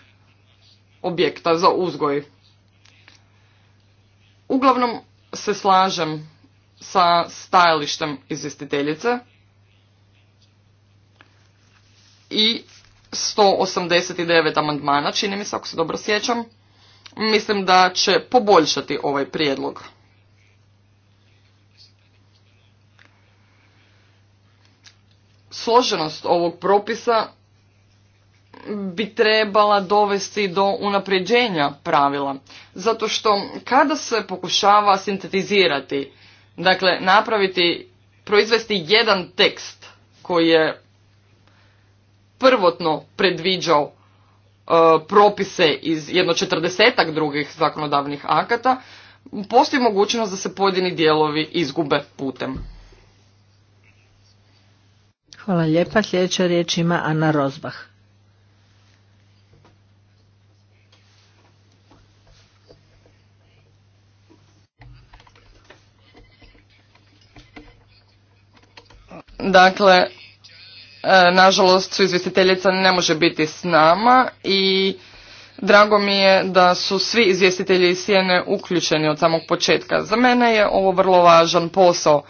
objekta za uzgoj. Uglavnom se slažem sa stajalištem izvjestiteljice i 189 amandmana, čini mi se ako se dobro sjećam, mislim da će poboljšati ovaj prijedlog. složenost ovog propisa bi trebala dovesti do unapređenja pravila. Zato što kada se pokušava sintetizirati, dakle napraviti, proizvesti jedan tekst koji je prvotno predviđao e, propise iz jedno četrdesetak drugih zakonodavnih akata, postoji mogućnost da se pojedini dijelovi izgube putem. Hvala lijepa. Sljedeća riječ ima Ana Rozbah. Dakle, e, nažalost su izvjestiteljica ne može biti s nama i drago mi je da su svi izvjestitelji iz Sjene uključeni od samog početka. Za mene je ovo vrlo važan posao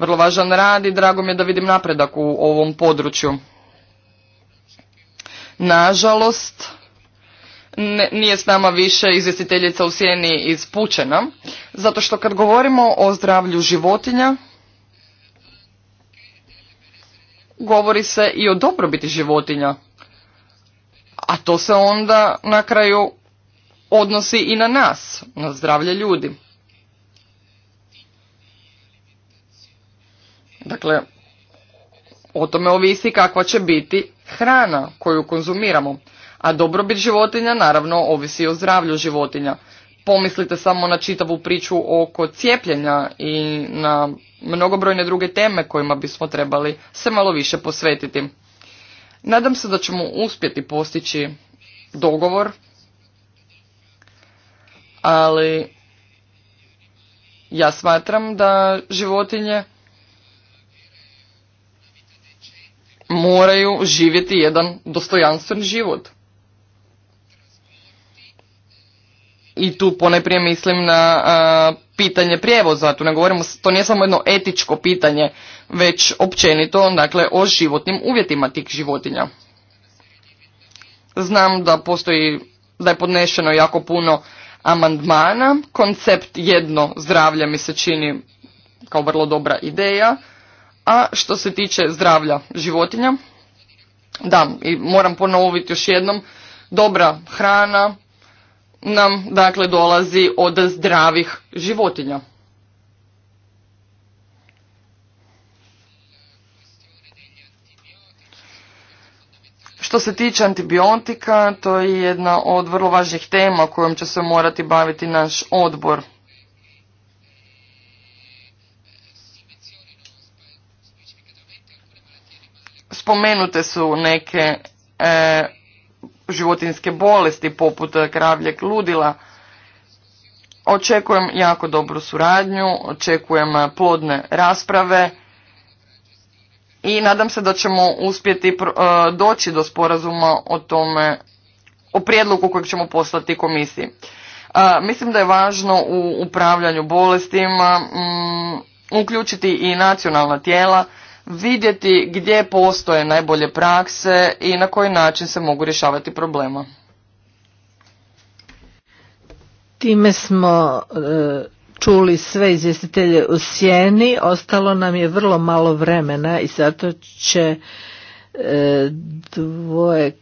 vrlo važan rad i drago mi je da vidim napredak u ovom području. Nažalost, nije s nama više izvjestiteljica u sjeni iz zato što kad govorimo o zdravlju životinja, govori se i o dobrobiti životinja. A to se onda na kraju odnosi i na nas, na zdravlje ljudi. Dakle, o tome ovisi kakva će biti hrana koju konzumiramo, a dobrobit životinja naravno ovisi o zdravlju životinja. Pomislite samo na čitavu priču oko cijepljenja i na mnogobrojne druge teme kojima bismo trebali se malo više posvetiti. Nadam se da ćemo uspjeti postići dogovor, ali ja smatram da životinje moraju živjeti jedan dostojanstven život. I tu poneprije mislim na pitanje prijevoza, tu ne govorimo, to nije samo jedno etičko pitanje, već općenito dakle, o životnim uvjetima tih životinja. Znam da postoji, da je podnešeno jako puno amandmana, koncept jedno zdravlje mi se čini kao vrlo dobra ideja, a što se tiče zdravlja životinja, da, i moram ponoviti još jednom, dobra hrana nam dakle dolazi od zdravih životinja. Što se tiče antibiotika, to je jedna od vrlo važnih tema kojom će se morati baviti naš odbor. Spomenute su neke e, životinske bolesti poput kravljeg ludila. Očekujem jako dobru suradnju, očekujem plodne rasprave i nadam se da ćemo uspjeti e, doći do sporazuma o tome, o prijedlogu kojeg ćemo poslati komisiji. E, mislim da je važno u upravljanju bolestima mm, uključiti i nacionalna tijela vidjeti gdje postoje najbolje prakse i na koji način se mogu rješavati problema. Time smo e, čuli sve izvjestitelje u sjeni, ostalo nam je vrlo malo vremena i zato će e, dvoje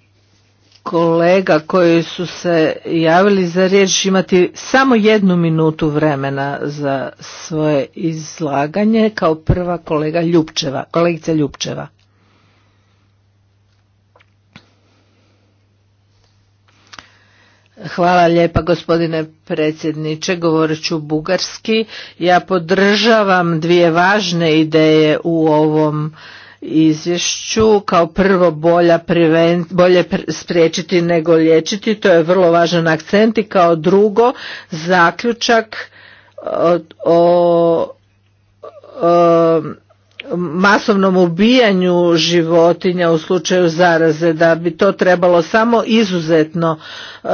kolega koji su se javili za riječ imati samo jednu minutu vremena za svoje izlaganje kao prva kolega Ljupčeva, kolegica Ljupčeva. Hvala lijepa gospodine predsjedniče, govorit ću bugarski. Ja podržavam dvije važne ideje u ovom izvješću. Kao prvo bolja bolje spriječiti nego liječiti, to je vrlo važan akcent i kao drugo zaključak o, masovnom ubijanju životinja u slučaju zaraze da bi to trebalo samo izuzetno e,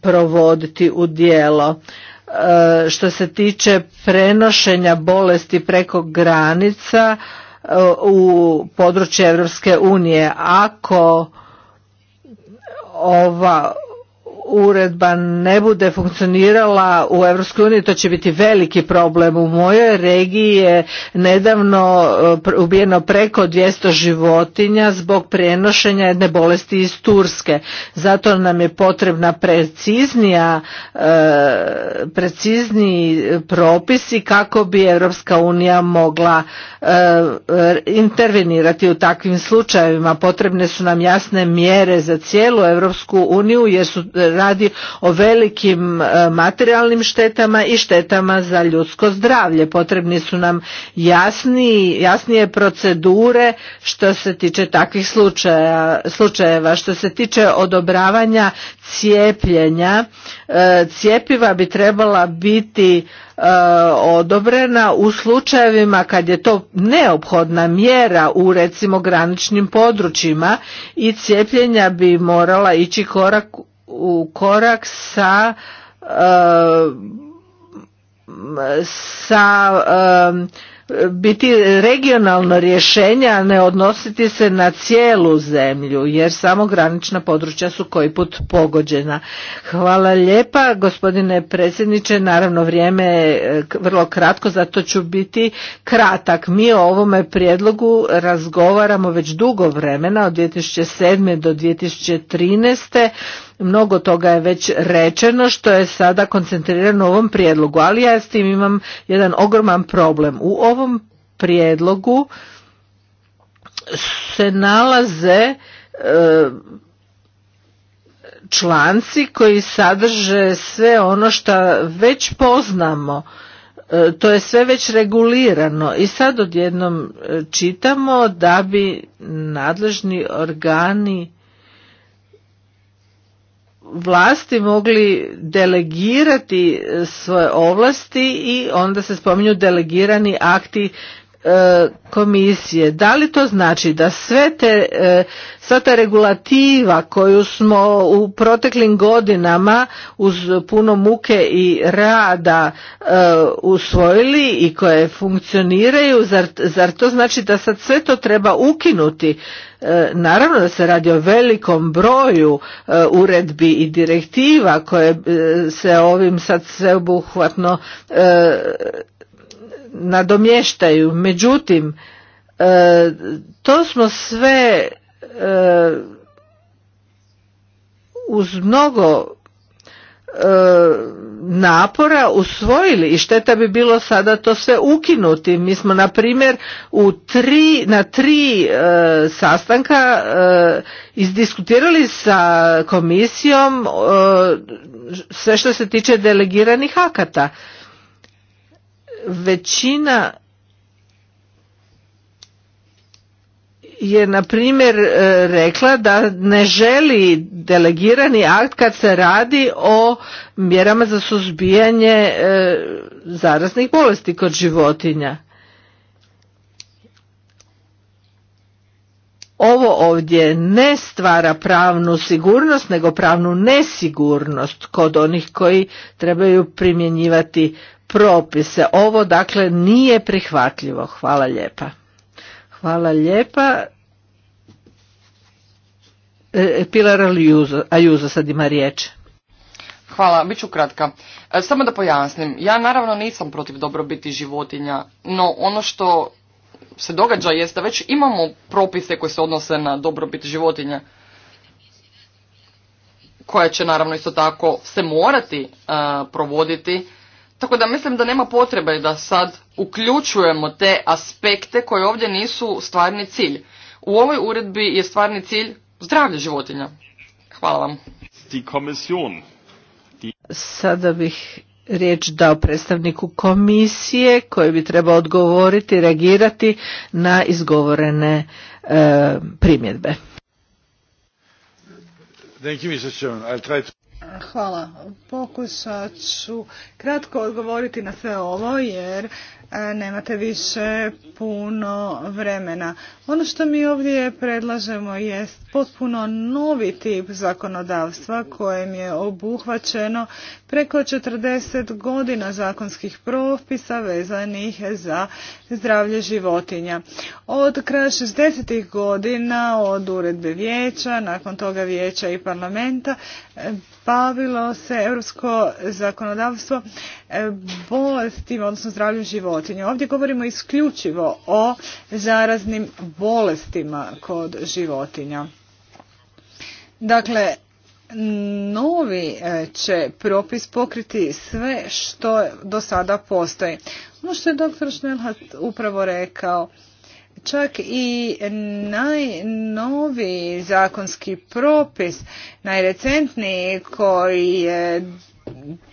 provoditi u djelo e, što se tiče prenošenja bolesti preko granica u područje Europske unije. Ako ova uredba ne bude funkcionirala u EU, to će biti veliki problem. U mojoj regiji je nedavno e, ubijeno preko 200 životinja zbog prenošenja jedne bolesti iz Turske. Zato nam je potrebna preciznija, e, precizniji propisi kako bi EU mogla e, intervenirati u takvim slučajevima. Potrebne su nam jasne mjere za cijelu EU jer su radi o velikim e, materijalnim štetama i štetama za ljudsko zdravlje. Potrebni su nam jasni, jasnije procedure što se tiče takvih slučaja, slučajeva. Što se tiče odobravanja cijepljenja, e, cijepiva bi trebala biti e, odobrena u slučajevima kad je to neophodna mjera u recimo graničnim područjima i cijepljenja bi morala ići korak u korak sa eh, sa eh, biti regionalno rješenje, a ne odnositi se na cijelu zemlju, jer samo granična područja su koji put pogođena. Hvala lijepa, gospodine predsjedniče, naravno vrijeme je eh, vrlo kratko, zato ću biti kratak. Mi o ovome prijedlogu razgovaramo već dugo vremena, od 2007. do 2013 Mnogo toga je već rečeno što je sada koncentrirano u ovom prijedlogu, ali ja s tim imam jedan ogroman problem. U ovom prijedlogu se nalaze e, članci koji sadrže sve ono što već poznamo e, to je sve već regulirano i sad odjednom e, čitamo da bi nadležni organi vlasti mogli delegirati e, svoje ovlasti i onda se spominju delegirani akti e, komisije. Da li to znači da sve te, e, sva ta regulativa koju smo u proteklim godinama uz puno muke i rada usvojili i koje funkcioniraju, zar, zar to znači da sad sve to treba ukinuti? Naravno da se radi o velikom broju e, uredbi i direktiva koje e, se ovim sad sveobuhvatno e, nadomještaju. Međutim, to smo sve uz mnogo E, napora usvojili i šteta bi bilo sada to sve ukinuti. Mi smo na primjer u tri, na tri e, sastanka e, izdiskutirali sa komisijom sve što se tiče delegiranih akata. Većina je na primjer e, rekla da ne želi delegirani akt kad se radi o mjerama za suzbijanje e, zaraznih bolesti kod životinja. Ovo ovdje ne stvara pravnu sigurnost, nego pravnu nesigurnost kod onih koji trebaju primjenjivati propise. Ovo dakle nije prihvatljivo. Hvala lijepa. Hvala lijepa. E, Pilar Ajuzo sad ima riječ. Hvala, bit ću kratka. E, samo da pojasnim, ja naravno nisam protiv dobrobiti životinja, no ono što se događa jest da već imamo propise koje se odnose na dobrobit životinja, koja će naravno isto tako se morati e, provoditi tako da mislim da nema potrebe da sad uključujemo te aspekte koji ovdje nisu stvarni cilj. U ovoj uredbi je stvarni cilj zdravlje životinja. Hvala vam. Sada bih riječ dao predstavniku komisije koji bi trebao odgovoriti, reagirati na izgovorene e, primjedbe. Hvala. Pokušat ću kratko odgovoriti na sve ovo jer e, nemate više puno vremena. Ono što mi ovdje predlažemo je potpuno novi tip zakonodavstva kojem je obuhvaćeno preko 40 godina zakonskih propisa vezanih za zdravlje životinja. Od kraja 60. godina od uredbe vijeća, nakon toga vijeća i parlamenta, bavilo se europsko zakonodavstvo e, bolestima, odnosno zdravlju životinja. Ovdje govorimo isključivo o zaraznim bolestima kod životinja. Dakle, novi e, će propis pokriti sve što do sada postoji. Ono što je dr. Šnelhat upravo rekao, Čak i najnoviji zakonski propis, najrecentniji koji je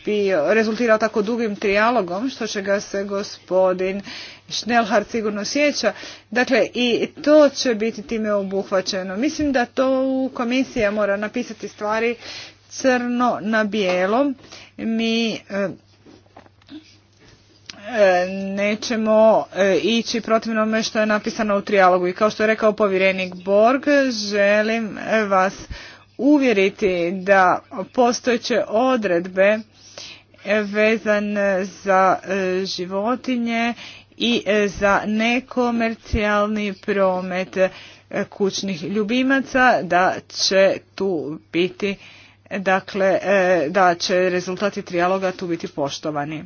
bio, rezultirao tako dugim trijalogom, što će ga se gospodin Šnelhard sigurno sjeća. Dakle, i to će biti time obuhvaćeno. Mislim da to komisija mora napisati stvari crno na bijelo. Mi e, E, nećemo e, ići protiv onome što je napisano u trijalogu. I kao što je rekao povjerenik Borg, želim e, vas uvjeriti da postojeće odredbe vezane za životinje i za nekomercijalni promet kućnih ljubimaca da će tu biti dakle da će rezultati trijaloga tu biti poštovani.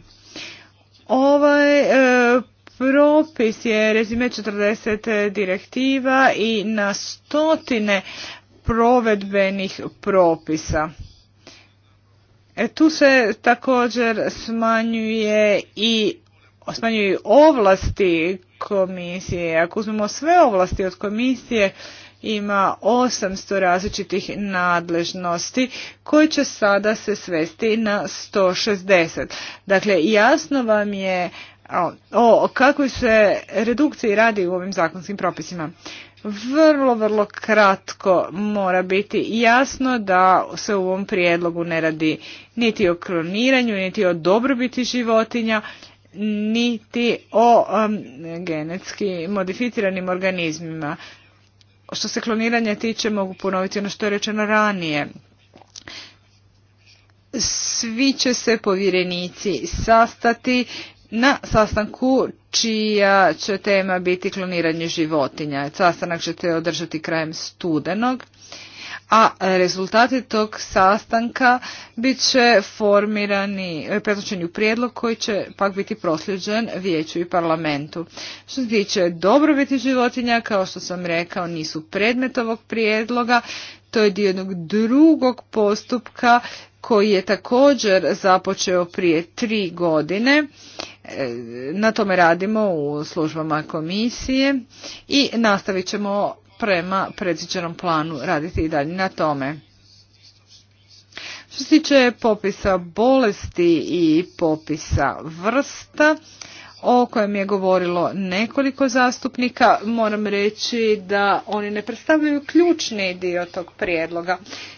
Ovaj e, propis je rezime 40 direktiva i na stotine provedbenih propisa. E, tu se također smanjuje i smanjuju ovlasti komisije. Ako uzmemo sve ovlasti od komisije, ima 800 različitih nadležnosti koje će sada se svesti na 160. Dakle, jasno vam je o kakvoj se redukciji radi u ovim zakonskim propisima. Vrlo, vrlo kratko mora biti jasno da se u ovom prijedlogu ne radi niti o kloniranju, niti o dobrobiti životinja, niti o genetski modificiranim organizmima što se kloniranja tiče, mogu ponoviti ono što je rečeno ranije. Svi će se povjerenici sastati na sastanku čija će tema biti kloniranje životinja. Sastanak ćete održati krajem studenog a rezultati tog sastanka bit će formirani, pretočeni u prijedlog koji će pak biti prosljeđen vijeću i parlamentu. Što se tiče dobrobiti životinja, kao što sam rekao, nisu predmet ovog prijedloga, to je dio jednog drugog postupka koji je također započeo prije tri godine. E, na tome radimo u službama komisije i nastavit ćemo prema predviđenom planu raditi i dalje na tome. Što se tiče popisa bolesti i popisa vrsta, o kojem je govorilo nekoliko zastupnika, moram reći da oni ne predstavljaju ključni dio tog prijedloga.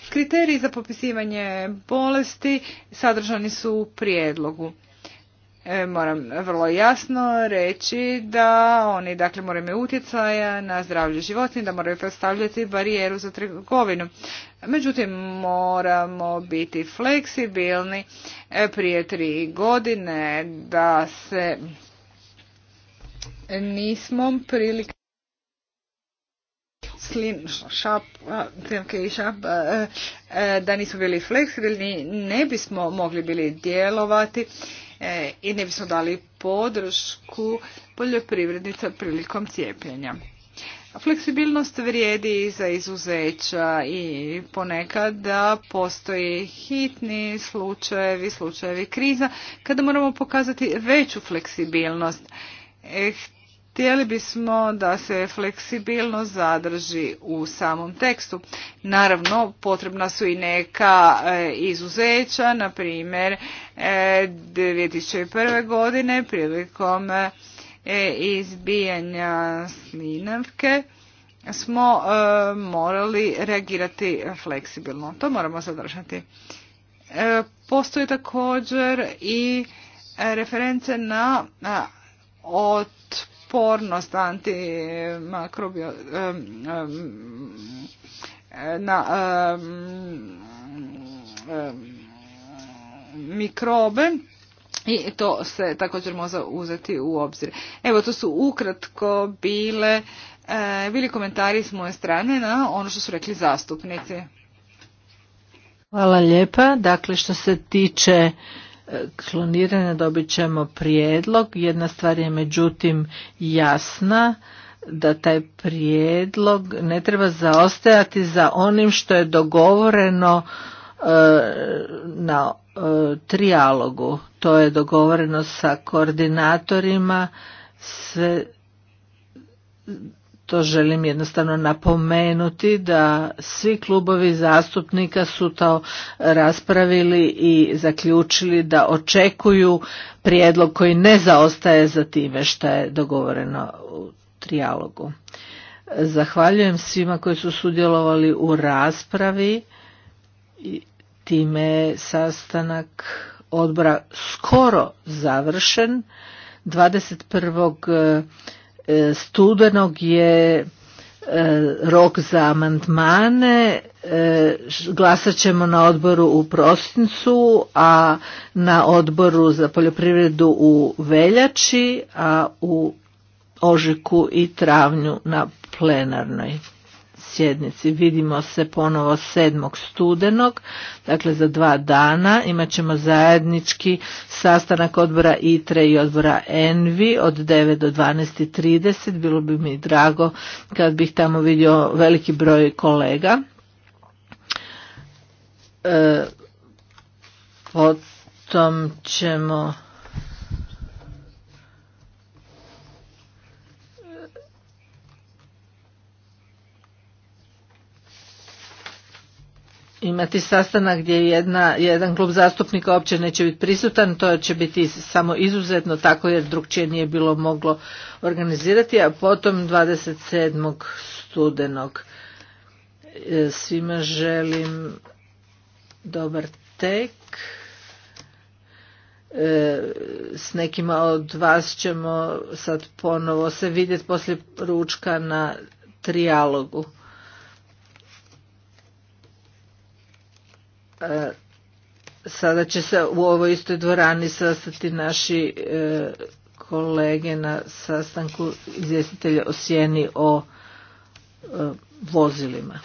Kriteriji za popisivanje bolesti sadržani su u prijedlogu. E, moram vrlo jasno reći da oni dakle moraju utjecaja na zdravlje životinja, da moraju predstavljati barijeru za trgovinu. Međutim, moramo biti fleksibilni e, prije tri godine da se nismo prilike e, da nismo bili fleksibilni, ne bismo mogli bili djelovati E, i ne bismo dali podršku poljoprivrednica prilikom cijepljenja. Fleksibilnost vrijedi i za izuzeća i ponekad da postoji hitni slučajevi, slučajevi kriza, kada moramo pokazati veću fleksibilnost. E, Htjeli bismo da se fleksibilnost zadrži u samom tekstu. Naravno, potrebna su i neka e, izuzeća, na primjer 2001. E, godine prilikom e, izbijanja slinavke smo morali reagirati fleksibilno. To moramo zadržati. Postoji također i reference na od otpornost antimakrobio na mikrobe i to se također može uzeti u obzir. Evo to su ukratko bile e, bili komentari s moje strane na ono što su rekli zastupnici. Hvala lijepa. Dakle, što se tiče kloniranja dobit ćemo prijedlog. Jedna stvar je međutim jasna da taj prijedlog ne treba zaostajati za onim što je dogovoreno e, na e, trijalogu. To je dogovoreno sa koordinatorima sve to želim jednostavno napomenuti da svi klubovi zastupnika su to raspravili i zaključili da očekuju prijedlog koji ne zaostaje za time što je dogovoreno u trijalogu. Zahvaljujem svima koji su sudjelovali u raspravi i time je sastanak odbora skoro završen. 21. E, studenog je e, rok za amandmane, e, glasat ćemo na odboru u prosincu, a na odboru za poljoprivredu u veljači, a u ožiku i travnju na plenarnoj sjednici. Vidimo se ponovo 7. studenog, dakle za dva dana. Imat ćemo zajednički sastanak odbora ITRE i odbora ENVI od 9 do 12.30. Bilo bi mi drago kad bih tamo vidio veliki broj kolega. E, potom ćemo imati sastanak gdje jedna, jedan klub zastupnika uopće neće biti prisutan, to će biti samo izuzetno tako jer drugčije nije bilo moglo organizirati, a potom 27. studenog e, svima želim dobar tek. E, s nekima od vas ćemo sad ponovo se vidjeti poslije ručka na trijalogu. E, sada će se u ovoj istoj dvorani sastati naši e, kolege na sastanku izvjestitelja o sjeni o e, vozilima.